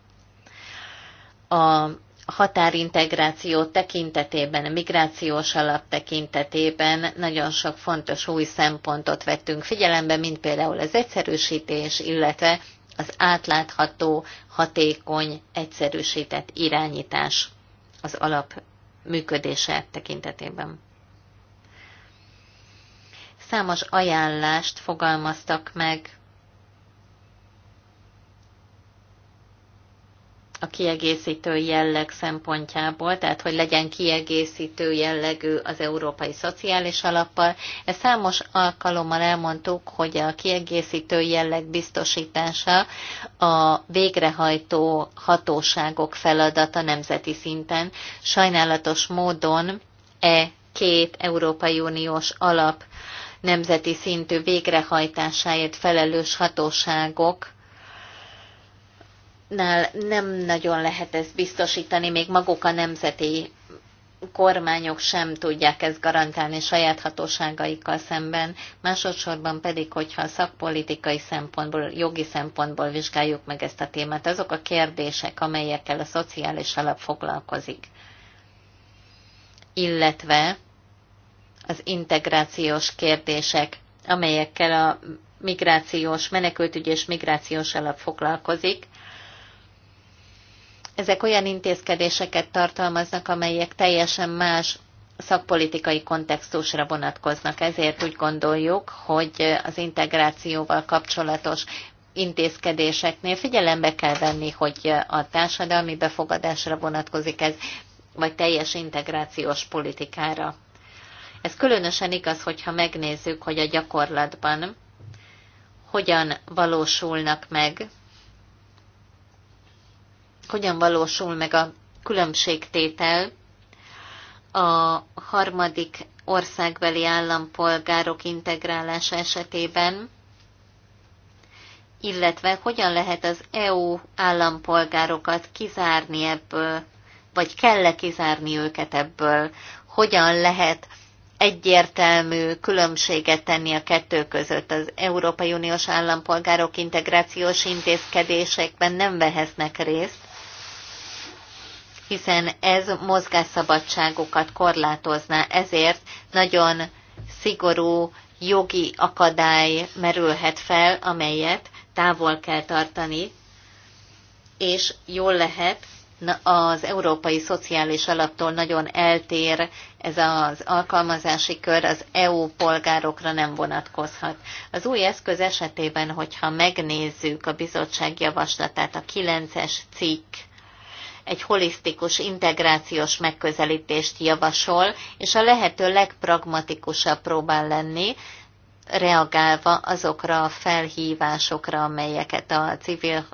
a határintegráció tekintetében, a migrációs alap tekintetében nagyon sok fontos új szempontot vettünk figyelembe, mint például az egyszerűsítés, illetve az átlátható, hatékony, egyszerűsített irányítás az alap működése tekintetében. Számos ajánlást fogalmaztak meg a kiegészítő jelleg szempontjából, tehát hogy legyen kiegészítő jellegű az Európai Szociális Alappal. Ezt számos alkalommal elmondtuk, hogy a kiegészítő jelleg biztosítása a végrehajtó hatóságok feladata nemzeti szinten. Sajnálatos módon e két Európai Uniós alap nemzeti szintű végrehajtásáért felelős hatóságok nál nem nagyon lehet ezt biztosítani, még maguk a nemzeti kormányok sem tudják ezt garantálni saját hatóságaikkal szemben, másodszorban pedig, hogyha szakpolitikai szempontból, jogi szempontból vizsgáljuk meg ezt a témát, azok a kérdések, amelyekkel a szociális alap foglalkozik, illetve az integrációs kérdések, amelyekkel a migrációs, menekültügy és migrációs alap foglalkozik, ezek olyan intézkedéseket tartalmaznak, amelyek teljesen más szakpolitikai kontextusra vonatkoznak. Ezért úgy gondoljuk, hogy az integrációval kapcsolatos intézkedéseknél figyelembe kell venni, hogy a társadalmi befogadásra vonatkozik ez, vagy teljes integrációs politikára. Ez különösen igaz, hogyha megnézzük, hogy a gyakorlatban hogyan valósulnak meg hogyan valósul meg a különbségtétel a harmadik országbeli állampolgárok integrálása esetében, illetve hogyan lehet az EU állampolgárokat kizárni ebből, vagy kell-e kizárni őket ebből, hogyan lehet egyértelmű különbséget tenni a kettő között. Az Európai Uniós állampolgárok integrációs intézkedésekben nem vehetnek részt, hiszen ez mozgásszabadságokat korlátozná, ezért nagyon szigorú jogi akadály merülhet fel, amelyet távol kell tartani, és jól lehet, az Európai Szociális Alaptól nagyon eltér ez az alkalmazási kör, az EU polgárokra nem vonatkozhat. Az új eszköz esetében, hogyha megnézzük a bizottság javaslatát, a 9-es cikk egy holisztikus, integrációs megközelítést javasol, és a lehető legpragmatikusabb próbál lenni, reagálva azokra a felhívásokra, amelyeket a civil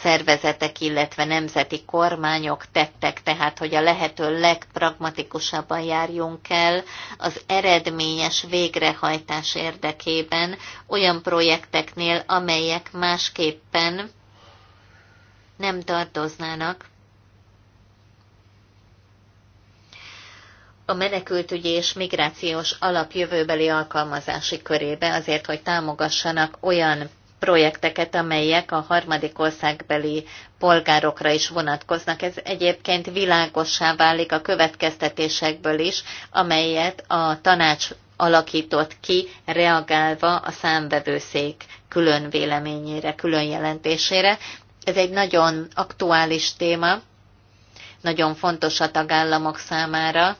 szervezetek, illetve nemzeti kormányok tettek, tehát hogy a lehető legpragmatikusabban járjunk el az eredményes végrehajtás érdekében olyan projekteknél, amelyek másképpen nem tartoznának a menekültügyi és migrációs alapjövőbeli alkalmazási körébe azért, hogy támogassanak olyan projekteket, amelyek a harmadik országbeli polgárokra is vonatkoznak. Ez egyébként világossá válik a következtetésekből is, amelyet a tanács alakított ki, reagálva a számvevőszék külön véleményére, külön jelentésére. Ez egy nagyon aktuális téma, nagyon fontos a tagállamok számára,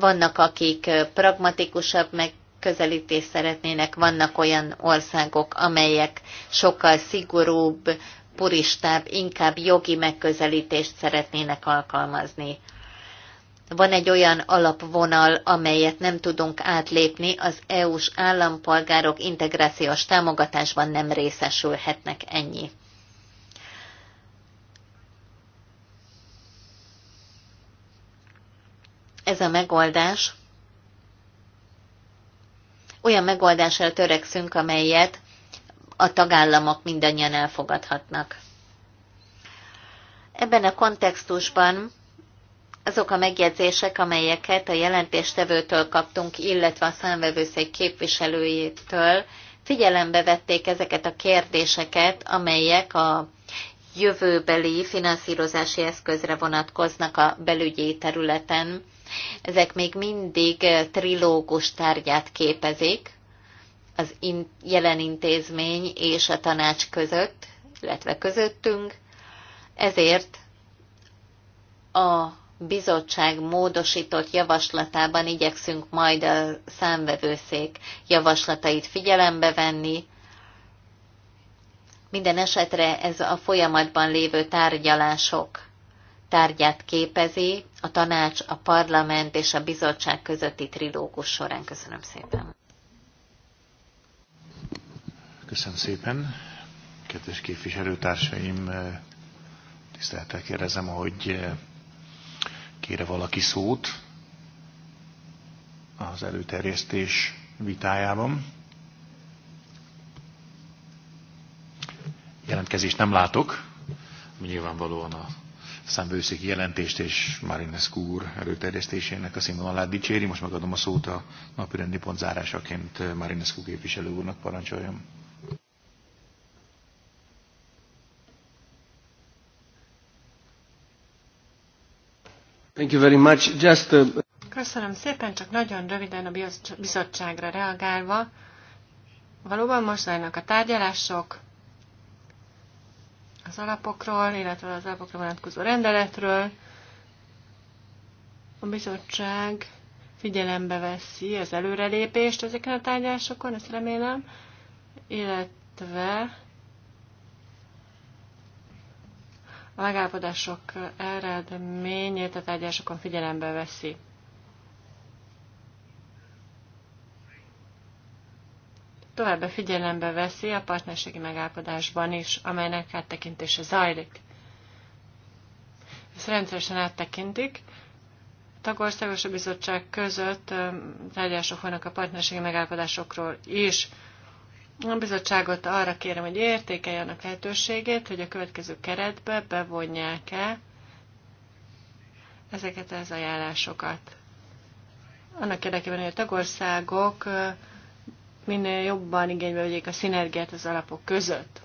vannak, akik pragmatikusabb megközelítést szeretnének, vannak olyan országok, amelyek sokkal szigorúbb, puristább, inkább jogi megközelítést szeretnének alkalmazni. Van egy olyan alapvonal, amelyet nem tudunk átlépni, az EU-s állampolgárok integrációs támogatásban nem részesülhetnek ennyi. ez a megoldás, olyan megoldással törekszünk, amelyet a tagállamok mindannyian elfogadhatnak. Ebben a kontextusban azok a megjegyzések, amelyeket a jelentéstevőtől kaptunk, illetve a számvevőszék képviselőjétől, figyelembe vették ezeket a kérdéseket, amelyek a jövőbeli finanszírozási eszközre vonatkoznak a belügyi területen, ezek még mindig eh, trilógus tárgyát képezik az in- jelen intézmény és a tanács között, illetve közöttünk, ezért a bizottság módosított javaslatában igyekszünk majd a számvevőszék javaslatait figyelembe venni. Minden esetre ez a folyamatban lévő tárgyalások tárgyát képezi, a tanács, a parlament és a bizottság közötti trilógus során. Köszönöm szépen. Köszönöm szépen. Kedves képviselőtársaim, eh, tiszteltel kérdezem, hogy eh, kére valaki szót az előterjesztés vitájában. Jelentkezést nem látok, nyilvánvalóan a számvőszéki jelentést és Marinescu úr előterjesztésének a színvonalát dicséri. Most megadom a szót a napirendi pont zárásaként Marinescu képviselő úrnak parancsoljam. Thank you very much. Just a... Uh, Köszönöm szépen, csak nagyon röviden a bizottságra reagálva. Valóban most zajlanak a tárgyalások, az alapokról, illetve az alapokra vonatkozó rendeletről. A bizottság figyelembe veszi az előrelépést ezeken a tárgyásokon, ezt remélem, illetve a megállapodások eredményét a tárgyásokon figyelembe veszi. továbbá figyelembe veszi a partnerségi megállapodásban is, amelynek áttekintése zajlik. Ezt rendszeresen áttekintik. A tagországos a bizottság között tárgyások vannak a partnerségi megállapodásokról is. A bizottságot arra kérem, hogy értékelje annak lehetőségét, hogy a következő keretbe bevonják-e ezeket az ajánlásokat. Annak érdekében, hogy a tagországok minél jobban igénybe vegyék a szinergiát az alapok között.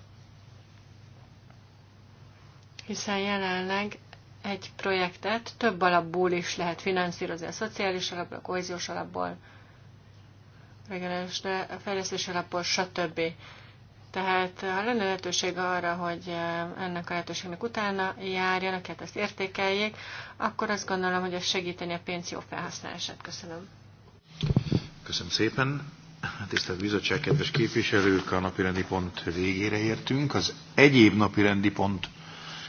Hiszen jelenleg egy projektet több alapból is lehet finanszírozni, a szociális alapból, a kohéziós alapból, a fejlesztés alapból, stb. Tehát ha lenne lehetőség arra, hogy eh, ennek a lehetőségnek utána járjanak, hát ezt értékeljék, akkor azt gondolom, hogy ez segíteni a pénz jó felhasználását. Köszönöm. Köszönöm szépen. Hát tisztelt Bizottság, kedves képviselők, a napirendi pont végére értünk. Az egyéb napirendi pont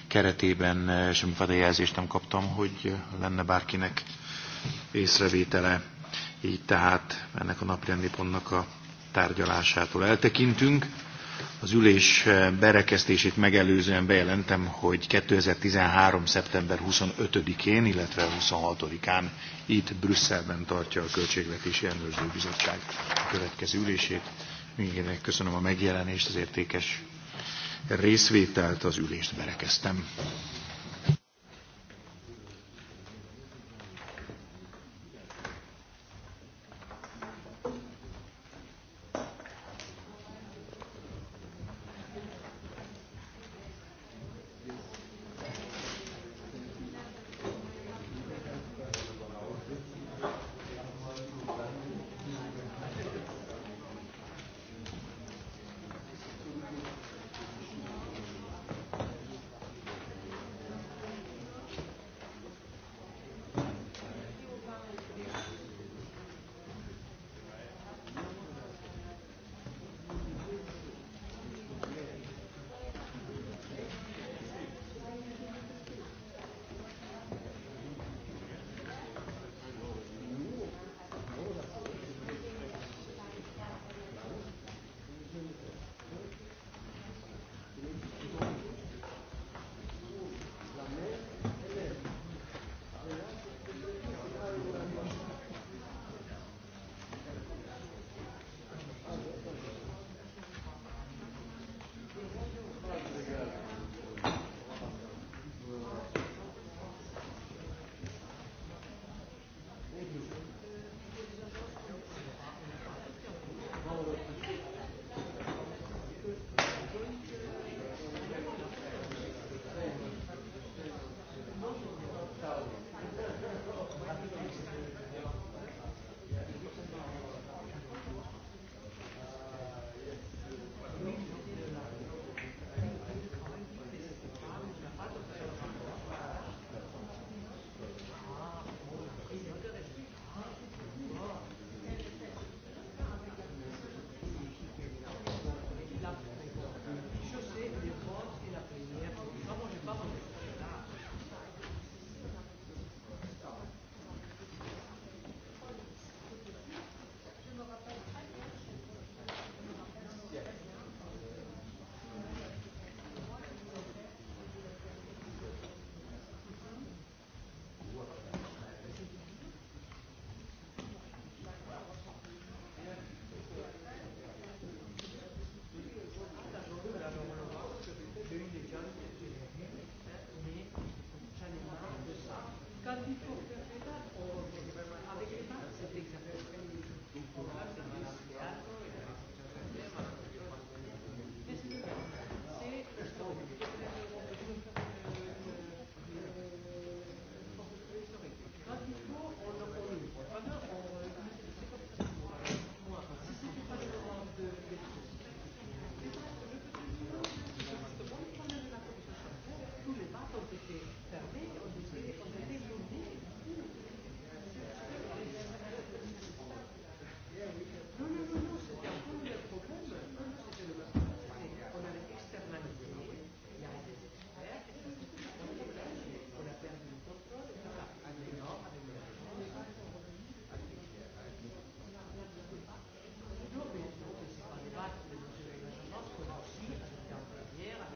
keretében eh, semmifajta jelzést nem kaptam, hogy lenne bárkinek észrevétele. Így tehát ennek a napirendi pontnak a tárgyalásától eltekintünk. Az ülés eh, berekesztését megelőzően bejelentem, hogy 2013. szeptember 25-én, illetve 26-án itt Brüsszelben tartja a Költségvetési Ellenőrző Bizottság a következő ülését. Mindenkinek köszönöm a megjelenést, az értékes részvételt, az ülést berekeztem.